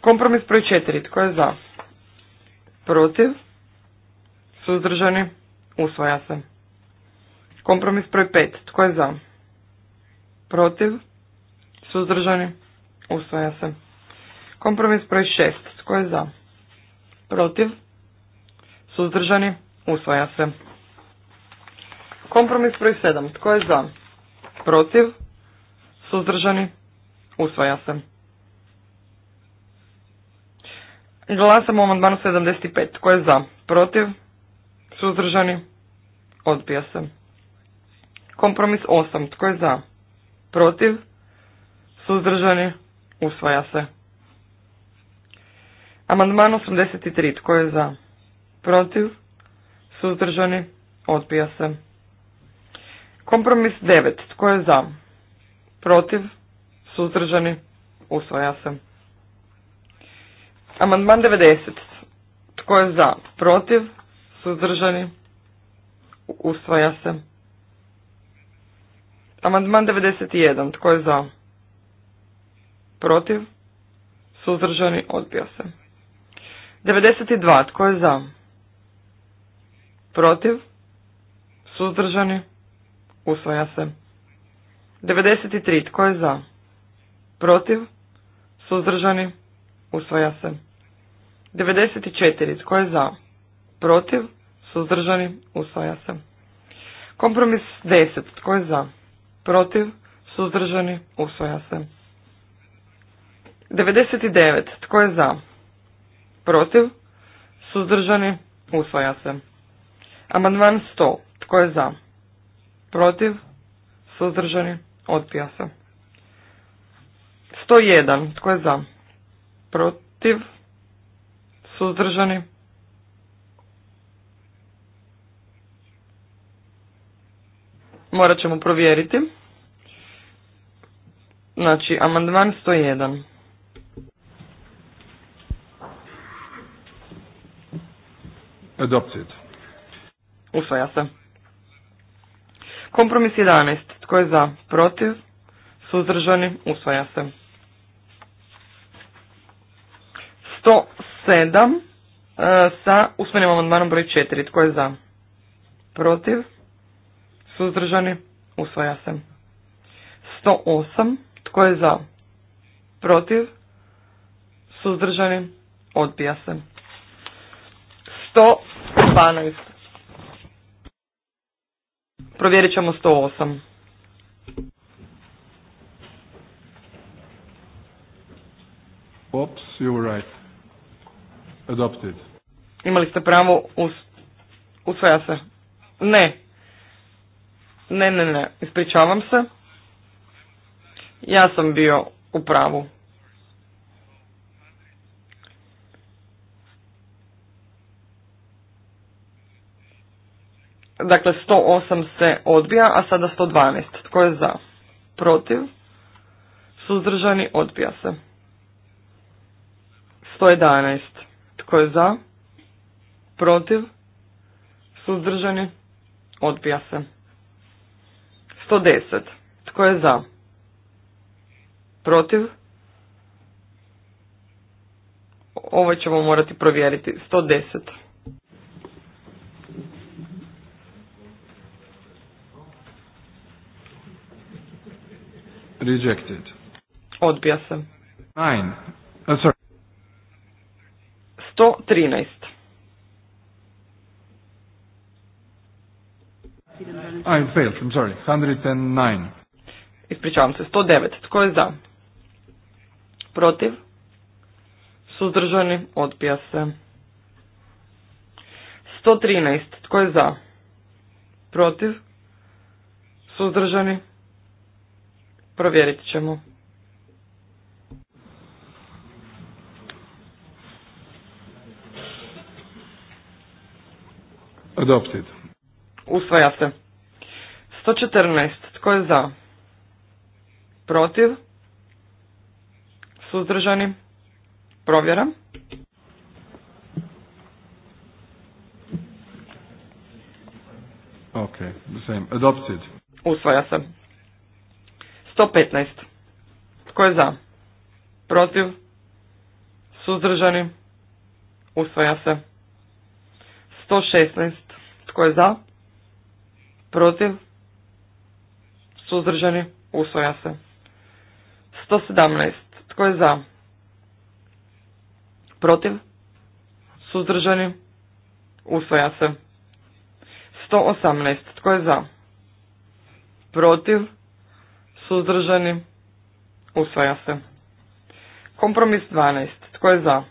Kompromis broj 4. Tko je za? Protiv? Suzdržani? Usvaja se. Kompromis broj 5. Tko je za? Protiv? Suzdržani? Usvaja se. Kompromis broj 6. Tko je za? Protiv? Suzdržani? Usvaja se. Kompromis broj 7. Tko je za? Protiv? Suzdržani? Usvaja se. Glasamo o amandmanu 75. Tko je za? Protiv? Suzdržani? Odbija se. Kompromis 8. Tko je za? Protiv? Suzdržani? Usvaja se. Amandman 83. Tko je za? Protiv? Suzdržani? Odbija se. Kompromis 9. Tko je za? Protiv? Suzdržani? Usvaja se. Amandman 90. Tko je za? Protiv? Suzdržani? Usvaja se. Amandman 91. Tko je za? protiv, suzdržani, odbija se. 92. Tko je za? Protiv, suzdržani, usvaja se. 93. Tko je za? Protiv, suzdržani, usvaja se. 94. Tko je za? Protiv, suzdržani, usvaja se. Kompromis 10. Tko je za? Protiv, suzdržani, usvaja se. 99. Tko je za? Protiv? Suzdržani? Usvaja se. Amandman 100. Tko je za? Protiv? Suzdržani? Odpija se. 101. Tko je za? Protiv? Suzdržani? Morat ćemo provjeriti. Znači, amandman 101. Adopted. Usvaja se. Kompromis 11. Tko je za? Protiv? Suzdržani? Usvaja se. 107 e, sa usmenim amandmanom broj 4. Tko je za? Protiv? Suzdržani? Usvaja se. 108. Tko je za? Protiv? Suzdržani? Odbija se. 12. Provjerit ćemo 108. Oops, you right. Adopted. Imali ste pravo us, usvaja se. Ne. Ne, ne, ne. Ispričavam se. Ja sam bio u pravu. Dakle, 108 se odbija, a sada 112. Tko je za? Protiv? Suzdržani odbija se. 111. Tko je za? Protiv? Suzdržani odbija se. 110. Tko je za? Protiv? Ovo ćemo morati provjeriti. 110. Rejected. Odbija se. Nine. Oh, sorry. 113. I failed, I'm sorry. 109. Ispričavam se, 109. Tko je za? Protiv? Suzdržani? Odbija se. 113. Tko je za? Protiv? Suzdržani? Provjerit ćemo. Adopted. Usvaja se. 114. Tko je za? Protiv? Suzdržani? Provjeram. Ok, the same. Adopted. Usvaja se. 115. Tko je za? Protiv? Suzdržani? Usvaja se. 116. Tko je za? Protiv? Suzdržani? Usvaja se. 117. Tko je za? Protiv? Suzdržani? Usvaja se. 118. Tko je za? Protiv? Suzdržani? Usvaja se. Kompromis 12. Tko je za?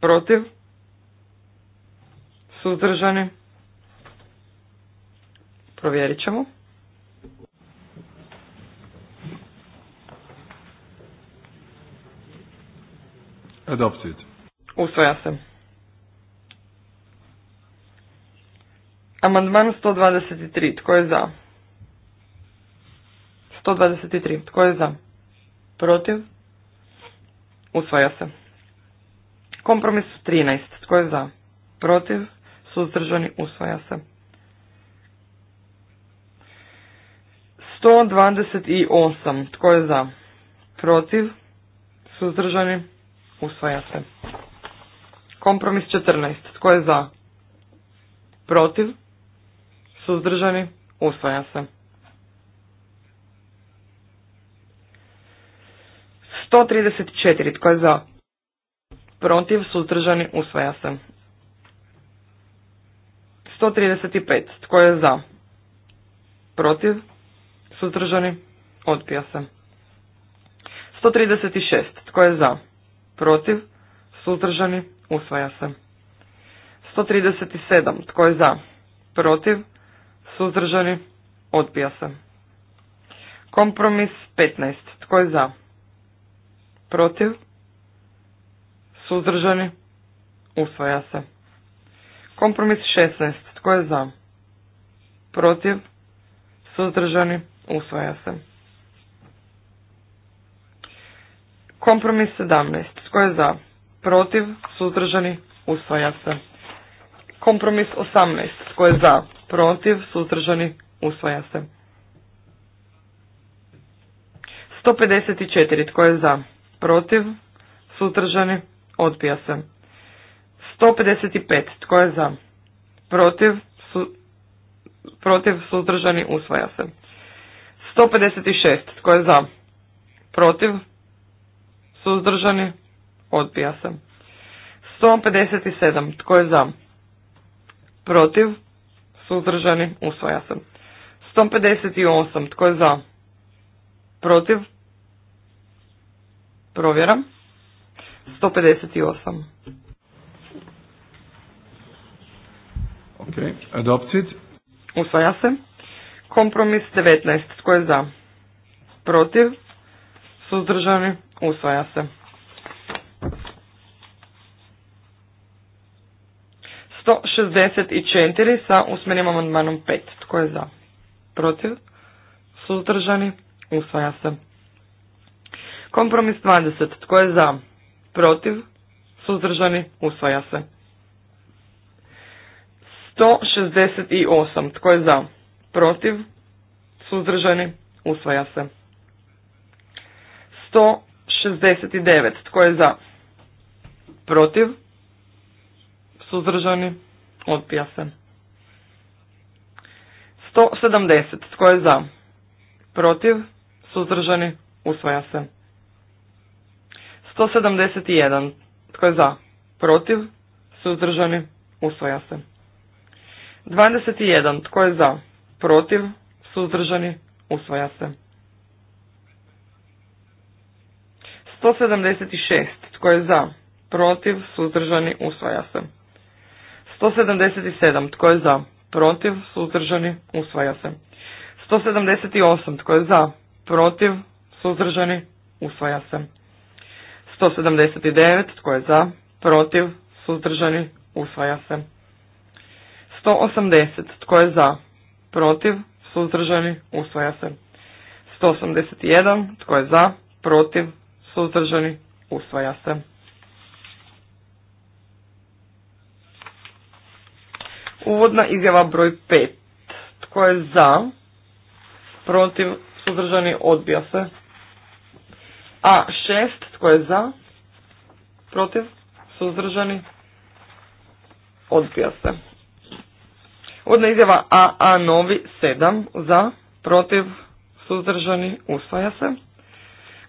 Protiv? Suzdržani? Provjerit ćemo. Adopted. Usvaja se. Amandman 123. Tko je za? 123. Tko je za? Protiv? Usvaja se. Kompromis 13. Tko je za? Protiv? Suzdržani? Usvaja se. 128. Tko je za? Protiv? Suzdržani? Usvaja se. Kompromis 14. Tko je za? Protiv? Suzdržani? Usvaja se. 134. Tko je za? Protiv, suzdržani, usvaja se. 135. Tko je za? Protiv, suzdržani, odbija se. 136. Tko je za? Protiv, suzdržani, usvaja se. 137. Tko je za? Protiv, suzdržani, odbija se. Kompromis 15. Tko je za? protiv, suzdržani, usvaja se. Kompromis 16. Tko je za? Protiv, suzdržani, usvaja se. Kompromis 17. Tko je za? Protiv, suzdržani, usvaja se. Kompromis 18. Tko je za? Protiv, suzdržani, usvaja se. 154. Tko je za? protiv, suzdržani, odbija se. 155. Tko je za? Protiv, su, protiv, suzdržani, usvaja se. 156. Tko je za? Protiv, suzdržani, odbija se. 157. Tko je za? Protiv, suzdržani, usvaja se. 158. Tko je za? Protiv, Provjera. 158. Ok, adopted. Usvaja se. Kompromis 19. Tko je za? Protiv? Suzdržani? Usvaja se. 164 sa usmenim amandmanom 5. Tko je za? Protiv? Suzdržani? Usvaja se. Kompromis 20. Tko je za? Protiv? Suzdržani? Usvaja se. 168. Tko je za? Protiv? Suzdržani? Usvaja se. 169. Tko je za? Protiv? Suzdržani? Odpija se. 170. Tko je za? Protiv? Suzdržani? Usvaja se. 171. Tko je za? Protiv? Suzdržani? Usvaja se. 21. Tko je za? Protiv? Suzdržani? Usvaja se. 176. Tko je za? Protiv? Suzdržani? Usvaja se. 177. Tko je za? Protiv? Suzdržani? Usvaja se. 178. Tko je za? Protiv? Suzdržani? Usvaja se. 179. Tko je za? Protiv? Suzdržani? Usvaja se. 180. Tko je za? Protiv? Suzdržani? Usvaja se. 181. Tko je za? Protiv? Suzdržani? Usvaja se. Uvodna izjava broj 5. Tko je za? Protiv? Suzdržani? Odbija se. A šest, tko je za? Protiv? Suzdržani? Odbija se. Odna izjava AA novi 7 za, protiv, suzdržani, usvaja se.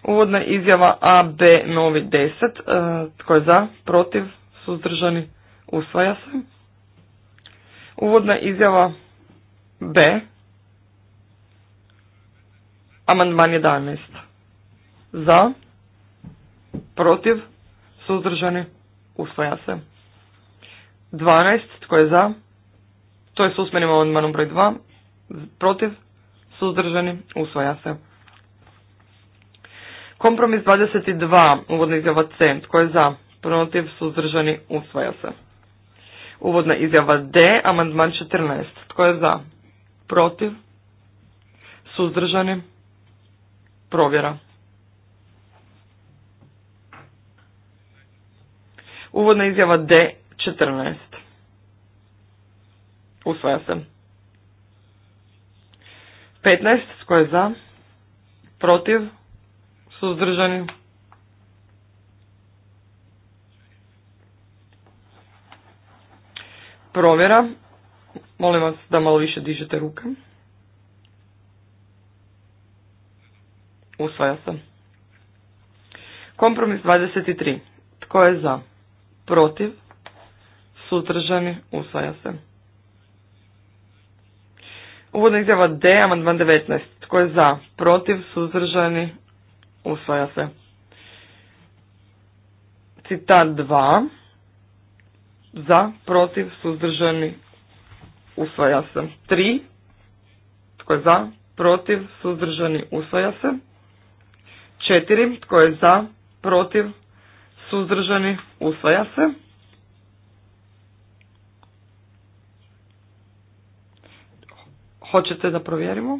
Uvodna izjava AB novi 10, e, tko je za, protiv, suzdržani, usvaja se. Uvodna izjava B, amandman 11 za, protiv, suzdržani, usvaja se. 12. Tko je za? To je s usmenim amandmanom broj 2. Protiv, suzdržani, usvaja se. Kompromis 22, uvodna izjava C. Tko je za? Protiv, suzdržani, usvaja se. Uvodna izjava D, amandman 14. Tko je za? Protiv, suzdržani, provjera. Uvodna izjava D14. Usvaja se. 15. Tko je za? Protiv? Suzdržani? Provjera. Molim vas da malo više dižete ruke. Usvaja se. Kompromis 23. Tko je za? protiv, suzdržani, usvaja se. Uvodna izjava D, amandman 19. Tko je za? Protiv, suzdržani, usvaja se. Citat 2. Za, protiv, suzdržani, usvaja se. 3. Tko je za? Protiv, suzdržani, usvaja se. 4. Tko je za? Protiv, suzdržani, usvaja se. Hoćete da provjerimo?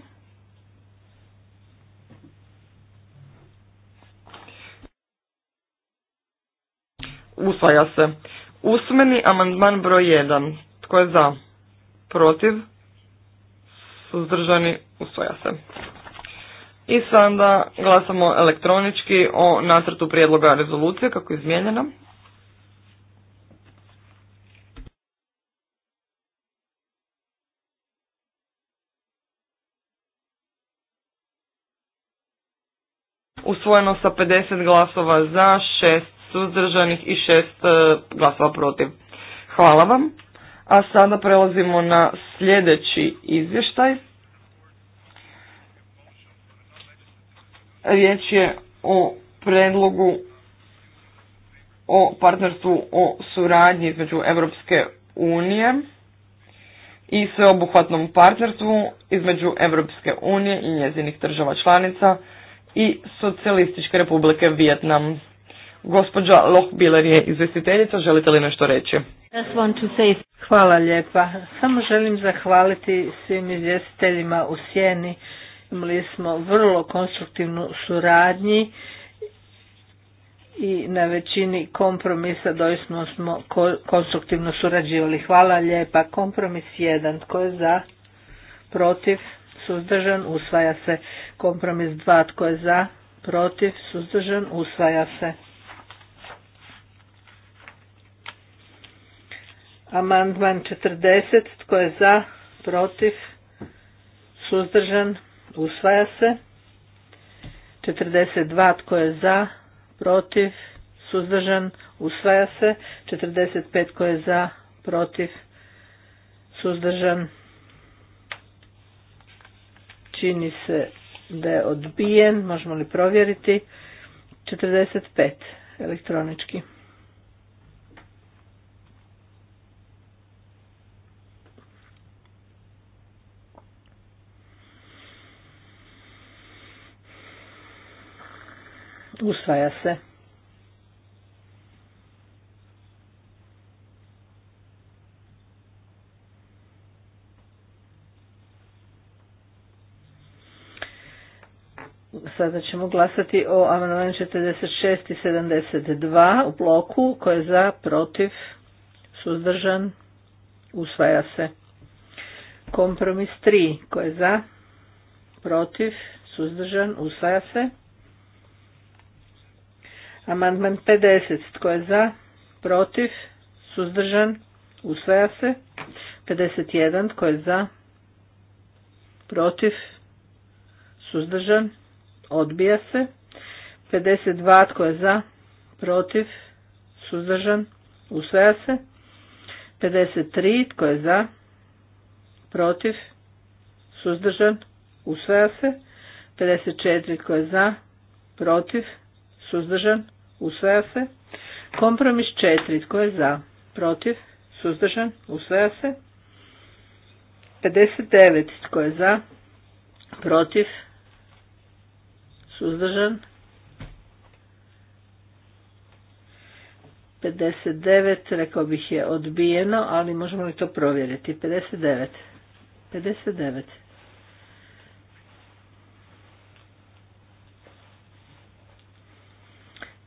Usvaja se. Usmeni amandman broj 1. Tko je za? Protiv? Suzdržani? Usvaja se. I sada glasamo elektronički o nacrtu prijedloga rezolucije kako je izmijenjena. Usvojeno sa 50 glasova za, 6 suzdržanih i 6 e, glasova protiv. Hvala vam. A sada prelazimo na sljedeći izvještaj. Riječ je o predlogu o partnerstvu o suradnji između Europske unije i sveobuhvatnom partnerstvu između Europske unije i njezinih država članica i Socijalističke republike Vijetnam. Gospođa Lohbiler je izvjestiteljica, želite li nešto reći? Hvala lijepa. Samo želim zahvaliti svim izvjestiteljima u Sjeni imali smo vrlo konstruktivnu suradnji i na većini kompromisa doista smo konstruktivno surađivali. Hvala lijepa. Kompromis 1. Tko je za? Protiv? Suzdržan? Usvaja se. Kompromis 2. Tko je za? Protiv? Suzdržan? Usvaja se. Amandman 40. Tko je za? Protiv? Suzdržan? usvaja se. 42 tko je za, protiv, suzdržan, usvaja se. 45 tko je za, protiv, suzdržan, čini se da je odbijen, možemo li provjeriti. 45 elektronički. usvaja se. Sada ćemo glasati o amandmanu 46 i 72 u bloku koje je za, protiv, suzdržan, usvaja se. Kompromis 3 koje je za, protiv, suzdržan, usvaja se. Amandman 50. Tko je za? Protiv? Suzdržan? Usvaja se. 51. Tko je za? Protiv? Suzdržan? Odbija se. 52. Tko je za? Protiv? Suzdržan? Usvaja se. 53. Tko je za? Protiv? Suzdržan? Usvaja se. 54. Tko je za? Protiv? Suzdržan? usvaja se. Kompromis četiri tko je za? Protiv, suzdržan, usvaja se. 59, tko je za? Protiv, suzdržan. 59, rekao bih je odbijeno, ali možemo li to provjeriti? 59. 59.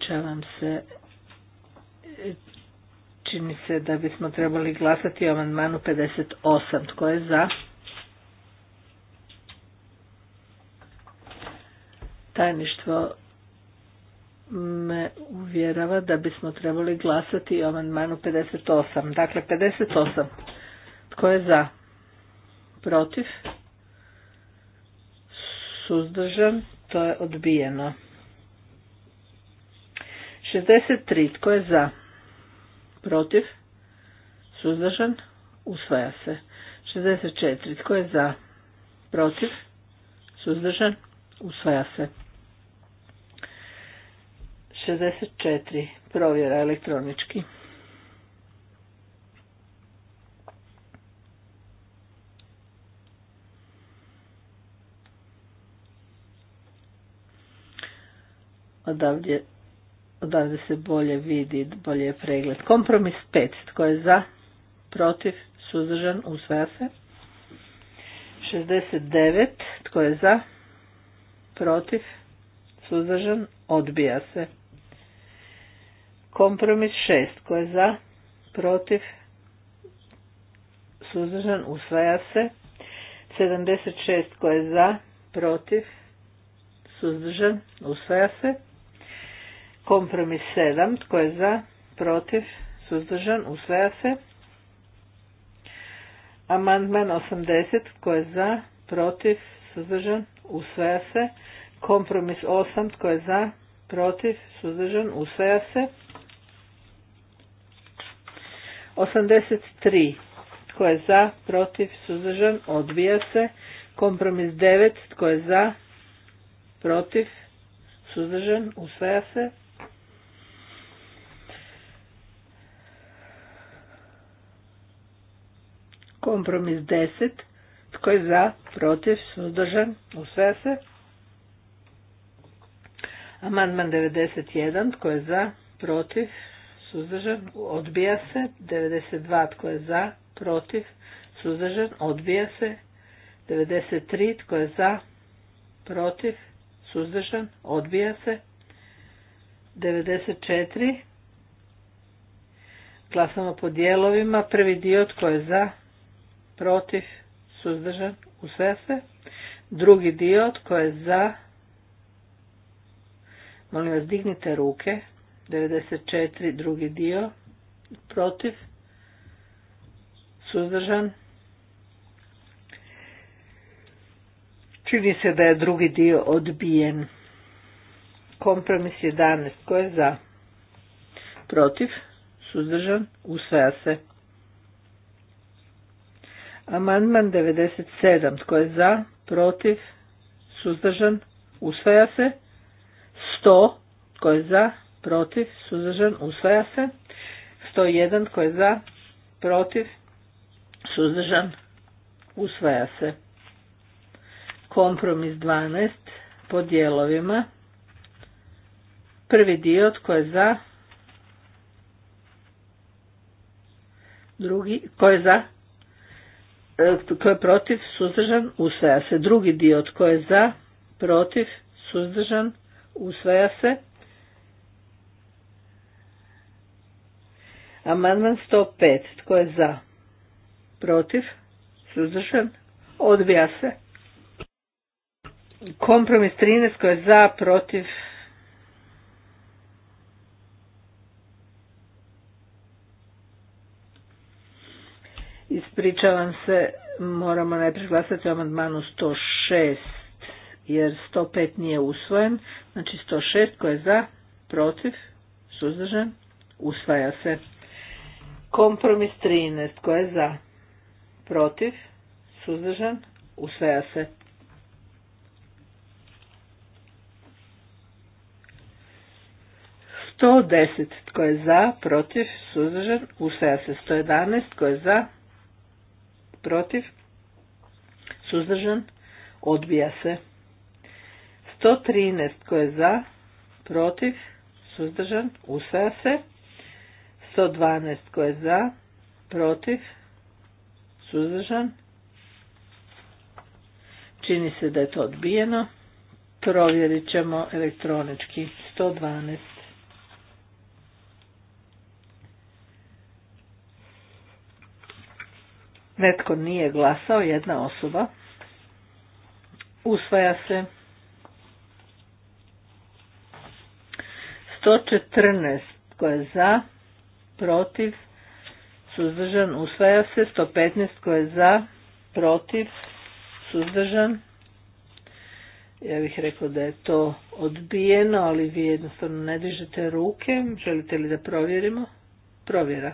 Ispričavam se. Čini se da bismo trebali glasati o amandmanu 58. Tko je za? Tajništvo me uvjerava da bismo trebali glasati o amandmanu 58. Dakle, 58. Tko je za? Protiv? Suzdržan? To je odbijeno. 63. Tko je za? Protiv? Suzdržan? Usvaja se. 64. Tko je za? Protiv? Suzdržan? Usvaja se. 64. Provjera elektronički. Odavdje odavde se bolje vidi, bolje je pregled. Kompromis 5, tko je za, protiv, suzdržan, usvaja se. 69, tko je za, protiv, suzdržan, odbija se. Kompromis 6, tko je za, protiv, suzdržan, usvaja se. 76, tko je za, protiv, suzdržan, usvaja se. Kompromis 7. Tko je za? Protiv? Suzdržan? Usvaja se. Amandman 80. Tko je za? Protiv? Suzdržan? Usvaja se. Kompromis 8. Tko je za? Protiv? Suzdržan? Usvaja se. 83. Tko je za? Protiv? Suzdržan? Odbija se. Kompromis 9. Tko je za? Protiv? Suzdržan? Usvaja se. Kompromis 10. Tko je za, protiv, suzdržan, usvaja se. Amandman 91. Tko je za, protiv, suzdržan, odbija se. 92. Tko je za, protiv, suzdržan, odbija se. 93. Tko je za, protiv, suzdržan, odbija se. 94. Glasamo po dijelovima. Prvi dio tko je za, protiv, suzdržan, usvaja se. Drugi dio, tko je za, molim vas dignite ruke, 94, drugi dio, protiv, suzdržan. Čini se da je drugi dio odbijen. Kompromis 11, tko je za, protiv, suzdržan, usvaja se. Amandman 97. Tko je za? Protiv? Suzdržan? Usvaja se. 100. Tko je za? Protiv? Suzdržan? Usvaja se. 101. Tko je za? Protiv? Suzdržan? Usvaja se. Kompromis 12. Po dijelovima. Prvi dio. Tko je za? Drugi. Tko je za? E, tko je protiv, suzdržan, usvaja se. Drugi dio, tko je za, protiv, suzdržan, usvaja se. Amandman 105, tko je za, protiv, suzdržan, odbija se. Kompromis 13, tko je za, protiv, Ispričavam se, moramo najprije glasati o amandmanu 106, jer 105 nije usvojen. Znači 106 koje je za, protiv, suzdržan, usvaja se. Kompromis 13 koje je za, protiv, suzdržan, usvaja se. Sto deset tko je za, protiv, suzdržan, usvaja se sto jedanaest tko je za, protiv, suzdržan, odbija se. 113 koje je za, protiv, suzdržan, usvaja se. 112 koje je za, protiv, suzdržan. Čini se da je to odbijeno. Provjerit ćemo elektronički. 112. Netko nije glasao, jedna osoba. Usvaja se. 114 koje je za, protiv, suzdržan, usvaja se. 115 koje je za, protiv, suzdržan. Ja bih rekao da je to odbijeno, ali vi jednostavno ne dižete ruke. Želite li da provjerimo? Provjera.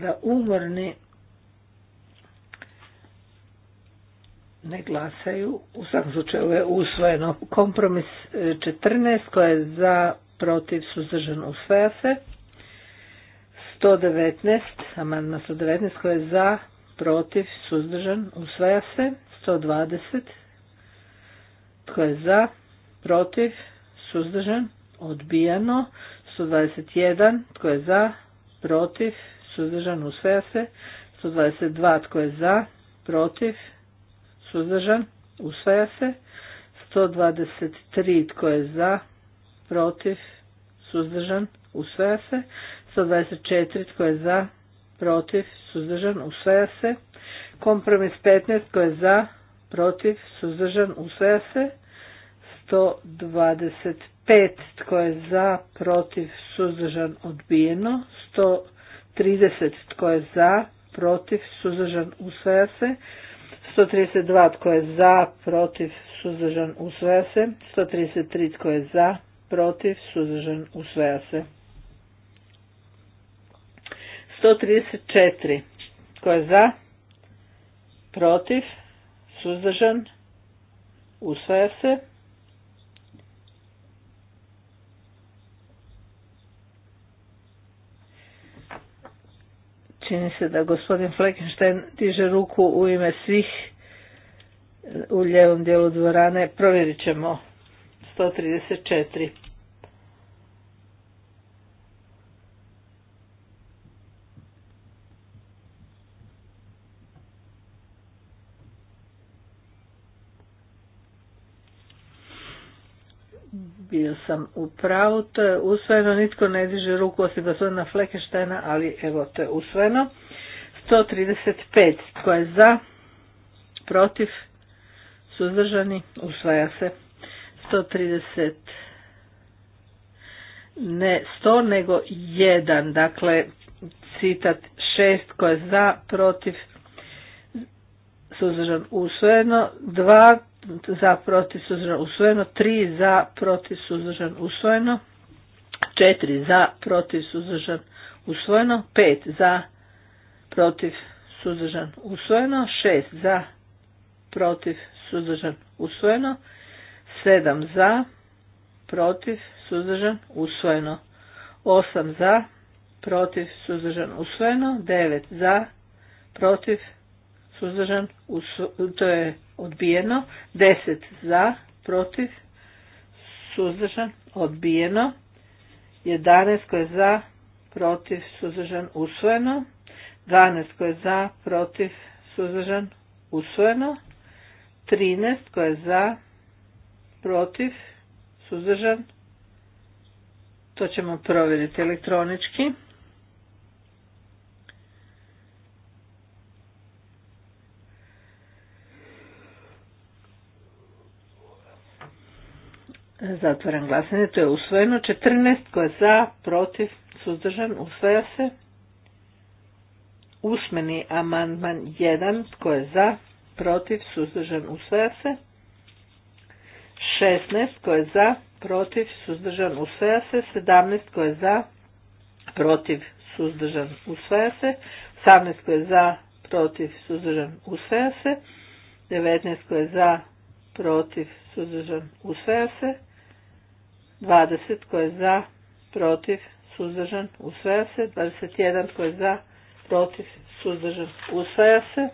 da umorni ne glasaju. U svakom slučaju je usvojeno kompromis 14 e, koja je za protiv suzdržan usvaja se. 119, amandma 119 koja je za protiv suzdržan usvaja se. 120 tko je za protiv suzdržan odbijano. 121 tko je za protiv suzdržan, usvaja se. 122 tko je za, protiv, suzdržan, usvaja se. 123 tko je za, protiv, suzdržan, usvaja se. 124 tko je za, protiv, suzdržan, usvaja se. Kompromis 15 tko je za, protiv, suzdržan, usvaja se. 125 tko je za, protiv, suzdržan, odbijeno. 100 130 tko je za, protiv, suzdržan, usvaja se. 132 tko je za, protiv, suzdržan, usvaja se. 133 tko je za, protiv, suzdržan, usvaja se. 134 tko je za, protiv, suzdržan, usvaja se. Čini se da gospodin Fleckenstein tiže ruku u ime svih u ljevom dijelu dvorane. Provjerit ćemo 134. bio sam u pravu, to je usvojeno, nitko ne diže ruku osim gospodina Flekeštajna, ali evo to je usvojeno. 135, tko je za, protiv, suzdržani, usvaja se. 130, ne 100, nego 1, dakle citat 6, tko je za, protiv, suzdržan, usvojeno. 2, za protiv suzdržan usvojeno, 3 za protiv suzdržan usvojeno, 4 za protiv suzdržan usvojeno, 5 za protiv suzdržan usvojeno, 6 za protiv suzdržan usvojeno, 7 za protiv suzdržan usvojeno, 8 za protiv suzdržan usvojeno, 9 za protiv suzdržan usvojeno, to je odbijeno, 10 za, protiv, suzdržan, odbijeno, 11 koje je za, protiv, suzdržan, usvojeno, 12 koje je za, protiv, suzdržan, usvojeno, 13 koje je za, protiv, suzdržan, to ćemo provjeriti elektronički. Zatvoren glasanje, to je usvojeno. 14 tko je za, protiv, suzdržan, usvaja se. Usmeni amandman 1 tko je za, protiv, suzdržan, usvaja se. 16 tko je za, protiv, suzdržan, usvaja se. 17 tko je za, protiv, suzdržan, usvaja se. 18 tko je za, protiv, suzdržan, usvaja se. 19 tko je za, protiv, suzdržan, usvaja se. 20 tko je za, protiv, suzdržan, usvaja se. 21 tko je za, protiv, suzdržan, usvaja se.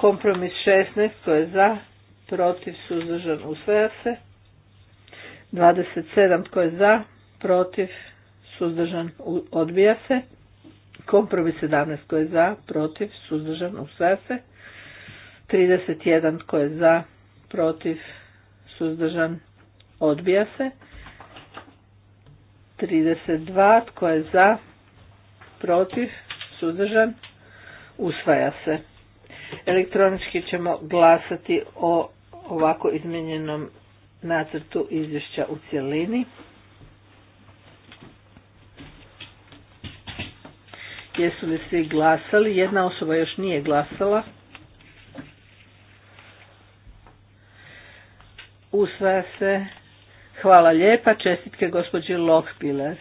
Kompromis 16 tko je za, protiv, suzdržan, usvaja se. 27 tko je za, protiv, suzdržan, odbija se. Kompromis 17 tko je za, protiv, suzdržan, usvaja se. 31 tko je za, protiv, suzdržan, odbija se. 32. Tko je za? Protiv? Suzdržan? Usvaja se. Elektronički ćemo glasati o ovako izmijenjenom nacrtu izvješća u cjelini. Jesu li svi glasali? Jedna osoba još nije glasala. Usvaja se Hvala lijepa, čestitke gospođi Lohpiler.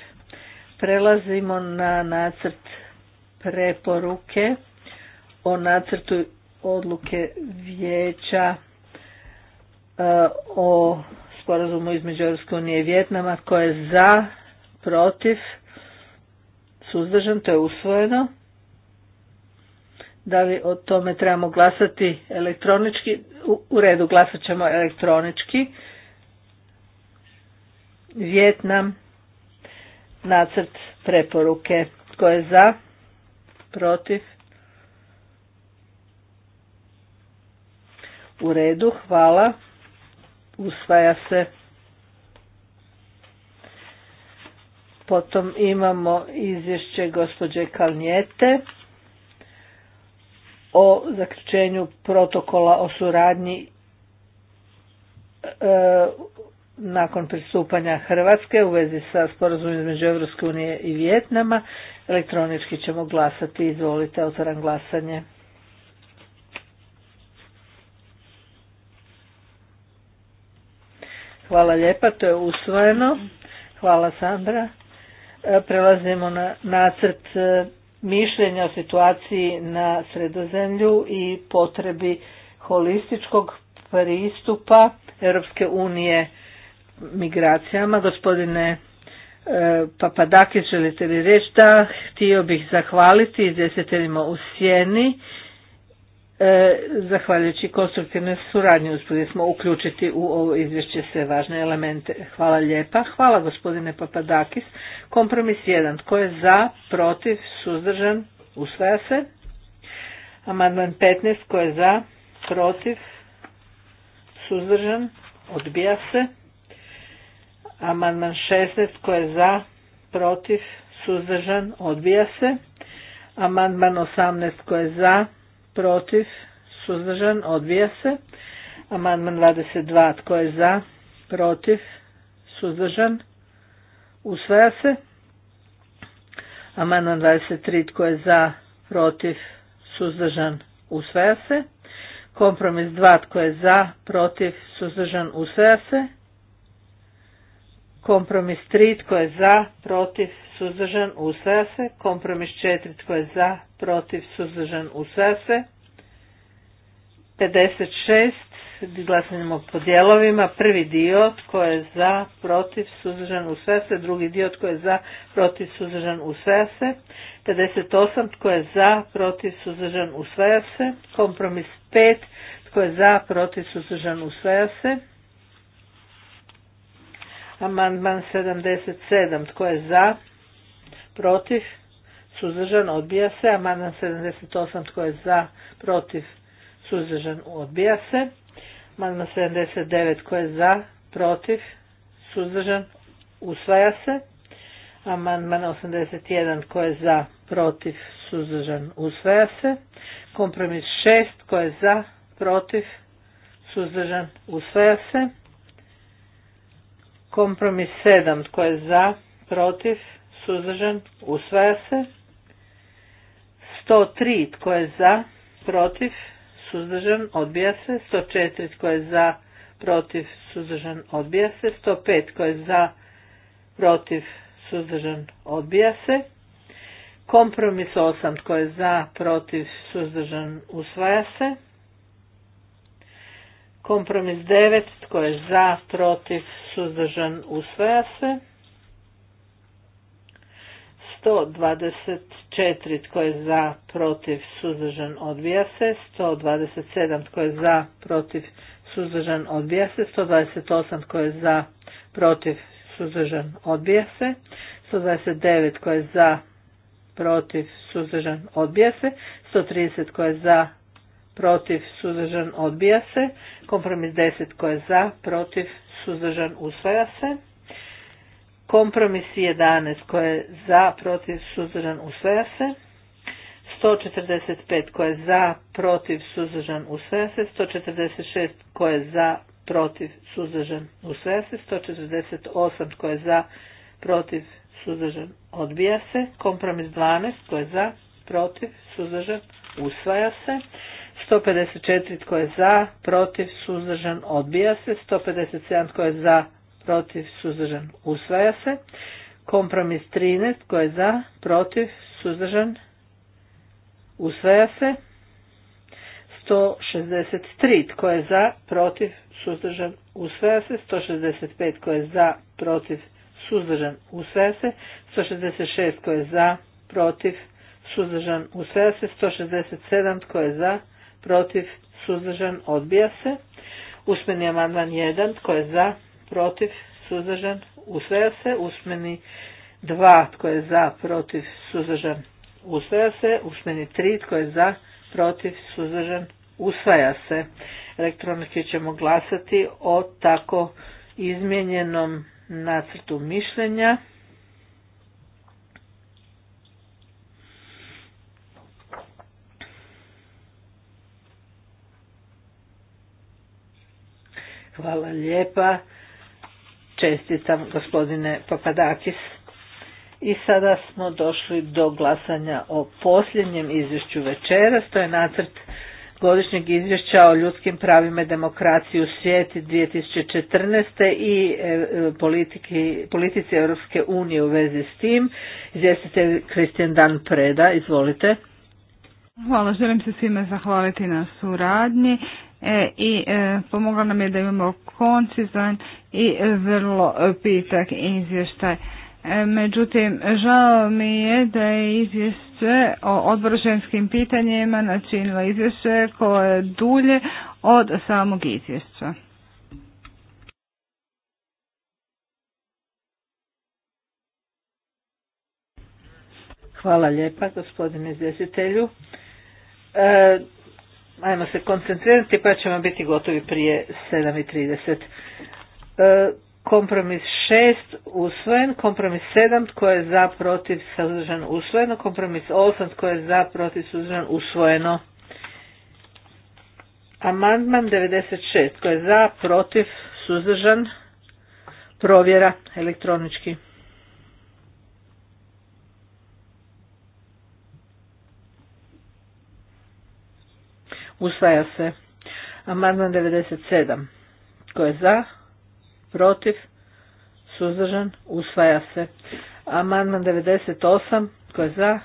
Prelazimo na nacrt preporuke o nacrtu odluke vijeća e, o sporazumu između Europske unije i Vjetnama koje je za, protiv, suzdržan, to je usvojeno. Da li o tome trebamo glasati elektronički? U, u redu glasat ćemo elektronički. Vjetnam, nacrt preporuke. Tko je za? Protiv? U redu, hvala. Usvaja se. Potom imamo izvješće gospođe Kalnjete o zaključenju protokola o suradnji e, nakon pristupanja Hrvatske u vezi sa sporazumom između Europske unije i Vijetnama. Elektronički ćemo glasati. Izvolite, otvaram glasanje. Hvala lijepa, to je usvojeno. Hvala Sandra. E, prelazimo na nacrt e, mišljenja o situaciji na sredozemlju i potrebi holističkog pristupa Europske unije migracijama. Gospodine e, Papadakis, želite li reći da htio bih zahvaliti izvjestiteljima u Sjeni. E, zahvaljujući konstruktivnoj suradnji uspjeli smo uključiti u ovo izvješće sve važne elemente. Hvala lijepa. Hvala gospodine Papadakis. Kompromis 1. Tko je za, protiv, suzdržan, usvaja se. Amandman 15. Tko je za, protiv, suzdržan, odbija se. Amandman 16 tko je za, protiv, suzdržan, odbija se. Amandman 18 tko je za, protiv, suzdržan, odbija se. Amandman 22 tko je za, protiv, suzdržan, usvaja se. Amandman 23 tko je za, protiv, suzdržan, usvaja se. Kompromis 2 tko je za, protiv, suzdržan, usvaja se. Kompromis 3 tko je za, protiv, suzdržan, usvaja se. Kompromis 4 tko je za, protiv, suzdržan, usvaja se. 56 glasujemo po dijelovima. Prvi dio tko je za, protiv, suzdržan, usvaja se. Drugi dio tko je za, protiv, suzdržan, usvaja se. 58 tko je za, protiv, suzdržan, usvaja se. Kompromis 5 tko je za, protiv, suzdržan, usvaja se. Amandman 77. Tko je za? Protiv? Suzdržan? Odbija se. Amandman 78. Tko je za? Protiv? Suzdržan? Odbija se. Amandman 79. Tko je za? Protiv? Suzdržan? Usvaja se. Amandman 81. Tko je za? Protiv? Suzdržan? Usvaja se. Kompromis 6. Tko je za? Protiv? Suzdržan? Usvaja se. Kompromis 7. Tko je za? Protiv? Suzdržan? Usvaja se. 103. Tko je za? Protiv? Suzdržan? Odbija se. 104. Tko je za? Protiv? Suzdržan? Odbija se. 105. Tko je za? Protiv? Suzdržan? Odbija se. Kompromis 8. Tko je za? Protiv? Suzdržan? Usvaja se. Kompromis 9. Tko je za, protiv, suzdržan, usvaja se. 124. Tko je za, protiv, suzdržan, odbija se. 127. Tko je za, protiv, suzdržan, odbija se. 128. Tko je za, protiv, suzdržan, odbija se. 129. Tko je za, protiv, suzdržan, odbija se. 130. Tko je za, protiv, suzdržan, odbija se. Kompromis 10 koje je za, protiv, suzdržan, usvaja se. Kompromis 11 koje je za, protiv, suzdržan, usvaja se. 145 koje je za, protiv, suzdržan, usvaja se. 146 koje je za, protiv, suzdržan, usvaja se. 148 koje je za, protiv, suzdržan, odbija se. Kompromis 12 koje je za, protiv, suzdržan, usvaja se. 154 tko je za, protiv, suzdržan, odbija se. 157 tko je za, protiv, suzdržan, usvaja se. Kompromis 13 tko je za, protiv, suzdržan, usvaja se. 163 tko je za, protiv, suzdržan, usvaja se. 165 tko je za, protiv, suzdržan, usvaja se. 166 tko je za, protiv, suzdržan, usvaja se. 167 tko je za, protiv, suzdržan, odbija se. Usmeni amandman 1, tko je za, protiv, suzdržan, usvaja se. Usmeni 2, tko je za, protiv, suzdržan, usvaja se. Usmeni 3, tko je za, protiv, suzdržan, usvaja se. elektronski ćemo glasati o tako izmijenjenom nacrtu mišljenja. Hvala lijepa. Čestitam gospodine Papadakis. I sada smo došli do glasanja o posljednjem izvješću večeras. To je nacrt godišnjeg izvješća o ljudskim pravima i demokraciji u svijeti 2014. i e, politici Europske unije u vezi s tim. Izvjestitelj Kristijan Dan Preda, izvolite. Hvala, želim se svima zahvaliti na suradnji. E, i e, pomogla nam je da imamo koncizan i vrlo e, pitak izvještaj. Međutim, žao mi je da je izvješće o odbroženskim pitanjima načinilo izvješće koje je dulje od samog izvješća. Hvala lijepa gospodine izvjestitelju ajmo se koncentrirati pa ćemo biti gotovi prije 7.30. E, kompromis 6 usvojen, kompromis 7 tko je za protiv suzdržan usvojeno, kompromis 8 tko je za protiv suzdržan usvojeno. Amandman 96 tko je za protiv suzdržan provjera elektronički. Usvaja se. Amandman 97. Tko je za? Protiv? Suzdržan? Usvaja se. Amandman 98. Tko je za?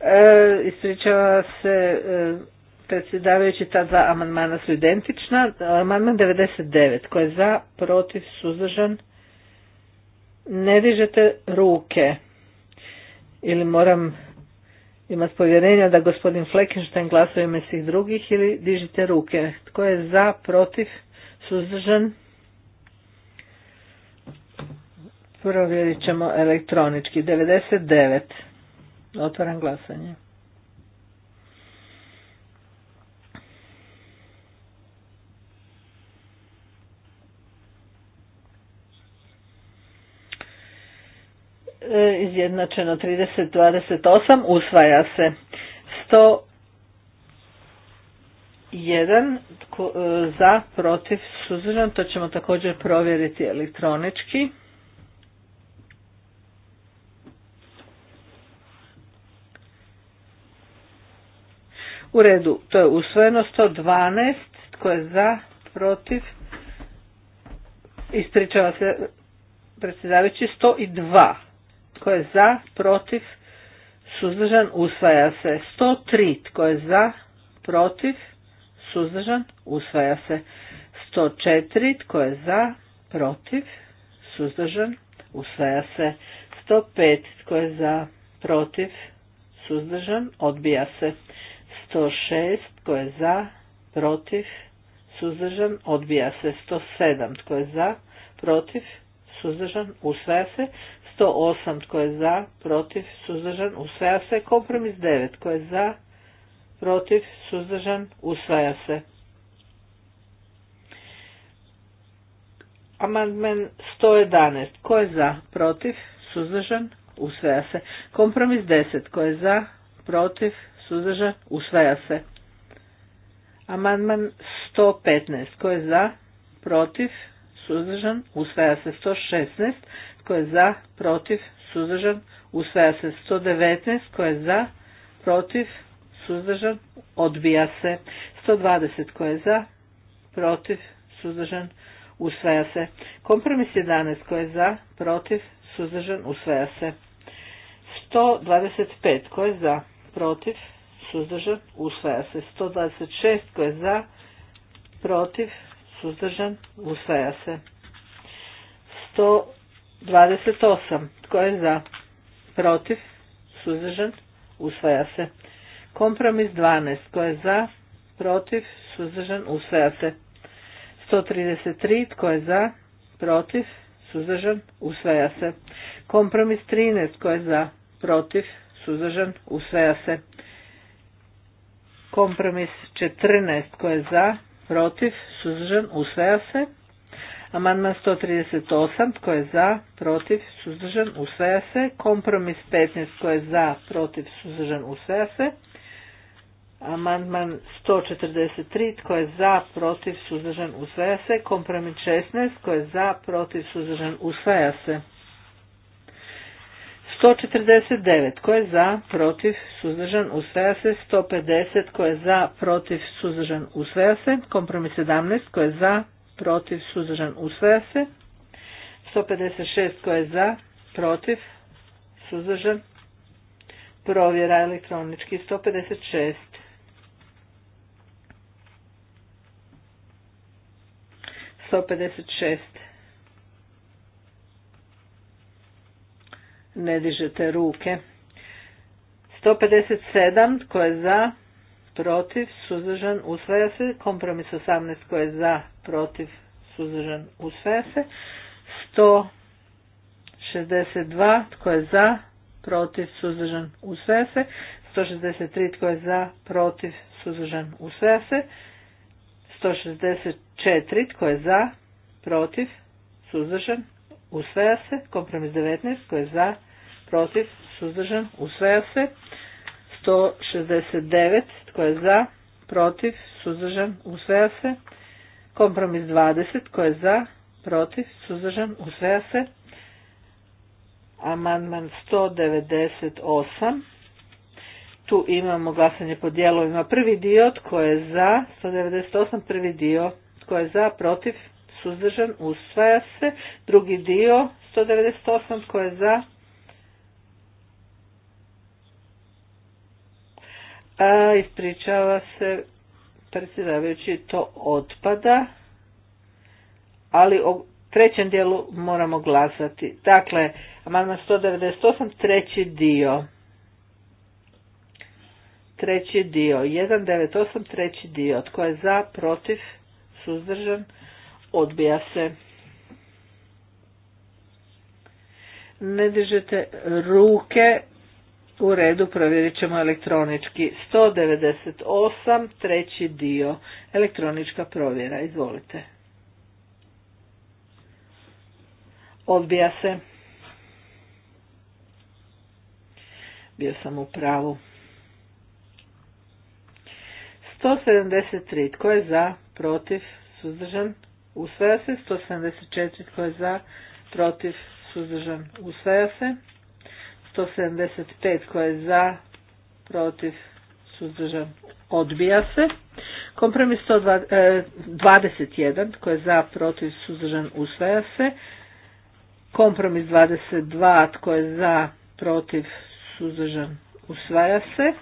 E, ispričava se e, predsjedavajući ta dva amandmana su identična. Amandman 99. Tko je za? Protiv? Suzdržan? Ne dižete ruke. Ili moram ima povjerenja da gospodin Fleckenstein glasuje ime svih drugih ili dižite ruke. Tko je za, protiv, suzdržan? Provjerit ćemo elektronički. 99. Otvaram glasanje. E, izjednačeno 30-28, usvaja se. 101 e, za, protiv, suzdržan, to ćemo također provjeriti elektronički. U redu, to je usvojeno 112, tko je za, protiv, ispričava se predsjedavajući 102 tko je za? Protiv? Suzdržan? Usvaja se. 103. Tko je za? Protiv? Suzdržan? Usvaja se. 104. Tko je za? Protiv? Suzdržan? Usvaja se. 105. Tko je za? Protiv? Suzdržan? Odbija se. 106. Tko je za? Protiv? Suzdržan? Odbija se. 107. Tko je za? Protiv? Suzdržan? Usvaja se. 108 tko je za, protiv, suzdržan, usvaja se. Kompromis 9 tko je za, protiv, suzdržan, usvaja se. Amandman 111 tko je za, protiv, suzdržan, usvaja se. Kompromis 10 tko je za, protiv, suzdržan, usvaja se. Amandman 115 tko je za, protiv, suzdržan, usvaja se 116, tko je za, protiv, suzdržan, usvaja se 119, tko je za, protiv, suzdržan, odbija se 120, tko je za, protiv, suzdržan, usvaja se. Kompromis 11, tko je za, protiv, suzdržan, usvaja se. 125, tko je za, protiv, suzdržan, usvaja se. 126, tko je za, protiv, suzdržan, usvaja se. 128. Tko je za? Protiv, suzdržan, usvaja se. Kompromis 12. Tko je za? Protiv, suzdržan, usvaja se. 133. Tko je za? Protiv, suzdržan, usvaja se. Kompromis 13. Tko je za? Protiv, suzdržan, usvaja se. Kompromis 14. Tko je za? protiv, suzdržan, usvaja se. Amandman 138, tko je za, protiv, suzdržan, usvaja se. Kompromis 15, tko je za, protiv, suzdržan, usvaja se. Amandman 143, tko je za, protiv, suzdržan, usvaja se. Kompromis 16, tko je za, protiv, suzdržan, usvaja se. 149 tko je za, protiv, suzdržan, usvaja se. 150 tko je za, protiv, suzdržan, usvaja se. Kompromis 17 tko je za, protiv, suzdržan, usvaja se. 156 tko je za, protiv, suzdržan, provjera elektronički 156. Sto pedeset šest. ne dižete ruke. 157 tko je za, protiv, suzdržan, usvaja se. Kompromis 18 tko je za, protiv, suzdržan, usvaja se. 162 tko je za, protiv, suzdržan, usvaja se. 163 tko je za, protiv, suzdržan, usvaja se. 164 tko je za, protiv, suzdržan, usvaja se. Kompromis 19 koji je za, protiv, suzdržan, usvaja se. 169 koji je za, protiv, suzdržan, usvaja se. Kompromis 20 koji je za, protiv, suzdržan, usvaja se. Amandman 198. Tu imamo glasanje po dijelovima. Prvi dio tko je za, 198 prvi dio tko je za, protiv, suzdržan, usvaja se. Drugi dio, 198, tko je za? A, ispričava se, predsjedavajući, to otpada, ali o trećem dijelu moramo glasati. Dakle, amandman 198, treći dio. Treći dio, 198, treći dio. Tko je za, protiv, suzdržan, Odbija se. Ne dižete ruke. U redu provjerit ćemo elektronički. 198, treći dio. Elektronička provjera. Izvolite. Odbija se. Bio sam u pravu. 173. Tko je za? Protiv? Suzdržan? usvaja se. 174 tko je za, protiv, suzdržan, usvaja se. 175 tko je za, protiv, suzdržan, odbija se. Kompromis 121 e, tko je za, protiv, suzdržan, usvaja se. Kompromis 22 tko je za, protiv, suzdržan, usvaja se.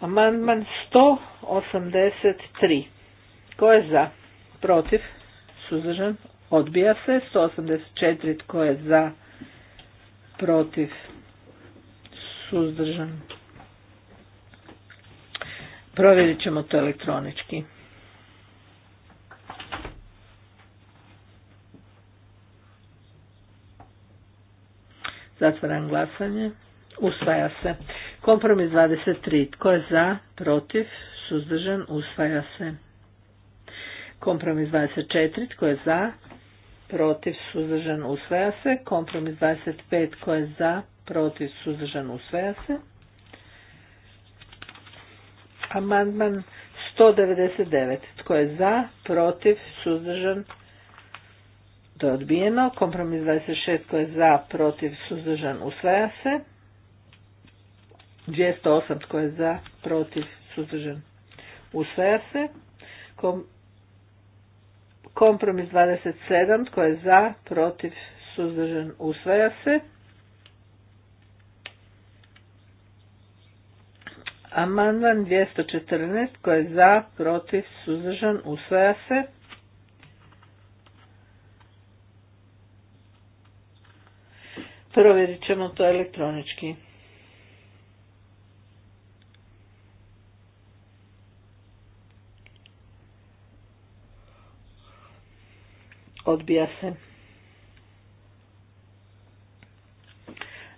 Amandman 183. Tko je za? Protiv? Suzdržan? Odbija se. 184. Tko je za? Protiv? Suzdržan? Provjerit ćemo to elektronički. Zatvaram glasanje. Usvaja se. Kompromis 23. Tko je za, protiv, suzdržan, usvaja se. Kompromis 24. Tko je za, protiv, suzdržan, usvaja se. Kompromis 25. Tko je za, protiv, suzdržan, usvaja se. Amandman 199. Tko je za, protiv, suzdržan, to je odbijeno. Kompromis 26. Tko je za, protiv, suzdržan, usvaja se. 208 tko je za, protiv, suzdržan. Usvaja se. Kom, kompromis 27 tko je za, protiv, suzdržan. Usvaja se. Amandman 214 tko je za, protiv, suzdržan. Usvaja se. Provjerit ćemo to elektronički. odbija se.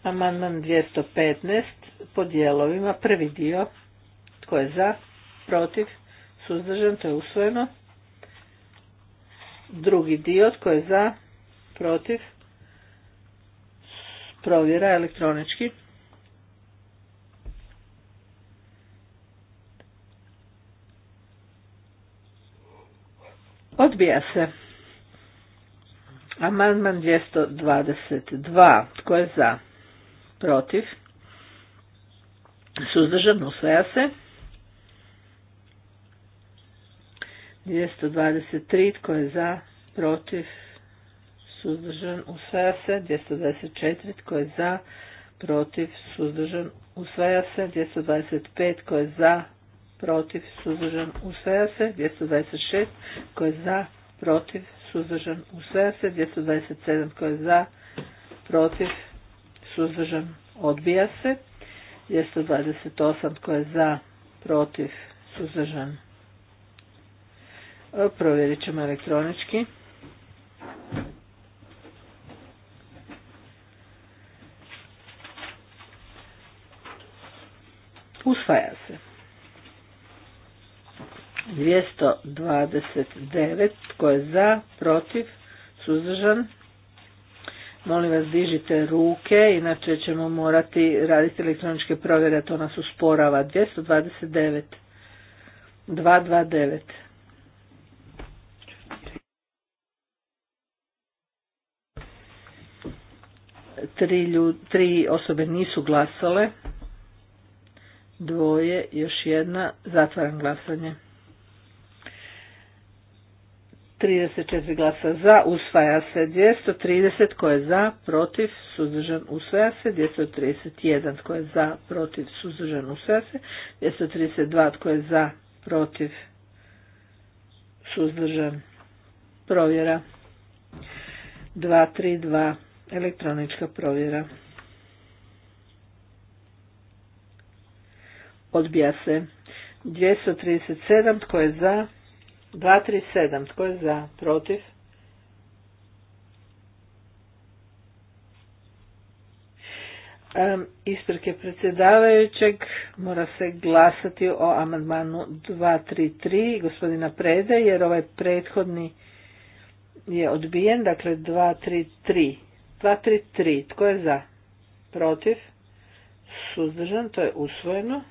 Amandman 215 po dijelovima, prvi dio, tko je za, protiv, suzdržan, to je usvojeno. Drugi dio, tko je za, protiv, provjera elektronički. Odbija se. Amandman 222. Tko je za? Protiv? Suzdržan usvaja se. 223. Tko je za? Protiv? Suzdržan usvaja se. 224. Tko je za? Protiv? Suzdržan usvaja se. 225. Tko je za? Protiv? Suzdržan usvaja se. 226. Tko je za? Protiv? suzdržan, usvaja se. 227 koje je za, protiv, suzdržan, odbija se. 228 tko je za, protiv, suzdržan. E, provjerit ćemo elektronički. Usvaja se. 229 tko je za, protiv, suzdržan. Molim vas dižite ruke, inače ćemo morati raditi elektroničke provjere, to nas usporava. 229. 229. Tri, ljud, tri osobe nisu glasale, dvoje, još jedna, zatvaram glasanje. 34 glasa za, usvaja se 230, tko je za, protiv, suzdržan, usvaja se, 231, tko je za, protiv, suzdržan, usvaja se, 232, tko je za, protiv, suzdržan, provjera, 232, elektronička provjera. Odbija se 237, tko je za, 237. Tko je za? Protiv? Isprike predsjedavajućeg mora se glasati o amandmanu 233 gospodina Prede jer ovaj prethodni je odbijen, dakle 233. 233. Tko je za? Protiv? Suzdržan, to je usvojeno.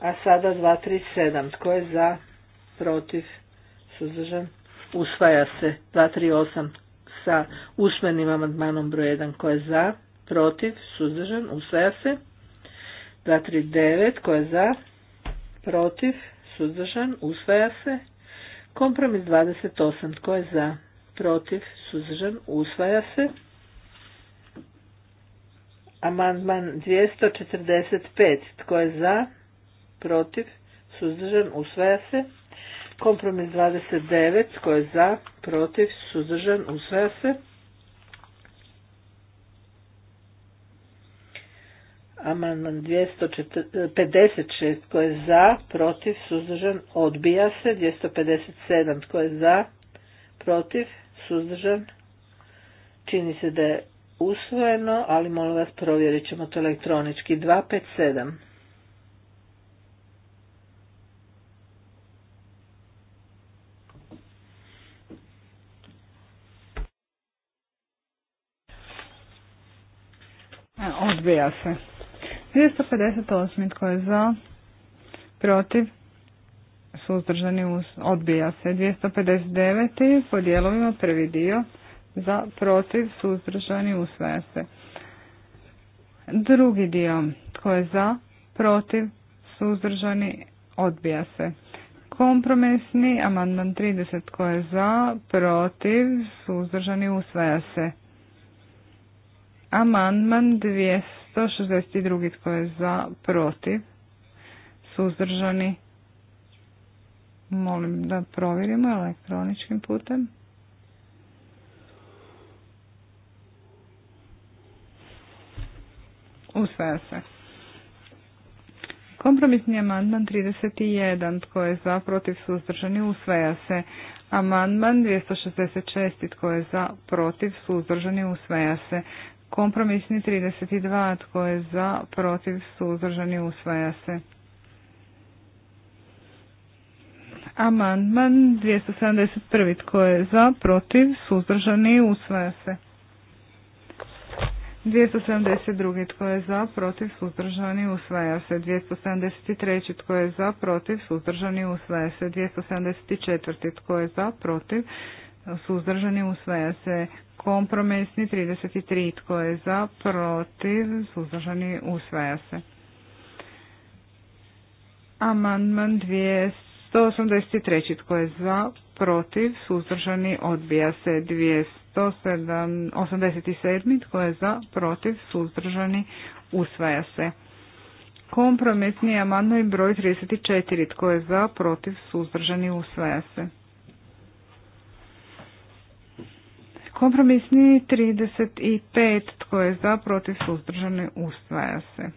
A sada 237. Tko je za? Protiv? Suzdržan? Usvaja se. 238. Sa usmenim amandmanom broj 1. Tko je za? Protiv? Suzdržan? Usvaja se. 239. Tko je za? Protiv? Suzdržan? Usvaja se. Kompromis 28. Tko je za? Protiv? Suzdržan? Usvaja se. Amandman 245. Tko je za? protiv, suzdržan, usvaja se. Kompromis 29, tko je za, protiv, suzdržan, usvaja se. Amandman 256 tko je za, protiv, suzdržan, odbija se. 257 tko je za, protiv, suzdržan, čini se da je usvojeno, ali molim vas provjerit ćemo to elektronički. 257. Odbija se. 258. Tko je za? Protiv? Suzdržani odbija se. 259. Po dijelovima prvi dio. Za, protiv, suzdržani, usvaja se. Drugi dio. Tko je za? Protiv? Suzdržani, odbija se. Kompromisni amandman 30. Tko je za? Protiv? Suzdržani, usvaja se. Amandman 262. Tko je za? Protiv? Suzdržani? Molim da provjerimo elektroničkim putem. Usvaja se. Kompromisni amandman 31. Tko je za? Protiv? Suzdržani? Usvaja se. Amandman 266. Tko je za? Protiv? Suzdržani? Usvaja se. Kompromisni 32. Tko je za, protiv, suzdržani, usvaja se. Amandman 271. Tko je za, protiv, suzdržani, usvaja se. 272. Tko je za, protiv, suzdržani, usvaja se. 273. Tko je za, protiv, suzdržani, usvaja se. 274. Tko je za, protiv, suzdržani, usvaja se. Kompromisni 33. Tko je za? Protiv? Suzdržani? Usvaja se. Amandman 283. Tko je za? Protiv? Suzdržani? Odbija se. 287. Tko je za? Protiv? Suzdržani? Usvaja se. Kompromisni amandman broj 34. Tko je za? Protiv? Suzdržani? Usvaja se. Kompromisni 35. Tko je za, protiv, suzdržani, usvaja se.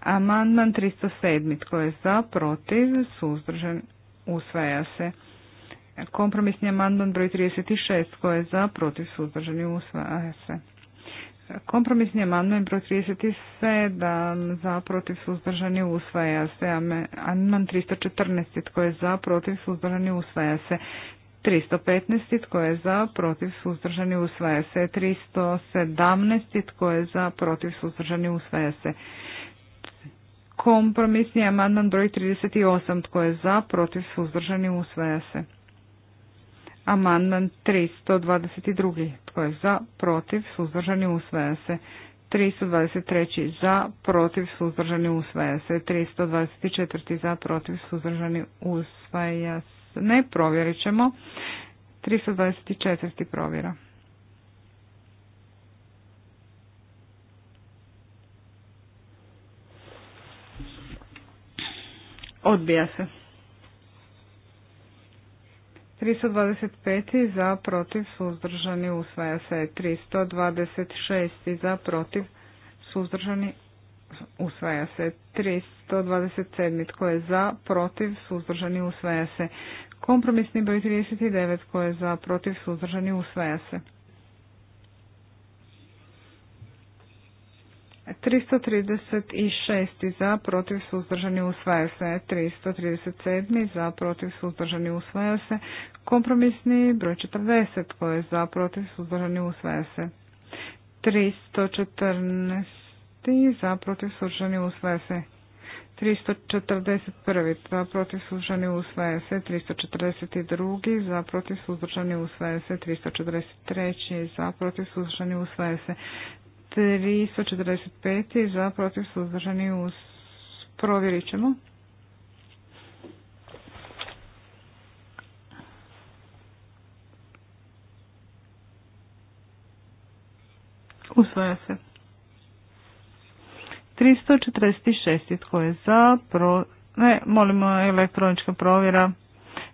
Amandman 307. Tko je za, protiv, suzdržan, usvaja se. Kompromisni amandman broj 36. Tko je za, protiv, suzdržani, usvaja se. Kompromisni amandman broj 37. Za, protiv, suzdržani, usvaja se. Amandman 314. Tko je za, protiv, suzdržani, usvaja se. 315. Tko je za? Protiv suzdržani usvaja se. 317. Tko je za? Protiv suzdržani usvaja se. Kompromisni amandman broj 38. Tko je za? Protiv suzdržani usvaja se. Amandman 322. Tko je za? Protiv suzdržani usvaja se. 323. za, protiv, suzdržani, usvaja se. 324. za, protiv, suzdržani, usvaja ne, provjerit ćemo. 324. provjera. Odbija se. 325. za protiv suzdržani usvaja se. 326. za protiv suzdržani usvaja se. 327. Tko je za? Protiv? Suzdržani? Usvaja se. Kompromisni broj 39. Tko je za? Protiv? Suzdržani? Usvaja se. 336. Za? Protiv? Suzdržani? Usvaja se. 337. Za? Protiv? Suzdržani? Usvaja se. Kompromisni broj 40. Tko je za? Protiv? Suzdržani? Usvaja se. 314 za protiv suzdržani usvaja se. 341. za protiv suzdržani usvaja se. 342. za protiv suzdržani usvaja se. 343. za protiv suzdržani usvaja se. 345. za protiv suzdržani us... Provjerit ćemo. Usvaja se. 346. Tko je za? Pro, ne, molimo elektronička provjera.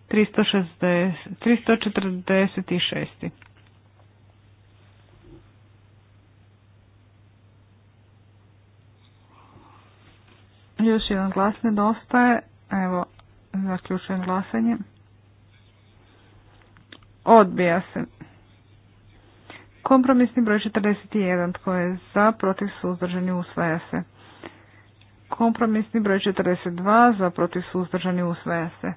346. Još jedan glas nedostaje. Evo, zaključujem glasanje. Odbija se. Kompromisni broj 41. Tko je za, protiv, suzdržani, usvaja se. Kompromisni broj 42. Za, protiv, suzdržani, usvaja se.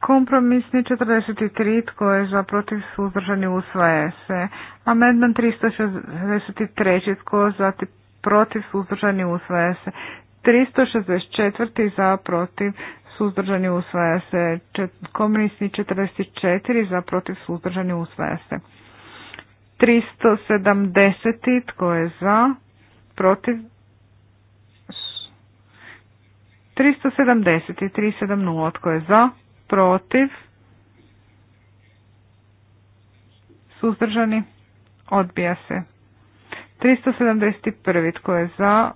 Kompromisni 43. Tko je za, protiv, suzdržani, usvaja se. Amendman 363. Tko je za, protiv, suzdržani, usvaja se. 364. Za, protiv, suzdržani usvaja se. komunistni 44 za protiv suzdržani usvaja se. 370 tko je za protiv 370 i 370 tko je za protiv suzdržani odbija se. 371 tko je za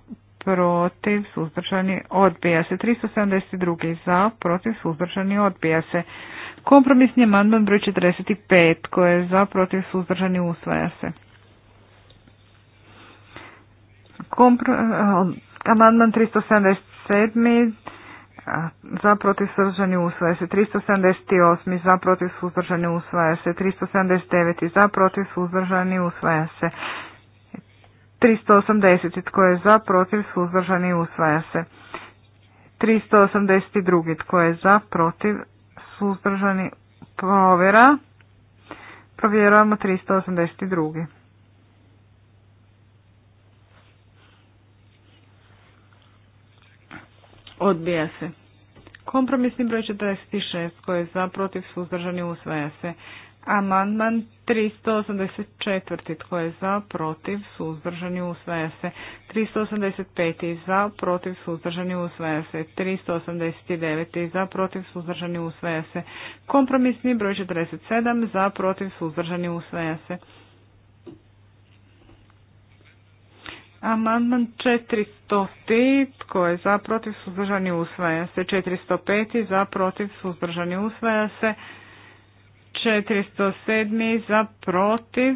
protiv, suzdržani, odbija se. 372. za, protiv, suzdržani, odbija se. Kompromisni amandman broj 45 koje je za, protiv, suzdržani, usvaja se. Eh, amandman 377. Za protiv suzdržani usvaja se 378, za protiv suzdržani usvaja se 379, za protiv suzdržani usvaja se 380. Tko je za, protiv, suzdržani, usvaja se. 382. Tko je za, protiv, suzdržani, provjera. Provjeravamo 382. Odbija se. Kompromisni broj 46 koji je za protiv suzdržani usvaja se. Amandman 384. Tko je za, protiv, suzdržani, usvaja se. 385. Za, protiv, suzdržani, usvaja se. 389. Za, protiv, suzdržani, usvaja se. Kompromisni broj 47. Za, protiv, suzdržani, usvaja se. Amandman 400. Tko je za, protiv, suzdržani, usvaja se. 405. Za, protiv, suzdržani, usvaja se. 407. za protiv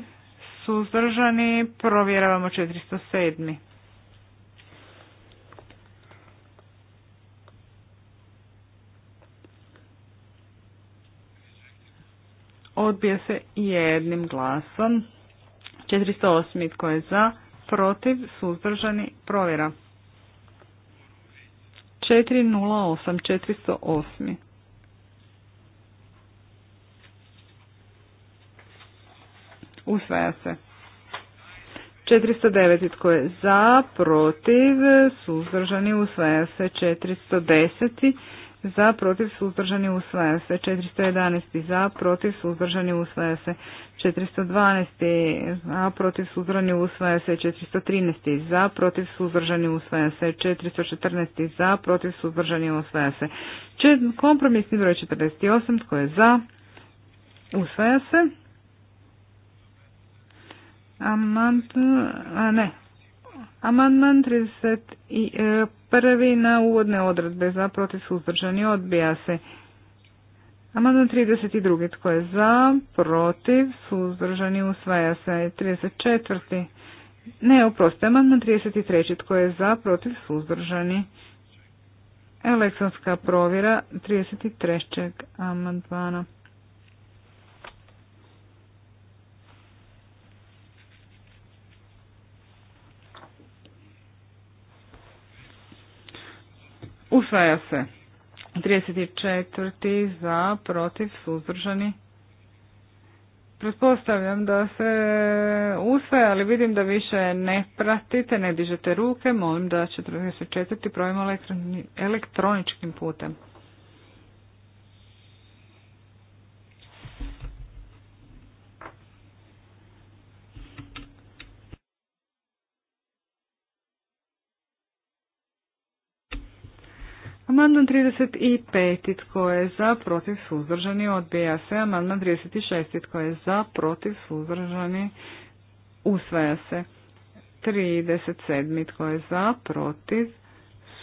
suzdržani provjeravamo 407. Odbija se jednim glasom. 408. tko je za, protiv, suzdržani, provjera. 408, 408. Usvaja se. 409. Tko je za, protiv, suzdržani, usvaja se. 410. Za, protiv, suzdržani, usvaja se. 411. Za, protiv, suzdržani, usvaja se. 412. Za, protiv, suzdržani, usvaja se. 413. Za, protiv, suzdržani, usvaja se. 414. Za, protiv, suzdržani, usvaja se. Kompromisni broj 48. Tko je za, usvaja se. Amandman, a ne, amandman 31 e, prvi na uvodne odredbe za protiv suzdržani odbija se. Amandman 32. Tko je za, protiv, suzdržani usvaja se. 34. Ne, oprosti. Amandman 33. Tko je za, protiv, suzdržani. Elektronska provjera 33. amandmana. Usvaja se. 34. za, protiv, suzdržani. Pretpostavljam da se usvaja, ali vidim da više ne pratite, ne dižete ruke. Molim da 44. provimo elektroničkim putem. Amandman 35. Tko je za, protiv, suzdržani, odbija se. Amandman 36. Tko je za, protiv, suzdržani, usvaja se. 37. Tko je za, protiv,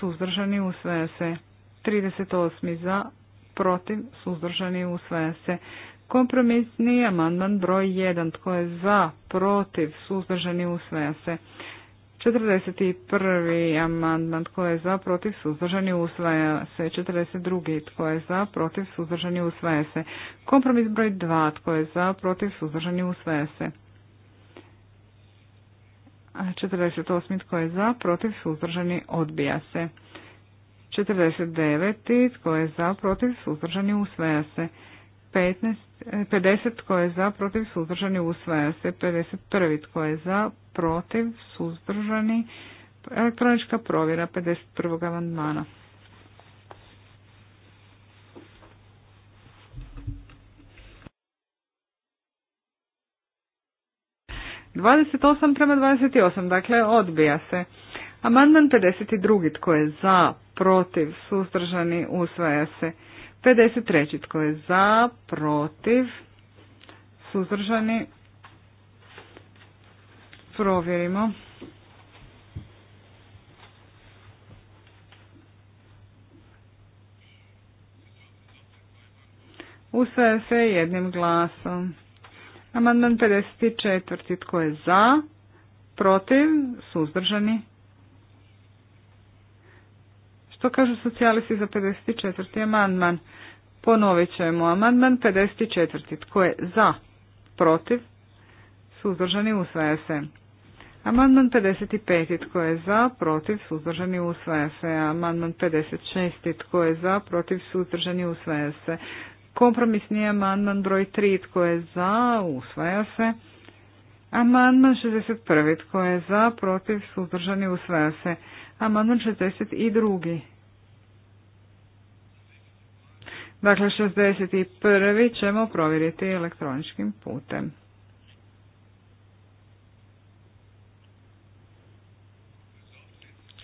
suzdržani, usvaja se. 38. Za, protiv, suzdržani, usvaja se. Kompromisni amandman broj 1. Tko je za, protiv, suzdržani, usvaja se. 41. amandman tko je za, protiv, suzdržani, usvaja se. 42. tko je za, protiv, suzdržani, usvaja se. Kompromis broj 2. Tko je za, protiv, suzdržani, usvaja se. 48. tko je za, protiv, suzdržani, odbija se. 49. tko je za, protiv, suzdržani, usvaja se. 50 tko je za, protiv, suzdržani, usvaja se. 51 tko je za, protiv, suzdržani, elektronička provjera 51. amandmana. Dvadeset osam prema dvadeset osam, dakle odbija se. Amandman pedeset dva tko je za, protiv, suzdržani, usvaja se. 53. Tko je za, protiv, suzdržani, provjerimo. Usvaja se jednim glasom. Amandman 54. Tko je za, protiv, suzdržani, što kažu socijalisti za 54. amandman? Ponovit ćemo amandman 54. Tko je za? Protiv? Suzdržani usvaja se. Amandman 55. Tko je za? Protiv? Suzdržani usvaja se. Amandman 56. Tko je za? Protiv? Suzdržani usvaja se. Kompromisni amandman broj 3. Tko je za? Usvaja se. Amandman 61. Tko je za? Protiv? Suzdržani usvaja se. Amandman 62. Dakle, 61. ćemo provjeriti elektroničkim putem.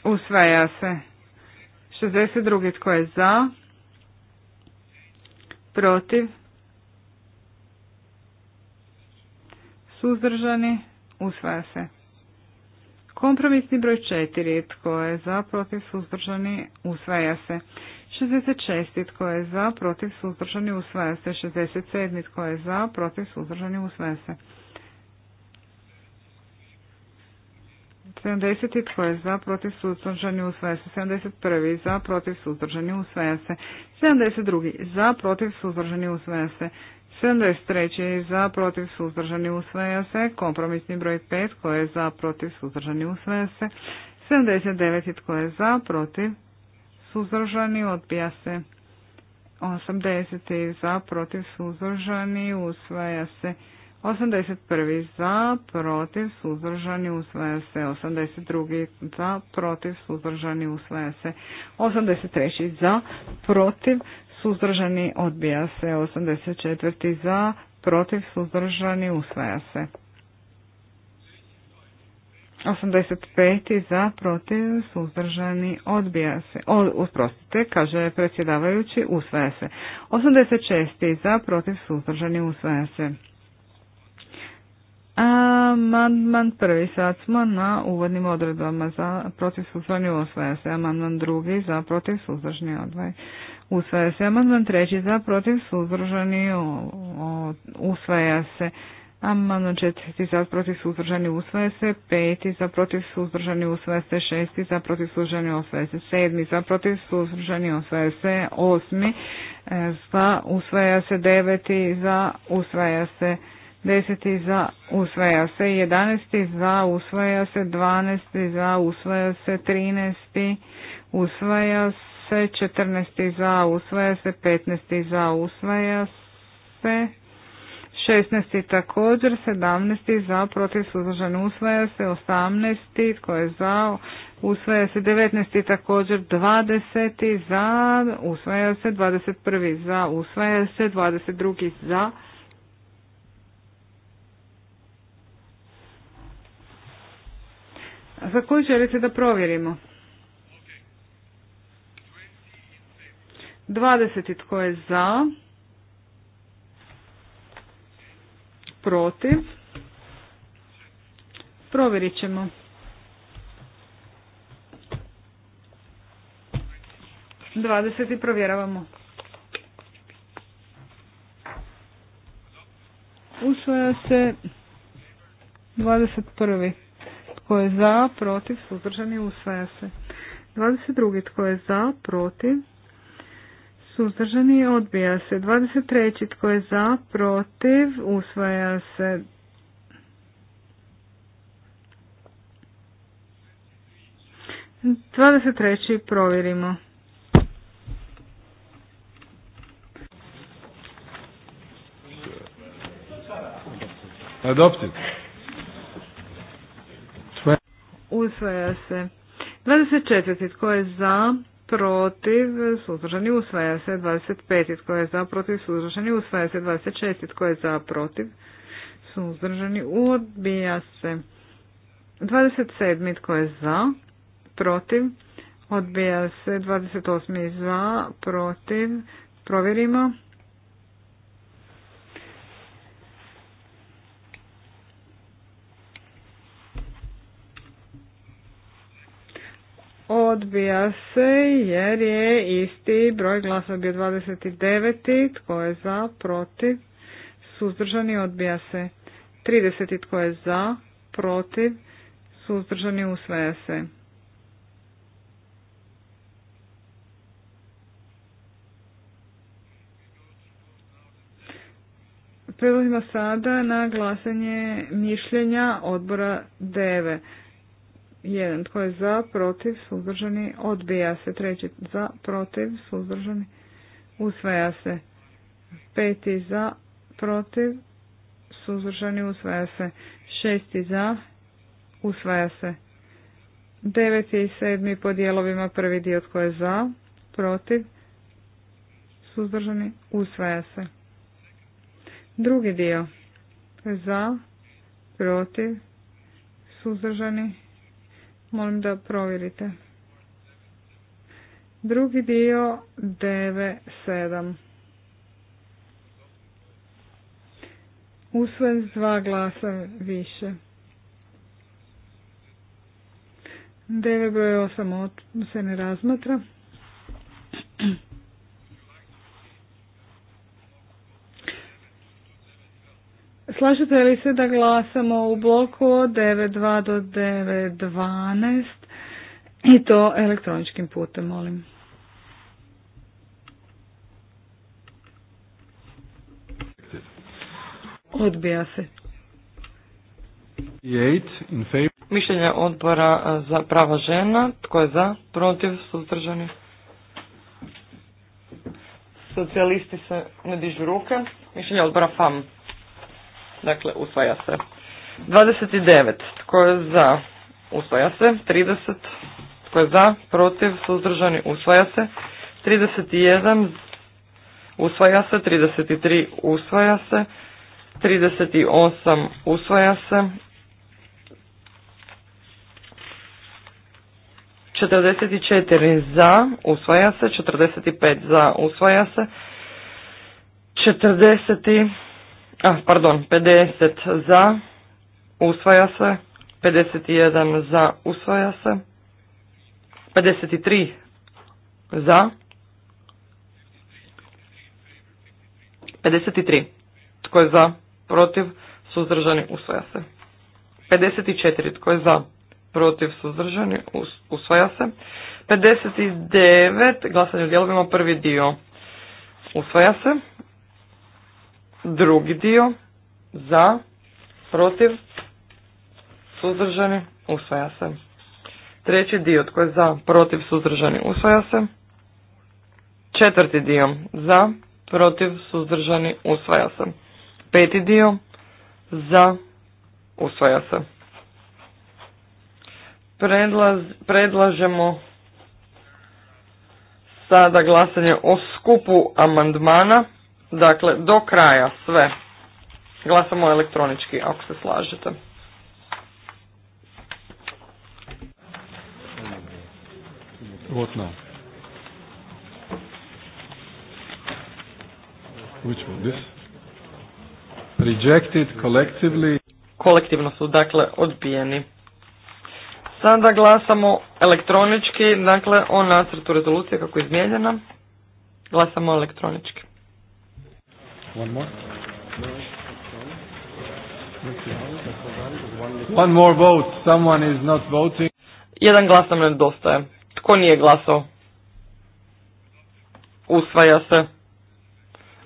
Usvaja se. 62. tko je za? Protiv? Suzdržani? Usvaja se. Kompromisni broj 4. Tko je za, protiv, suzdržani, usvaja se. 66. Tko je za, protiv, suzdržani, usvaja se. 67. Tko je za, protiv, suzdržani, usvaja se. 70. Tko je za, protiv, suzdržani, usvaja se. 71. Za, protiv, suzdržani, usvaja se. 72. Za, protiv, suzdržani, usvaja se. 73. za protiv suzdržani usvaja se. Kompromisni broj 5 koji je za protiv suzdržani usvaja se. 79. tko je za protiv suzdržani odbija se. 80. za protiv suzdržani usvaja se. 81. za protiv suzdržani usvaja se. 82. za protiv suzdržani usvaja se. 83. za protiv suzdržani odbija se 84 za, protiv suzdržani usvaja se. 85 za, protiv suzdržani odbija se. uprostite, kaže predsjedavajući, usvaja se. 86 za, protiv suzdržani usvaja se. Amandman prvi sad smo na uvodnim odredbama za protiv suzdržani usvaja se. Amandman drugi za protiv suzdržani odvaj Usvaja se amandman treći za protiv suzdržani usvaja se. Amandman četiri za protiv suzdržani usvaja se. Peti za protiv suzdržani usvaja se. Šesti za protiv suzdržani usvaja se. Sedmi za protiv suzdržani usvaja se. Osmi za usvaja se. Deveti za usvaja se. Deseti za usvaja se. Jedanesti za usvaja se. Dvanesti za usvaja se. Trinesti usvaja se se, 14. za usvaja se, 15. za usvaja se, 16. također, 17. za protiv suzdržan usvaja se, 18. tko je za usvaja se, 19. također, 20. za usvaja se, 21. za usvaja se, 22. za Za koju želite da provjerimo? 20. Tko je za? Protiv? Provjerit ćemo. Dvadeset i provjeravamo. Usvaja se dvadeset prvi Tko je za, protiv, suzdržani, usvaja se. Dvadeset drugi Tko je za, protiv, suzdržani, odbija se. 23. tko je za, protiv, usvaja se. 23. provjerimo. Adoptiv. Usvaja se. 24. Tko je za? protiv, suzdržani usvaja se 25, tko je za, protiv, suzdržani usvaja se 26, tko je za, protiv, suzdržani odbija se 27, tko je za, protiv, odbija se 28 za, protiv, provjerimo. Odbija se jer je isti broj glasa bio 29. Tko je za? Protiv? Suzdržani odbija se. 30. Tko je za? Protiv? Suzdržani usvaja se. Prelazimo sada na glasanje mišljenja odbora 9. Jedan Tko je za, protiv, suzdržani, odbija se. Treći Za, protiv, suzdržani, usvaja se. Peti Za, protiv, suzdržani, usvaja se. Šesti Za, usvaja se. Deveti i 7. po dijelovima prvi dio tko je za, protiv, suzdržani, usvaja se. Drugi dio za, protiv, suzdržani, Molim da provjerite. Drugi dio 9.7. Usvojen s dva glasa više. 9.8. broj se ne razmatra. Slažete li se da glasamo u bloku od 9.2 do 9.12 i to elektroničkim putem, molim. Odbija se. Mišljenje odbora za prava žena. Tko je za? Protiv? Suzdržani? Socijalisti se ne dižu ruke. Mišljenje odbora FAM. Dakle, usvaja se. 29. Tko je za? Usvaja se. 30. Tko je za? Protiv? Suzdržani? Usvaja se. 31. Usvaja se. 33. Usvaja se. 38. Usvaja se. 44 za, usvaja se, 45 za, usvaja se, 40 a, pardon, 50 za, usvaja se, 51 za, usvaja se, 53 za, 53, tko je za, protiv, suzdržani, usvaja se. 54, tko je za, protiv, suzdržani, usvaja se. 59, glasanje u dijelovima, prvi dio, usvaja se. Drugi dio za, protiv, suzdržani, usvaja se. Treći dio tko je za, protiv, suzdržani, usvaja se. Četvrti dio za, protiv, suzdržani, usvaja se. Peti dio za, usvaja se. predlažemo sada glasanje o skupu amandmana Dakle, do kraja sve. Glasamo elektronički, ako se slažete. Kolektivno su, dakle, odbijeni. Sada glasamo elektronički, dakle, o nacrtu rezolucije kako je izmijenjena. Glasamo elektronički. One more? One more vote. Someone is not voting. Jedan glas nam nedostaje. Tko nije glasao? Usvaja se.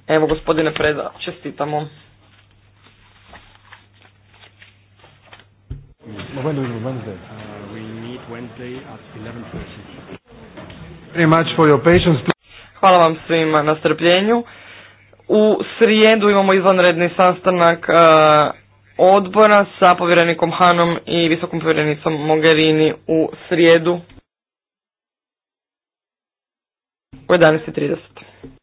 Evo gospodine Preda, čestitamo. When is Wednesday? Uh, we meet Wednesday at 11.30. Very much for your patience. Hvala vam svima na strpljenju. U srijedu imamo izvanredni sastanak e, odbora sa povjerenikom Hanom i visokom povjerenicom Mogherini u srijedu u 11.30.